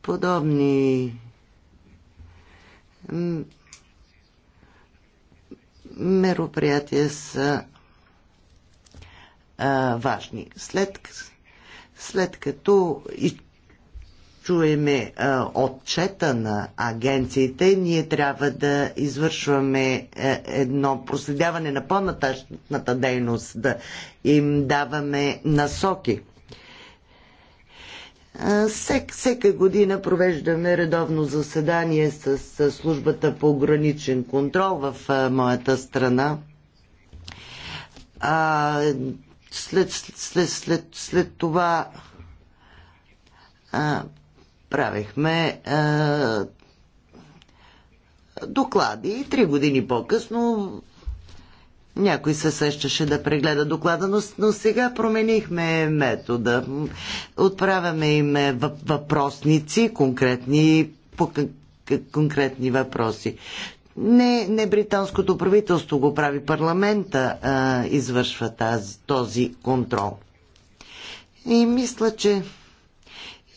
подобни мероприятия са а, важни. След, след като и чуеме а, отчета на агенциите, ние трябва да извършваме а, е, едно проследяване на по-нататъчната дейност, да им даваме насоки. Всек, всека година провеждаме редовно заседание с, с службата по ограничен контрол в а, моята страна. А, след, след, след, след това а, правихме а, доклади и три години по-късно някой се сещаше да прегледа доклада, но, но сега променихме метода. Отправяме им е, въпросници, конкретни, по конкретни въпроси. Не, не британското правителство го прави, парламента а, извършва тази, този контрол. И мисля, че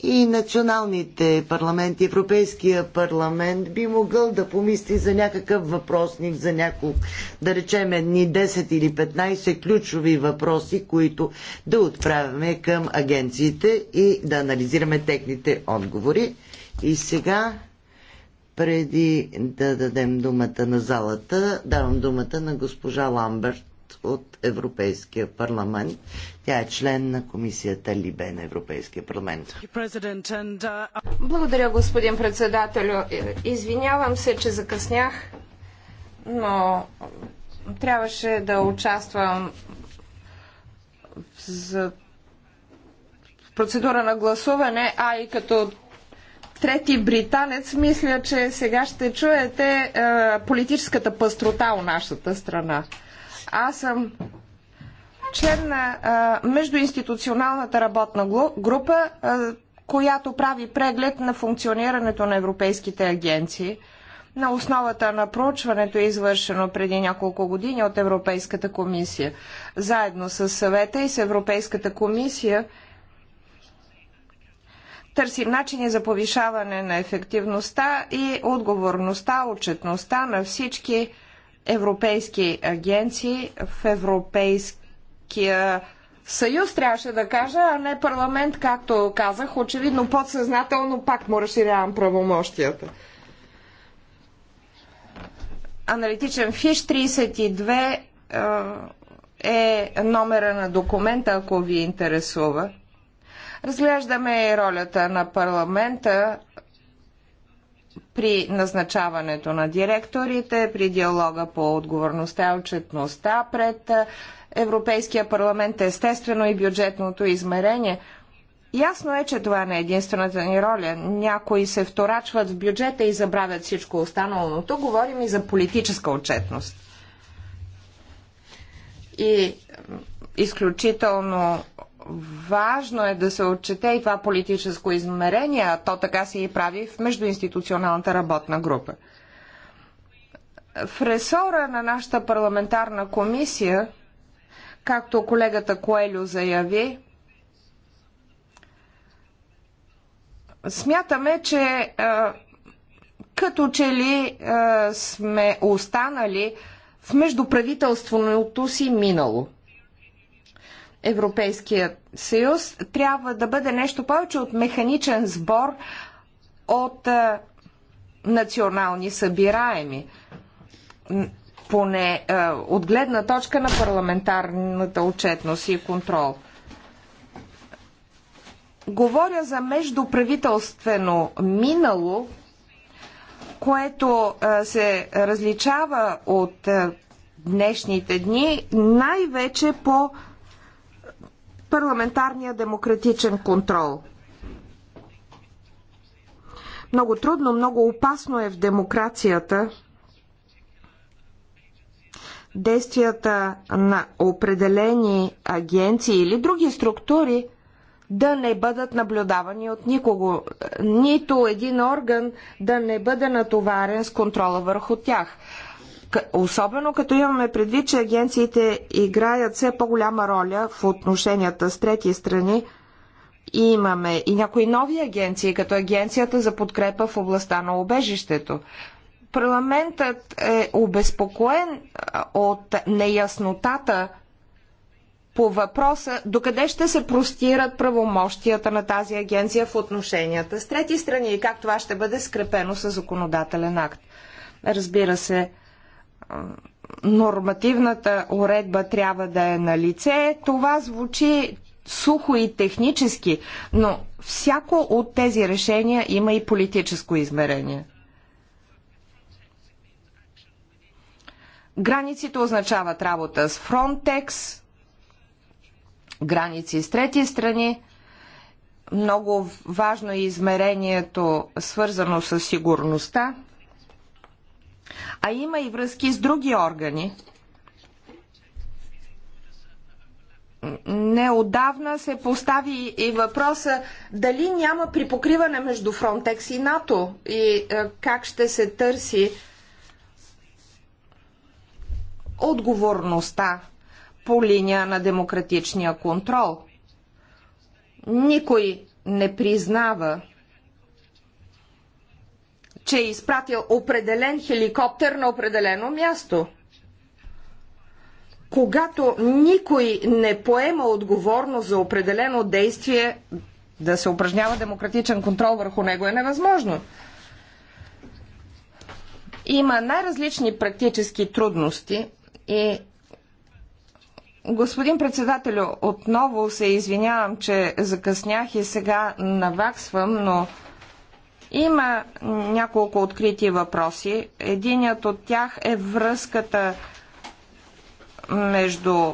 и националните парламенти, Европейския парламент би могъл да помисли за някакъв въпросник, за няколко, да речем, едни 10 или 15 ключови въпроси, които да отправяме към агенциите и да анализираме техните отговори. И сега, преди да дадем думата на залата, давам думата на госпожа Ламберт от Европейския парламент. Тя е член на комисията Либе на Европейския парламент. Благодаря, господин председател. Извинявам се, че закъснях, но трябваше да участвам за процедура на гласуване, а и като трети британец, мисля, че сега ще чуете е, политическата пъстрота у нашата страна. Аз съм член на а, междуинституционалната работна група, а, която прави преглед на функционирането на европейските агенции на основата на проучването, извършено преди няколко години от Европейската комисия. Заедно с съвета и с Европейската комисия търсим начини за повишаване на ефективността и отговорността, отчетността на всички европейски агенции в Европейския съюз, трябваше да кажа, а не парламент, както казах. Очевидно, подсъзнателно пак му разширявам правомощията. Аналитичен фиш 32 е, е номера на документа, ако ви интересува. Разглеждаме и ролята на парламента при назначаването на директорите, при диалога по отговорността и отчетността пред Европейския парламент, естествено и бюджетното измерение. Ясно е, че това не е единствената ни роля. Някои се вторачват в бюджета и забравят всичко останало, но тук говорим и за политическа отчетност. И изключително Важно е да се отчете и това политическо измерение, а то така се и прави в междуинституционалната работна група. В ресора на нашата парламентарна комисия, както колегата Коелю заяви, смятаме, че като че ли сме останали в междуправителственото си минало – Европейския съюз трябва да бъде нещо повече от механичен сбор от а, национални събираеми. Поне а, от гледна точка на парламентарната отчетност и контрол. Говоря за междуправителствено минало, което а, се различава от а, днешните дни, най-вече по парламентарния демократичен контрол. Много трудно, много опасно е в демокрацията действията на определени агенции или други структури да не бъдат наблюдавани от никого, нито един орган да не бъде натоварен с контрола върху тях. Особено като имаме предвид, че агенциите играят все по-голяма роля в отношенията с трети страни и имаме и някои нови агенции, като Агенцията за подкрепа в областта на обежището. Парламентът е обезпокоен от неяснотата по въпроса докъде ще се простират правомощията на тази агенция в отношенията с трети страни и как това ще бъде скрепено със законодателен акт. Разбира се, нормативната уредба трябва да е на лице, това звучи сухо и технически, но всяко от тези решения има и политическо измерение. Границите означават работа с Frontex, граници с трети страни. Много важно е измерението, свързано с сигурността. А има и връзки с други органи. Неодавна се постави и въпроса дали няма припокриване между Фронтекс и НАТО и е, как ще се търси отговорността по линия на демократичния контрол. Никой не признава че е изпратил определен хеликоптер на определено място. Когато никой не поема отговорност за определено действие, да се упражнява демократичен контрол върху него е невъзможно. Има най-различни практически трудности и господин председателю, отново се извинявам, че закъснях и сега наваксвам, но има няколко открити въпроси. Единият от тях е връзката между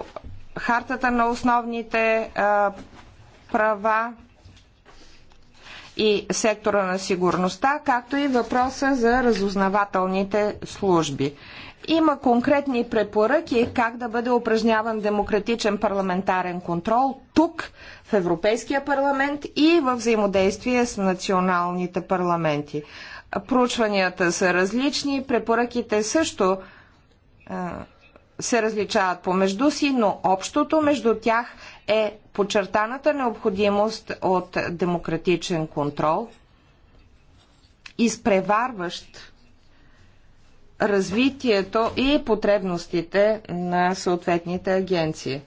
хартата на основните а, права и сектора на сигурността, както и въпроса за разузнавателните служби. Има конкретни препоръки как да бъде упражняван демократичен парламентарен контрол тук, в Европейския парламент и в взаимодействие с националните парламенти. Проучванията са различни, препоръките също се различават помежду си, но общото между тях е подчертаната необходимост от демократичен контрол, изпреварващ развитието и потребностите на съответните агенции.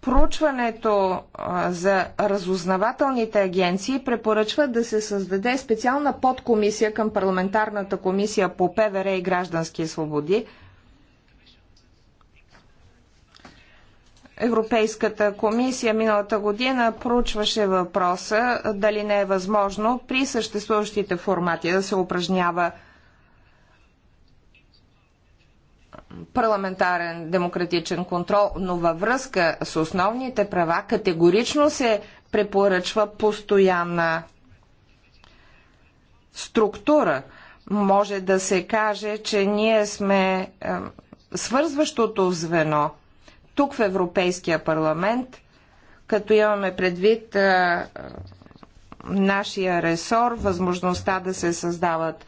Проучването за разузнавателните агенции препоръчва да се създаде специална подкомисия към парламентарната комисия по ПВР и граждански свободи. Европейската комисия миналата година проучваше въпроса дали не е възможно при съществуващите формати да се упражнява парламентарен демократичен контрол, но във връзка с основните права категорично се препоръчва постоянна структура. Може да се каже, че ние сме е, свързващото звено тук в Европейския парламент, като имаме предвид е, е, нашия ресор, възможността да се създават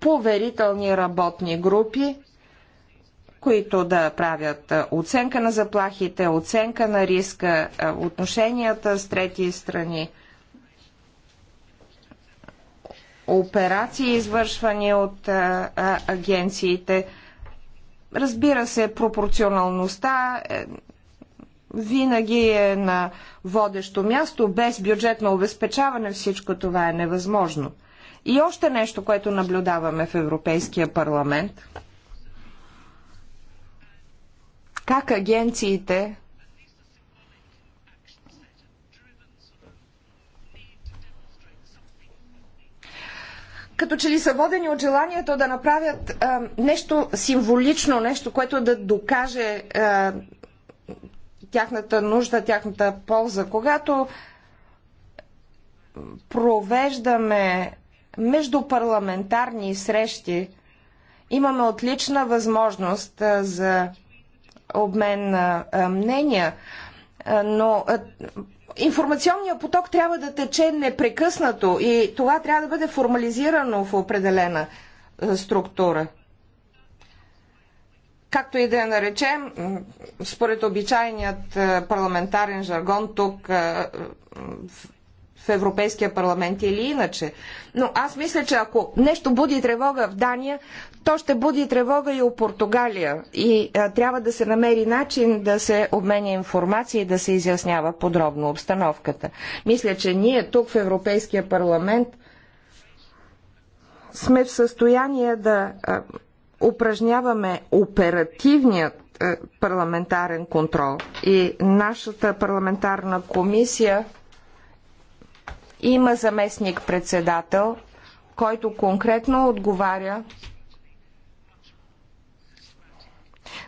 поверителни работни групи, които да правят оценка на заплахите, оценка на риска, отношенията с трети страни, операции, извършвани от агенциите. Разбира се, пропорционалността е, винаги е на водещо място. Без бюджетно обезпечаване всичко това е невъзможно. И още нещо, което наблюдаваме в Европейския парламент – как агенциите като че ли са водени от желанието да направят а, нещо символично, нещо, което да докаже а, тяхната нужда, тяхната полза. Когато провеждаме междупарламентарни срещи, имаме отлична възможност а, за обмен на мнения, но информационният поток трябва да тече непрекъснато и това трябва да бъде формализирано в определена структура. Както и да я наречем, според обичайният парламентарен жаргон тук в Европейския парламент или иначе. Но аз мисля, че ако нещо буди тревога в Дания, то ще буди тревога и у Португалия. И а, трябва да се намери начин да се обменя информация и да се изяснява подробно обстановката. Мисля, че ние тук в Европейския парламент сме в състояние да а, упражняваме оперативният парламентарен контрол. И нашата парламентарна комисия има заместник-председател, който конкретно отговаря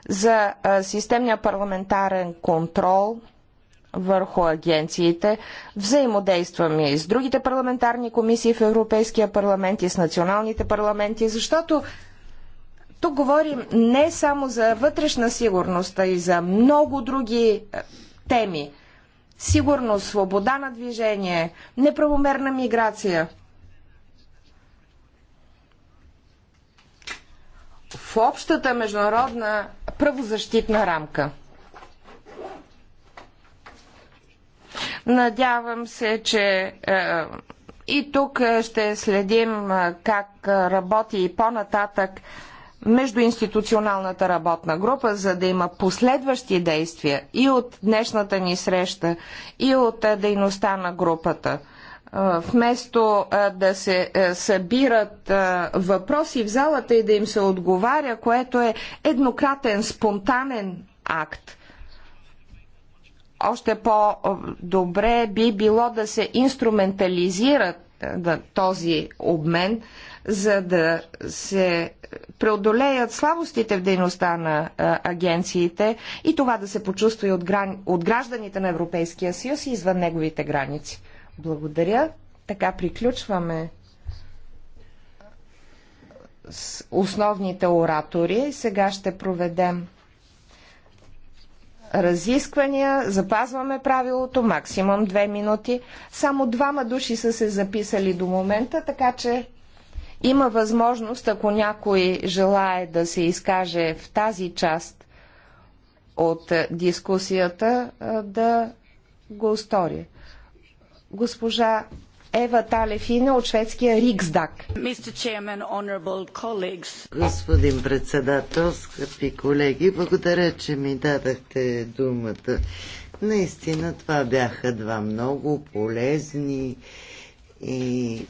за системния парламентарен контрол върху агенциите. Взаимодействаме и с другите парламентарни комисии в Европейския парламент и с националните парламенти, защото тук говорим не само за вътрешна сигурност, а и за много други теми сигурност, свобода на движение, неправомерна миграция. В общата международна правозащитна рамка. Надявам се, че е, и тук ще следим е, как работи и по-нататък междуинституционалната работна група, за да има последващи действия и от днешната ни среща, и от дейността на групата. Вместо да се събират въпроси в залата и да им се отговаря, което е еднократен, спонтанен акт. Още по-добре би било да се инструментализират този обмен, за да се преодолеят слабостите в дейността на агенциите и това да се почувства и от, от гражданите на Европейския съюз и извън неговите граници. Благодаря. Така приключваме с основните оратори. Сега ще проведем разисквания, запазваме правилото, максимум две минути. Само двама души са се записали до момента, така че има възможност, ако някой желае да се изкаже в тази част от е, дискусията, е, да го стори. Госпожа Ева Талефина от шведския Риксдак. Господин председател, скъпи колеги, благодаря, че ми дадахте думата. Наистина това бяха два много полезни и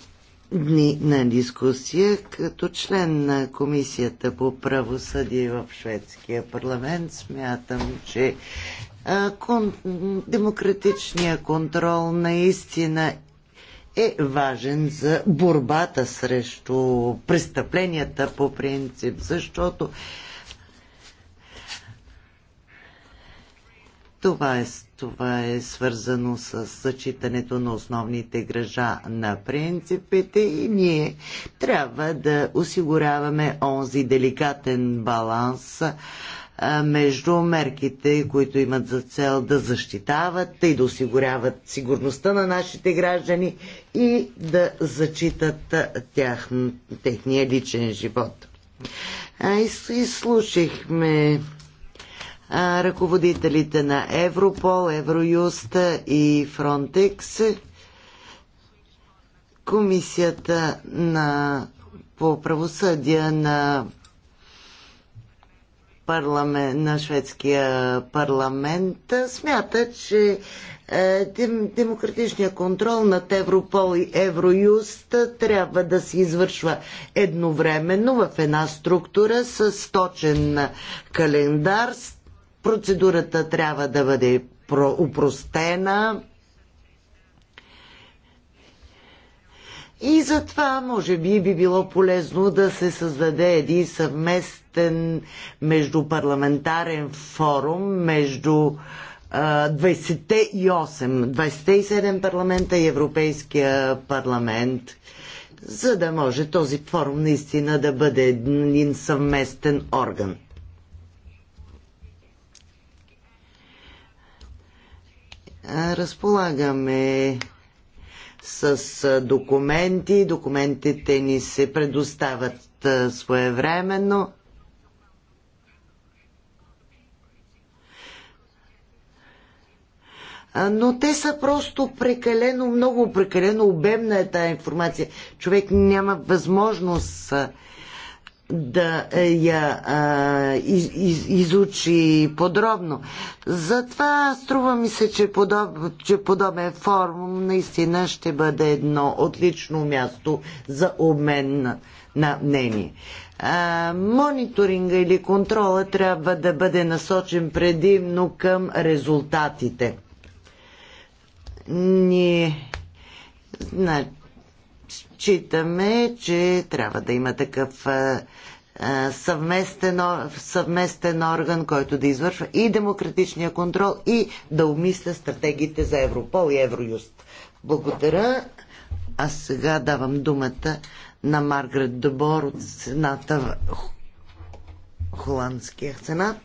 дни на дискусия. Като член на Комисията по правосъдие в шведския парламент смятам, че кон... демократичният контрол наистина е важен за борбата срещу престъпленията по принцип, защото това е това е свързано с зачитането на основните гръжа на принципите и ние трябва да осигуряваме онзи деликатен баланс между мерките, които имат за цел да защитават и да осигуряват сигурността на нашите граждани и да зачитат тях, техния личен живот. А, слушахме ръководителите на Европол, Евроюст и Фронтекс. Комисията на, по правосъдие на, парламент, на шведския парламент смята, че е, дем, демократичния контрол над Европол и Евроюст трябва да се извършва едновременно в една структура с точен календар, с Процедурата трябва да бъде упростена. И затова, може би, би било полезно да се създаде един съвместен междупарламентарен форум между 28, 27 парламента и Европейския парламент, за да може този форум наистина да бъде един съвместен орган. разполагаме с документи. Документите ни се предоставят своевременно. но те са просто прекалено много, прекалено обемна е тази информация. Човек няма възможност да е, я а, из, из, изучи подробно. Затова струва ми се, че, подоб, че подобен форум наистина ще бъде едно отлично място за обмен на, на мнение. А, мониторинга или контрола трябва да бъде насочен предимно към резултатите. Ние. Значи, Считаме, че трябва да има такъв съвместен, съвместен орган, който да извършва и демократичния контрол и да умисля стратегиите за Европол и Евроюст. Благодаря. А сега давам думата на Маргарет Добор от Сената в Холандския Сенат.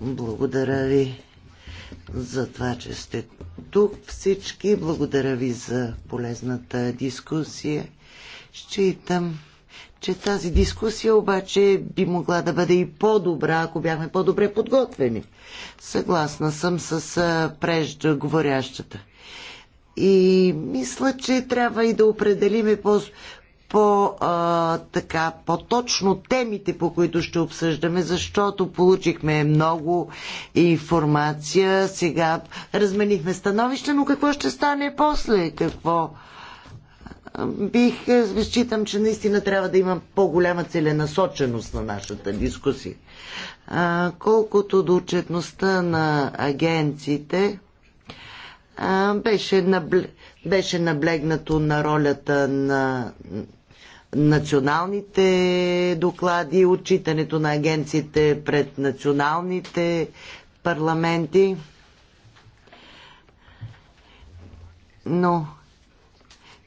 Благодаря ви за това, че сте тук всички. Благодаря ви за полезната дискусия. Считам, че тази дискусия обаче би могла да бъде и по-добра, ако бяхме по-добре подготвени. Съгласна съм с преждоговорящата. И мисля, че трябва и да определиме по а, така, по-точно темите, по които ще обсъждаме, защото получихме много информация. Сега разменихме становище, но какво ще стане после? Какво? Бих, считам, че наистина трябва да има по-голяма целенасоченост на нашата дискусия. А, колкото до отчетността на агенциите, а, беше, набл... беше наблегнато на ролята на националните доклади, отчитането на агенциите пред националните парламенти. Но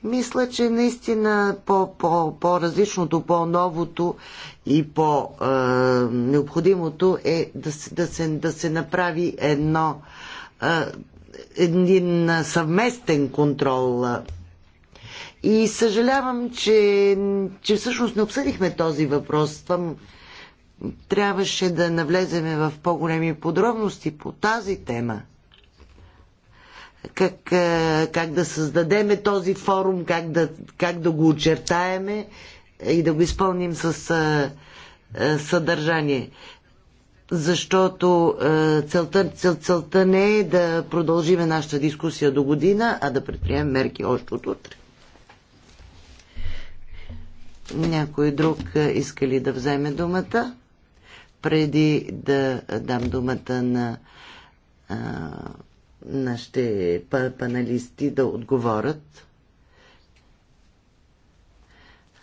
мисля, че наистина по-различното, -по -по по-новото и по-необходимото е да се, да, се, да се направи едно, един съвместен контрол и съжалявам, че, че всъщност не обсъдихме този въпрос. Това трябваше да навлеземе в по-големи подробности по тази тема. Как, е, как да създадеме този форум, как да, как да го очертаеме и да го изпълним с е, е, съдържание защото целта, цел, целта не е да продължиме нашата дискусия до година, а да предприемем мерки още от утре. Някой друг е, иска ли да вземе думата? Преди да дам думата на а, нашите паналисти да отговорят.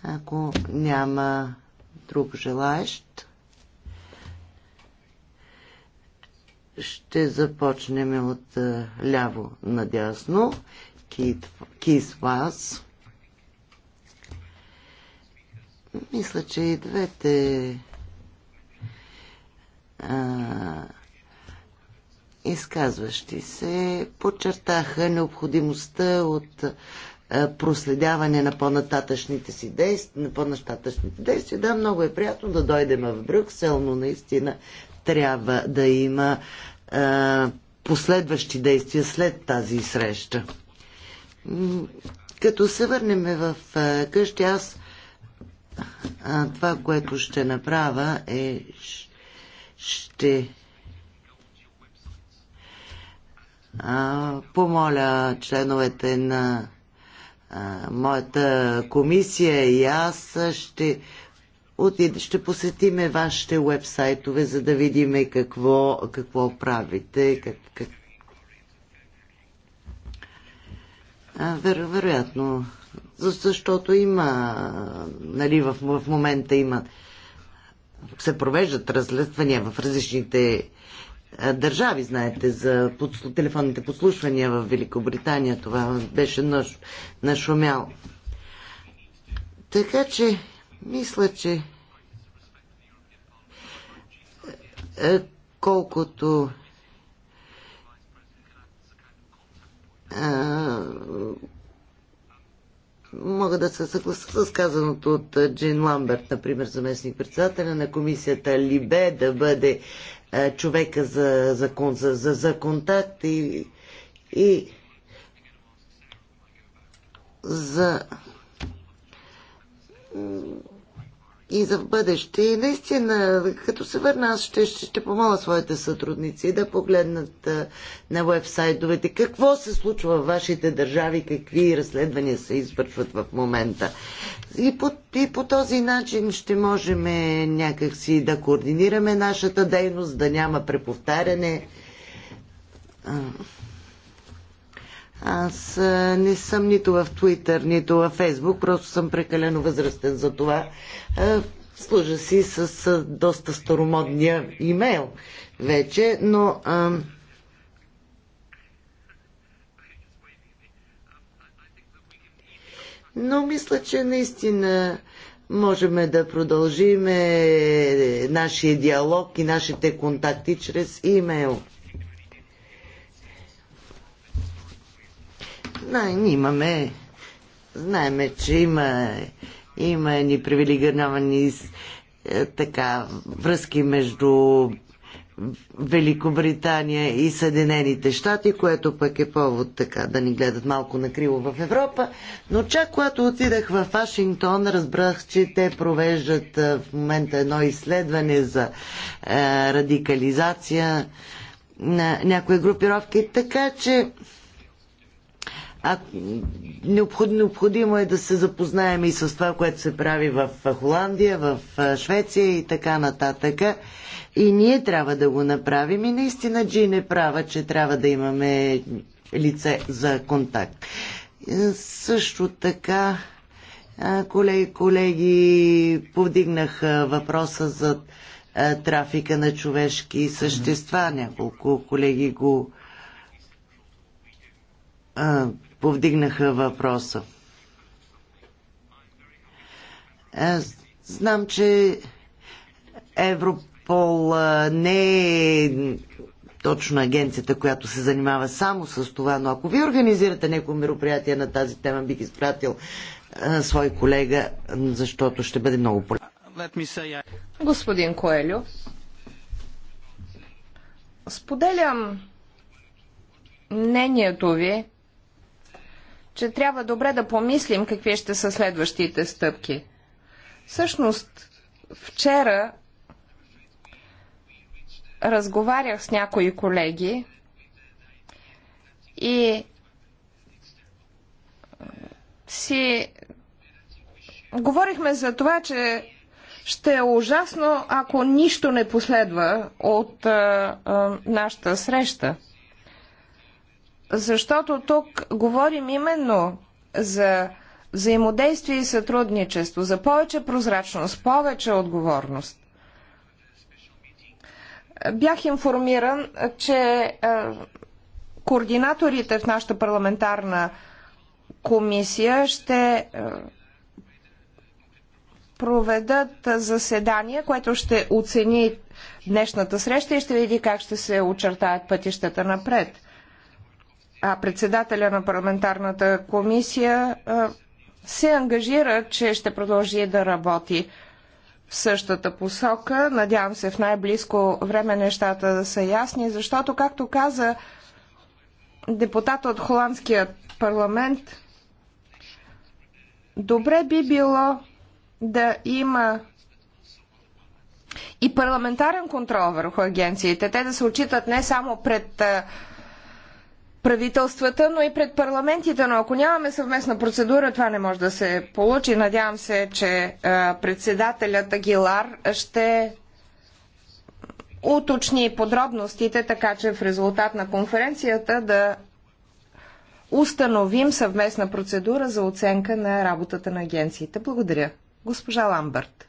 Ако няма друг желаещ, ще започнем от ляво надясно. Кит, кис вас. Мисля, че и двете а, изказващи се подчертаха необходимостта от проследяване на по-нататъчните си действия, на по-нататъчните действия. Да, много е приятно да дойдем в Брюксел, но наистина трябва да има а, последващи действия след тази среща. Като се върнем в къщи, аз а, това, което ще направя е ще а, помоля членовете на а, моята комисия и аз ще отид, ще посетиме вашите вебсайтове, за да видим какво, какво правите, как, как... А, веро, вероятно защото има, нали, в, в момента има, се провеждат разследвания в различните държави, знаете, за подслу, телефонните подслушвания в Великобритания. Това беше наш, нашумял. Така че, мисля, че колкото а, мога да се съглася с казаното от е, Джин Ламберт, например, заместник председателя на комисията Либе, да бъде а, е, човека за, за, за, за, за контакт и, и за и за в бъдеще. И наистина, като се върна, аз ще, ще, ще помоля своите сътрудници да погледнат а, на вебсайтовете какво се случва в вашите държави, какви разследвания се извършват в момента. И по, и по този начин ще можем е, някакси да координираме нашата дейност, да няма преповтаряне. Аз не съм нито в Твитър, нито в Фейсбук, просто съм прекалено възрастен за това. Служа си с доста старомодния имейл вече, но а, но мисля, че наистина можем да продължим нашия диалог и нашите контакти чрез имейл. Знаем, имаме, знаеме, че има, има ни привилегировани е, така връзки между Великобритания и Съединените щати, което пък е повод така да ни гледат малко накриво в Европа. Но чак когато отидах в Вашингтон, разбрах, че те провеждат е, в момента едно изследване за е, радикализация на някои групировки. Така че а, необходимо, е да се запознаем и с това, което се прави в Холандия, в Швеция и така нататък. И ние трябва да го направим. И наистина Джин е права, че трябва да имаме лице за контакт. Също така колеги, колеги повдигнах въпроса за трафика на човешки същества. Няколко колеги го повдигнаха въпроса. Аз е, знам, че Европол е, не е точно агенцията, която се занимава само с това, но ако ви организирате някои мероприятие на тази тема, бих изпратил е, свой колега, защото ще бъде много полезно. Господин Коелю, споделям мнението ви, че трябва добре да помислим какви ще са следващите стъпки. Всъщност, вчера разговарях с някои колеги и си говорихме за това, че ще е ужасно, ако нищо не последва от а, а, нашата среща защото тук говорим именно за взаимодействие и сътрудничество, за повече прозрачност, повече отговорност. Бях информиран, че координаторите в нашата парламентарна комисия ще проведат заседание, което ще оцени днешната среща и ще види как ще се очертаят пътищата напред а председателя на парламентарната комисия се ангажира, че ще продължи да работи в същата посока. Надявам се в най-близко време нещата да са ясни, защото, както каза депутата от Холандския парламент, добре би било да има и парламентарен контрол върху агенциите. Те да се отчитат не само пред правителствата, но и пред парламентите. Но ако нямаме съвместна процедура, това не може да се получи. Надявам се, че е, председателят Агилар ще уточни подробностите, така че в резултат на конференцията да установим съвместна процедура за оценка на работата на агенциите. Благодаря. Госпожа Ламбърт.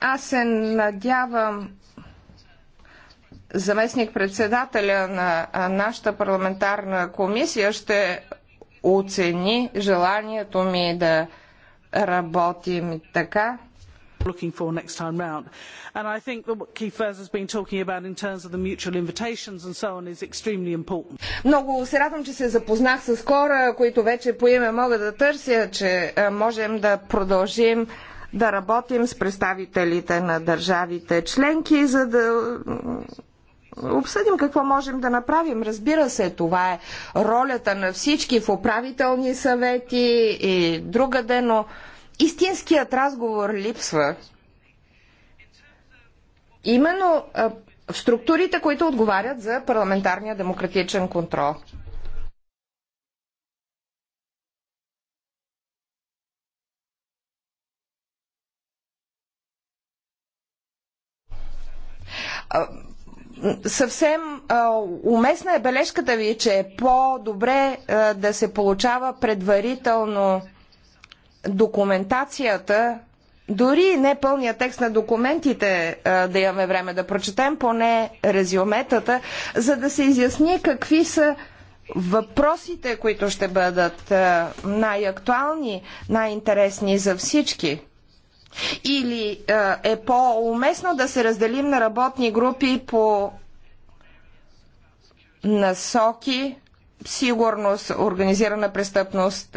Аз се надявам заместник-председателя на нашата парламентарна комисия ще оцени желанието ми да работим така, looking for next time round. And I think that what Keith has been talking about in terms of the mutual invitations and so on is extremely important. Много се радвам, че се запознах с хора, които вече по име мога да търся, че можем да продължим да работим с представителите на държавите членки, за да обсъдим какво можем да направим. Разбира се, това е ролята на всички в управителни съвети и другаде, но истинският разговор липсва. Именно в структурите, които отговарят за парламентарния демократичен контрол. съвсем а, уместна е бележката ви, че е по-добре да се получава предварително документацията, дори не пълния текст на документите а, да имаме време да прочетем, поне резюметата, за да се изясни какви са въпросите, които ще бъдат най-актуални, най-интересни за всички. Или е по-уместно да се разделим на работни групи по насоки, сигурност, организирана престъпност,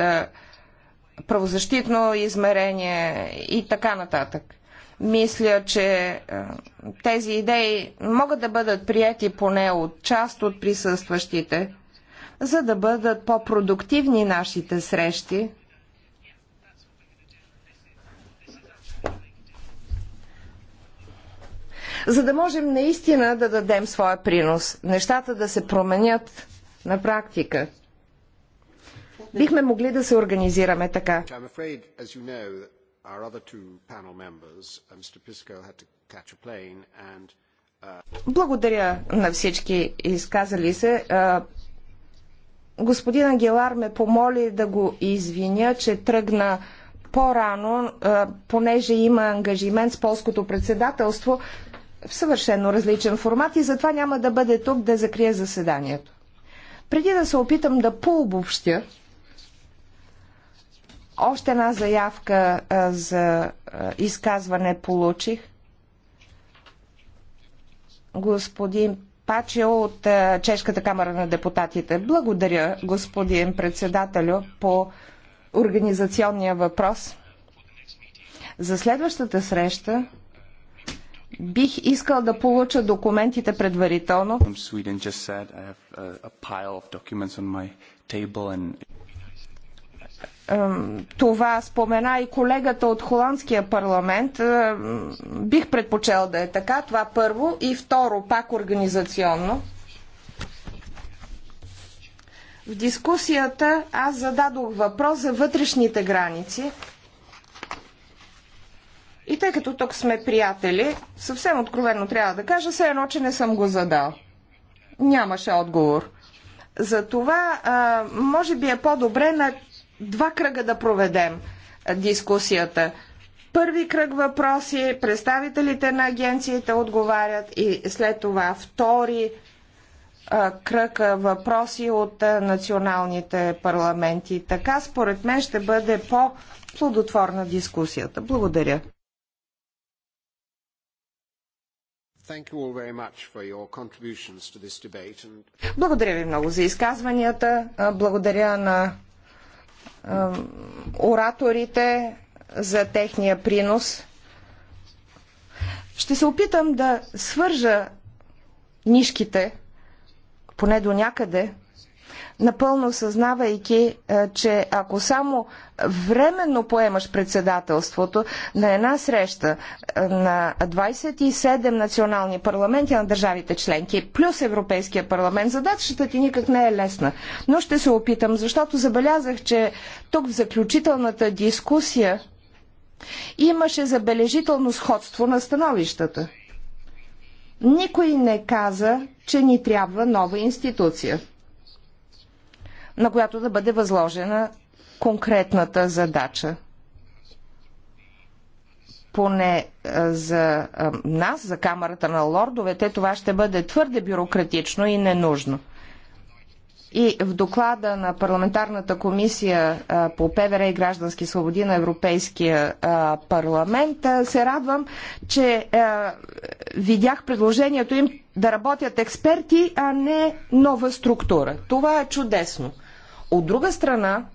правозащитно измерение и така нататък. Мисля, че тези идеи могат да бъдат прияти поне от част от присъстващите, за да бъдат по-продуктивни нашите срещи за да можем наистина да дадем своя принос, нещата да се променят на практика. Бихме могли да се организираме така. Uh, uh, Благодаря на всички изказали се. Uh, господин Ангелар ме помоли да го извиня, че тръгна по-рано, понеже има ангажимент с полското председателство, в съвършено различен формат и затова няма да бъде тук да закрия заседанието. Преди да се опитам да пообобщя още една заявка а, за а, изказване получих. Господин Пачел от а, Чешката камера на депутатите. Благодаря, господин председателю, по организационния въпрос. За следващата среща Бих искал да получа документите предварително. Това спомена и колегата от Холандския парламент. Бих предпочел да е така. Това първо. И второ, пак организационно. В дискусията аз зададох въпрос за вътрешните граници и тъй като тук сме приятели, съвсем откровенно трябва да кажа, все едно, че не съм го задал. Нямаше отговор. Затова, а, може би е по-добре на два кръга да проведем дискусията. Първи кръг въпроси, представителите на агенциите отговарят и след това втори кръг въпроси от националните парламенти. Така, според мен, ще бъде по-плодотворна дискусията. Благодаря. Благодаря ви много за изказванията. Благодаря на ораторите за техния принос. Ще се опитам да свържа нишките, поне до някъде, напълно съзнавайки, е, че ако само временно поемаш председателството на една среща е, на 27 национални парламенти на държавите членки, плюс Европейския парламент, задачата ти никак не е лесна. Но ще се опитам, защото забелязах, че тук в заключителната дискусия имаше забележително сходство на становищата. Никой не каза, че ни трябва нова институция на която да бъде възложена конкретната задача. Поне е, за е, нас, за Камерата на лордовете, това ще бъде твърде бюрократично и ненужно. И в доклада на парламентарната комисия е, по ПВР и граждански свободи на Европейския парламент се радвам, че видях предложението им да работят експерти, а не нова структура. Това е чудесно. От друга страна,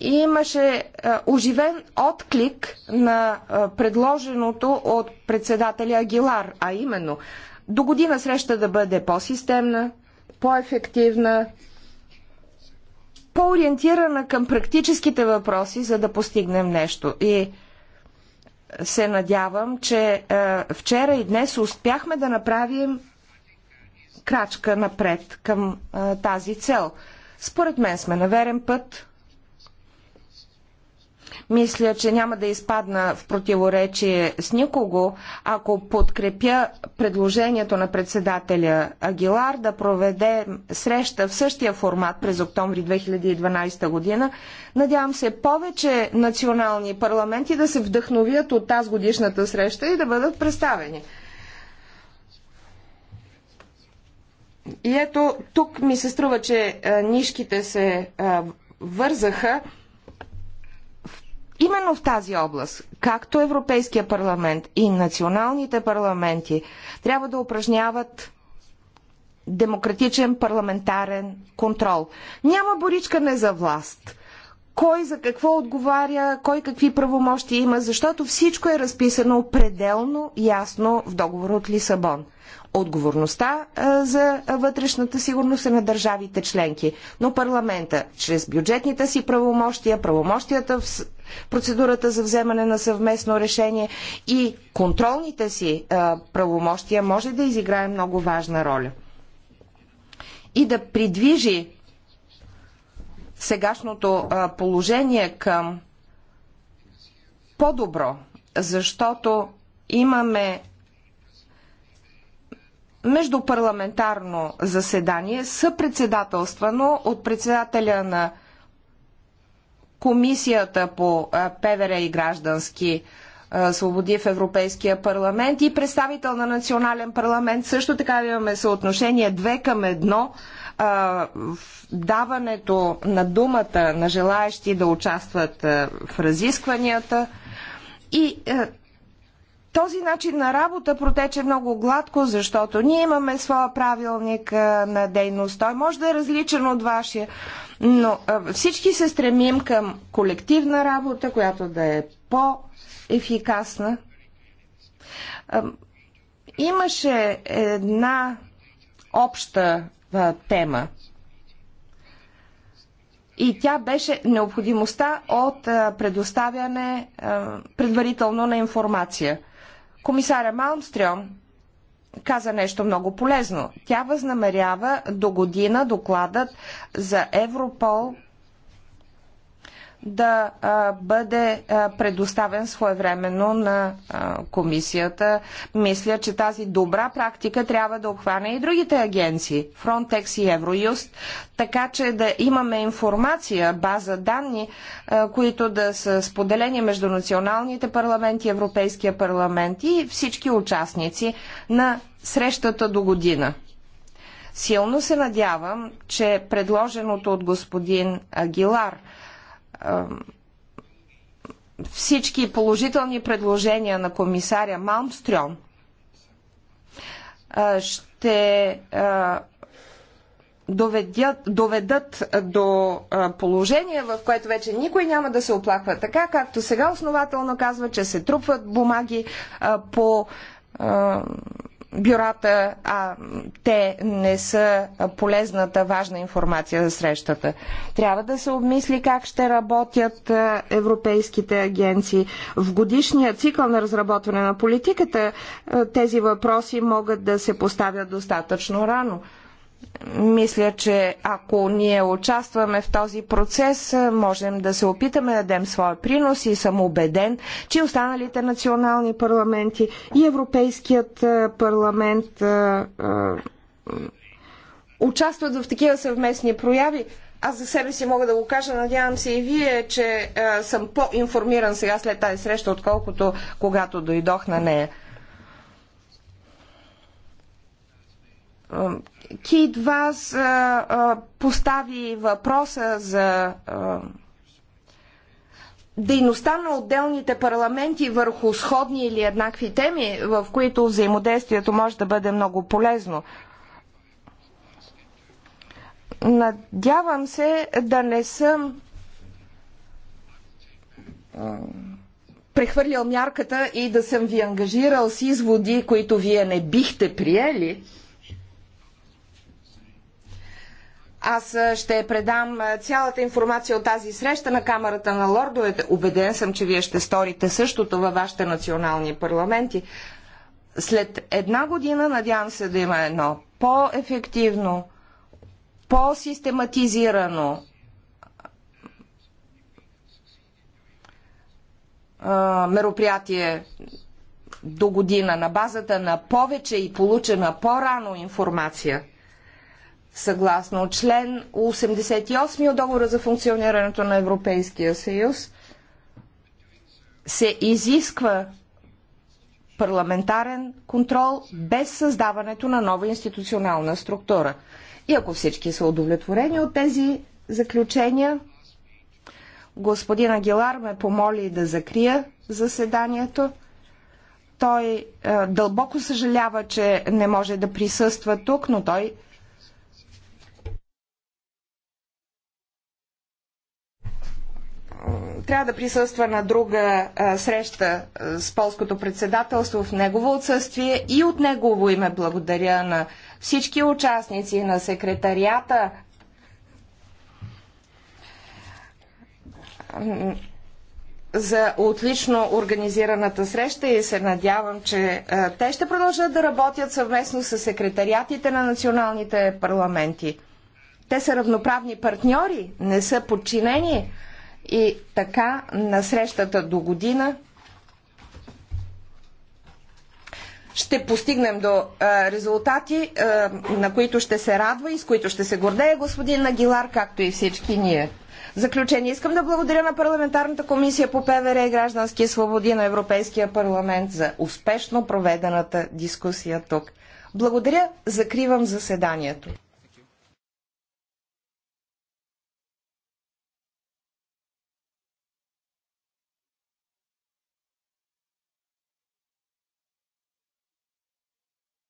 имаше а, оживен отклик на а, предложеното от председателя Агилар, а именно до година среща да бъде по-системна, по-ефективна, по-ориентирана към практическите въпроси, за да постигнем нещо. И се надявам, че а, вчера и днес успяхме да направим крачка напред към а, тази цел. Според мен сме на верен път. Мисля, че няма да изпадна в противоречие с никого, ако подкрепя предложението на председателя Агилар да проведе среща в същия формат през октомври 2012 година. Надявам се повече национални парламенти да се вдъхновят от тази годишната среща и да бъдат представени. И ето тук ми се струва, че а, нишките се а, вързаха именно в тази област, както Европейския парламент и националните парламенти трябва да упражняват демократичен парламентарен контрол. Няма боричкане за власт. Кой за какво отговаря, кой какви правомощи има, защото всичко е разписано пределно ясно в договора от Лисабон. Отговорността за вътрешната сигурност е на държавите членки, но парламента чрез бюджетните си правомощия, правомощията в процедурата за вземане на съвместно решение и контролните си правомощия може да изиграе много важна роля и да придвижи сегашното положение към по-добро, защото имаме междупарламентарно заседание, съпредседателствано от председателя на Комисията по ПВР и граждански свободи в Европейския парламент и представител на национален парламент. Също така имаме съотношение 2 към 1 даването на думата на желаящи да участват в разискванията и този начин на работа протече много гладко, защото ние имаме своя правилник на дейност. Той може да е различен от вашия, но всички се стремим към колективна работа, която да е по-ефикасна. Имаше една обща тема. И тя беше необходимостта от предоставяне предварително на информация – Комисаря Малмстрём каза нещо много полезно. Тя възнамерява до година докладът за Европол да бъде предоставен своевременно на комисията. Мисля, че тази добра практика трябва да обхване и другите агенции Frontex и Евроюст, така че да имаме информация, база данни, които да са споделени между националните парламенти, Европейския парламент и всички участници на срещата до година. Силно се надявам, че предложеното от господин Агилар – всички положителни предложения на комисаря Малмстрём ще доведят, доведат до положение, в което вече никой няма да се оплаква така, както сега основателно казва, че се трупват бумаги по бюрата, а те не са полезната, важна информация за срещата. Трябва да се обмисли как ще работят европейските агенции. В годишния цикъл на разработване на политиката тези въпроси могат да се поставят достатъчно рано. Мисля, че ако ние участваме в този процес, можем да се опитаме да дадем своя принос и съм убеден, че останалите национални парламенти и Европейският е, парламент а, е, а, е, участват в такива съвместни прояви. Аз за себе си мога да го кажа, надявам се и вие, че а, съм по-информиран сега след тази среща, отколкото когато дойдох на нея Кейт Вас а, а, постави въпроса за а, дейността на отделните парламенти върху сходни или еднакви теми, в които взаимодействието може да бъде много полезно. Надявам се да не съм прехвърлял мярката и да съм ви ангажирал с изводи, които вие не бихте приели. Аз ще предам цялата информация от тази среща на Камерата на лордовете. Убеден съм, че вие ще сторите същото във вашите национални парламенти. След една година надявам се да има едно по-ефективно, по-систематизирано мероприятие до година на базата на повече и получена по-рано информация – Съгласно член 88 от договора за функционирането на Европейския съюз се изисква парламентарен контрол без създаването на нова институционална структура. И ако всички са удовлетворени от тези заключения, господин Агилар ме помоли да закрия заседанието. Той е, дълбоко съжалява, че не може да присъства тук, но той трябва да присъства на друга среща с полското председателство в негово отсъствие и от негово име благодаря на всички участници на секретарията. за отлично организираната среща и се надявам, че е, те ще продължат да работят съвместно с секретариатите на националните парламенти. Те са равноправни партньори, не са подчинени. И така на срещата до година ще постигнем до е, резултати, е, на които ще се радва и с които ще се гордее господин Нагилар, както и всички ние. В заключение искам да благодаря на Парламентарната комисия по ПВР и граждански свободи на Европейския парламент за успешно проведената дискусия тук. Благодаря, закривам заседанието.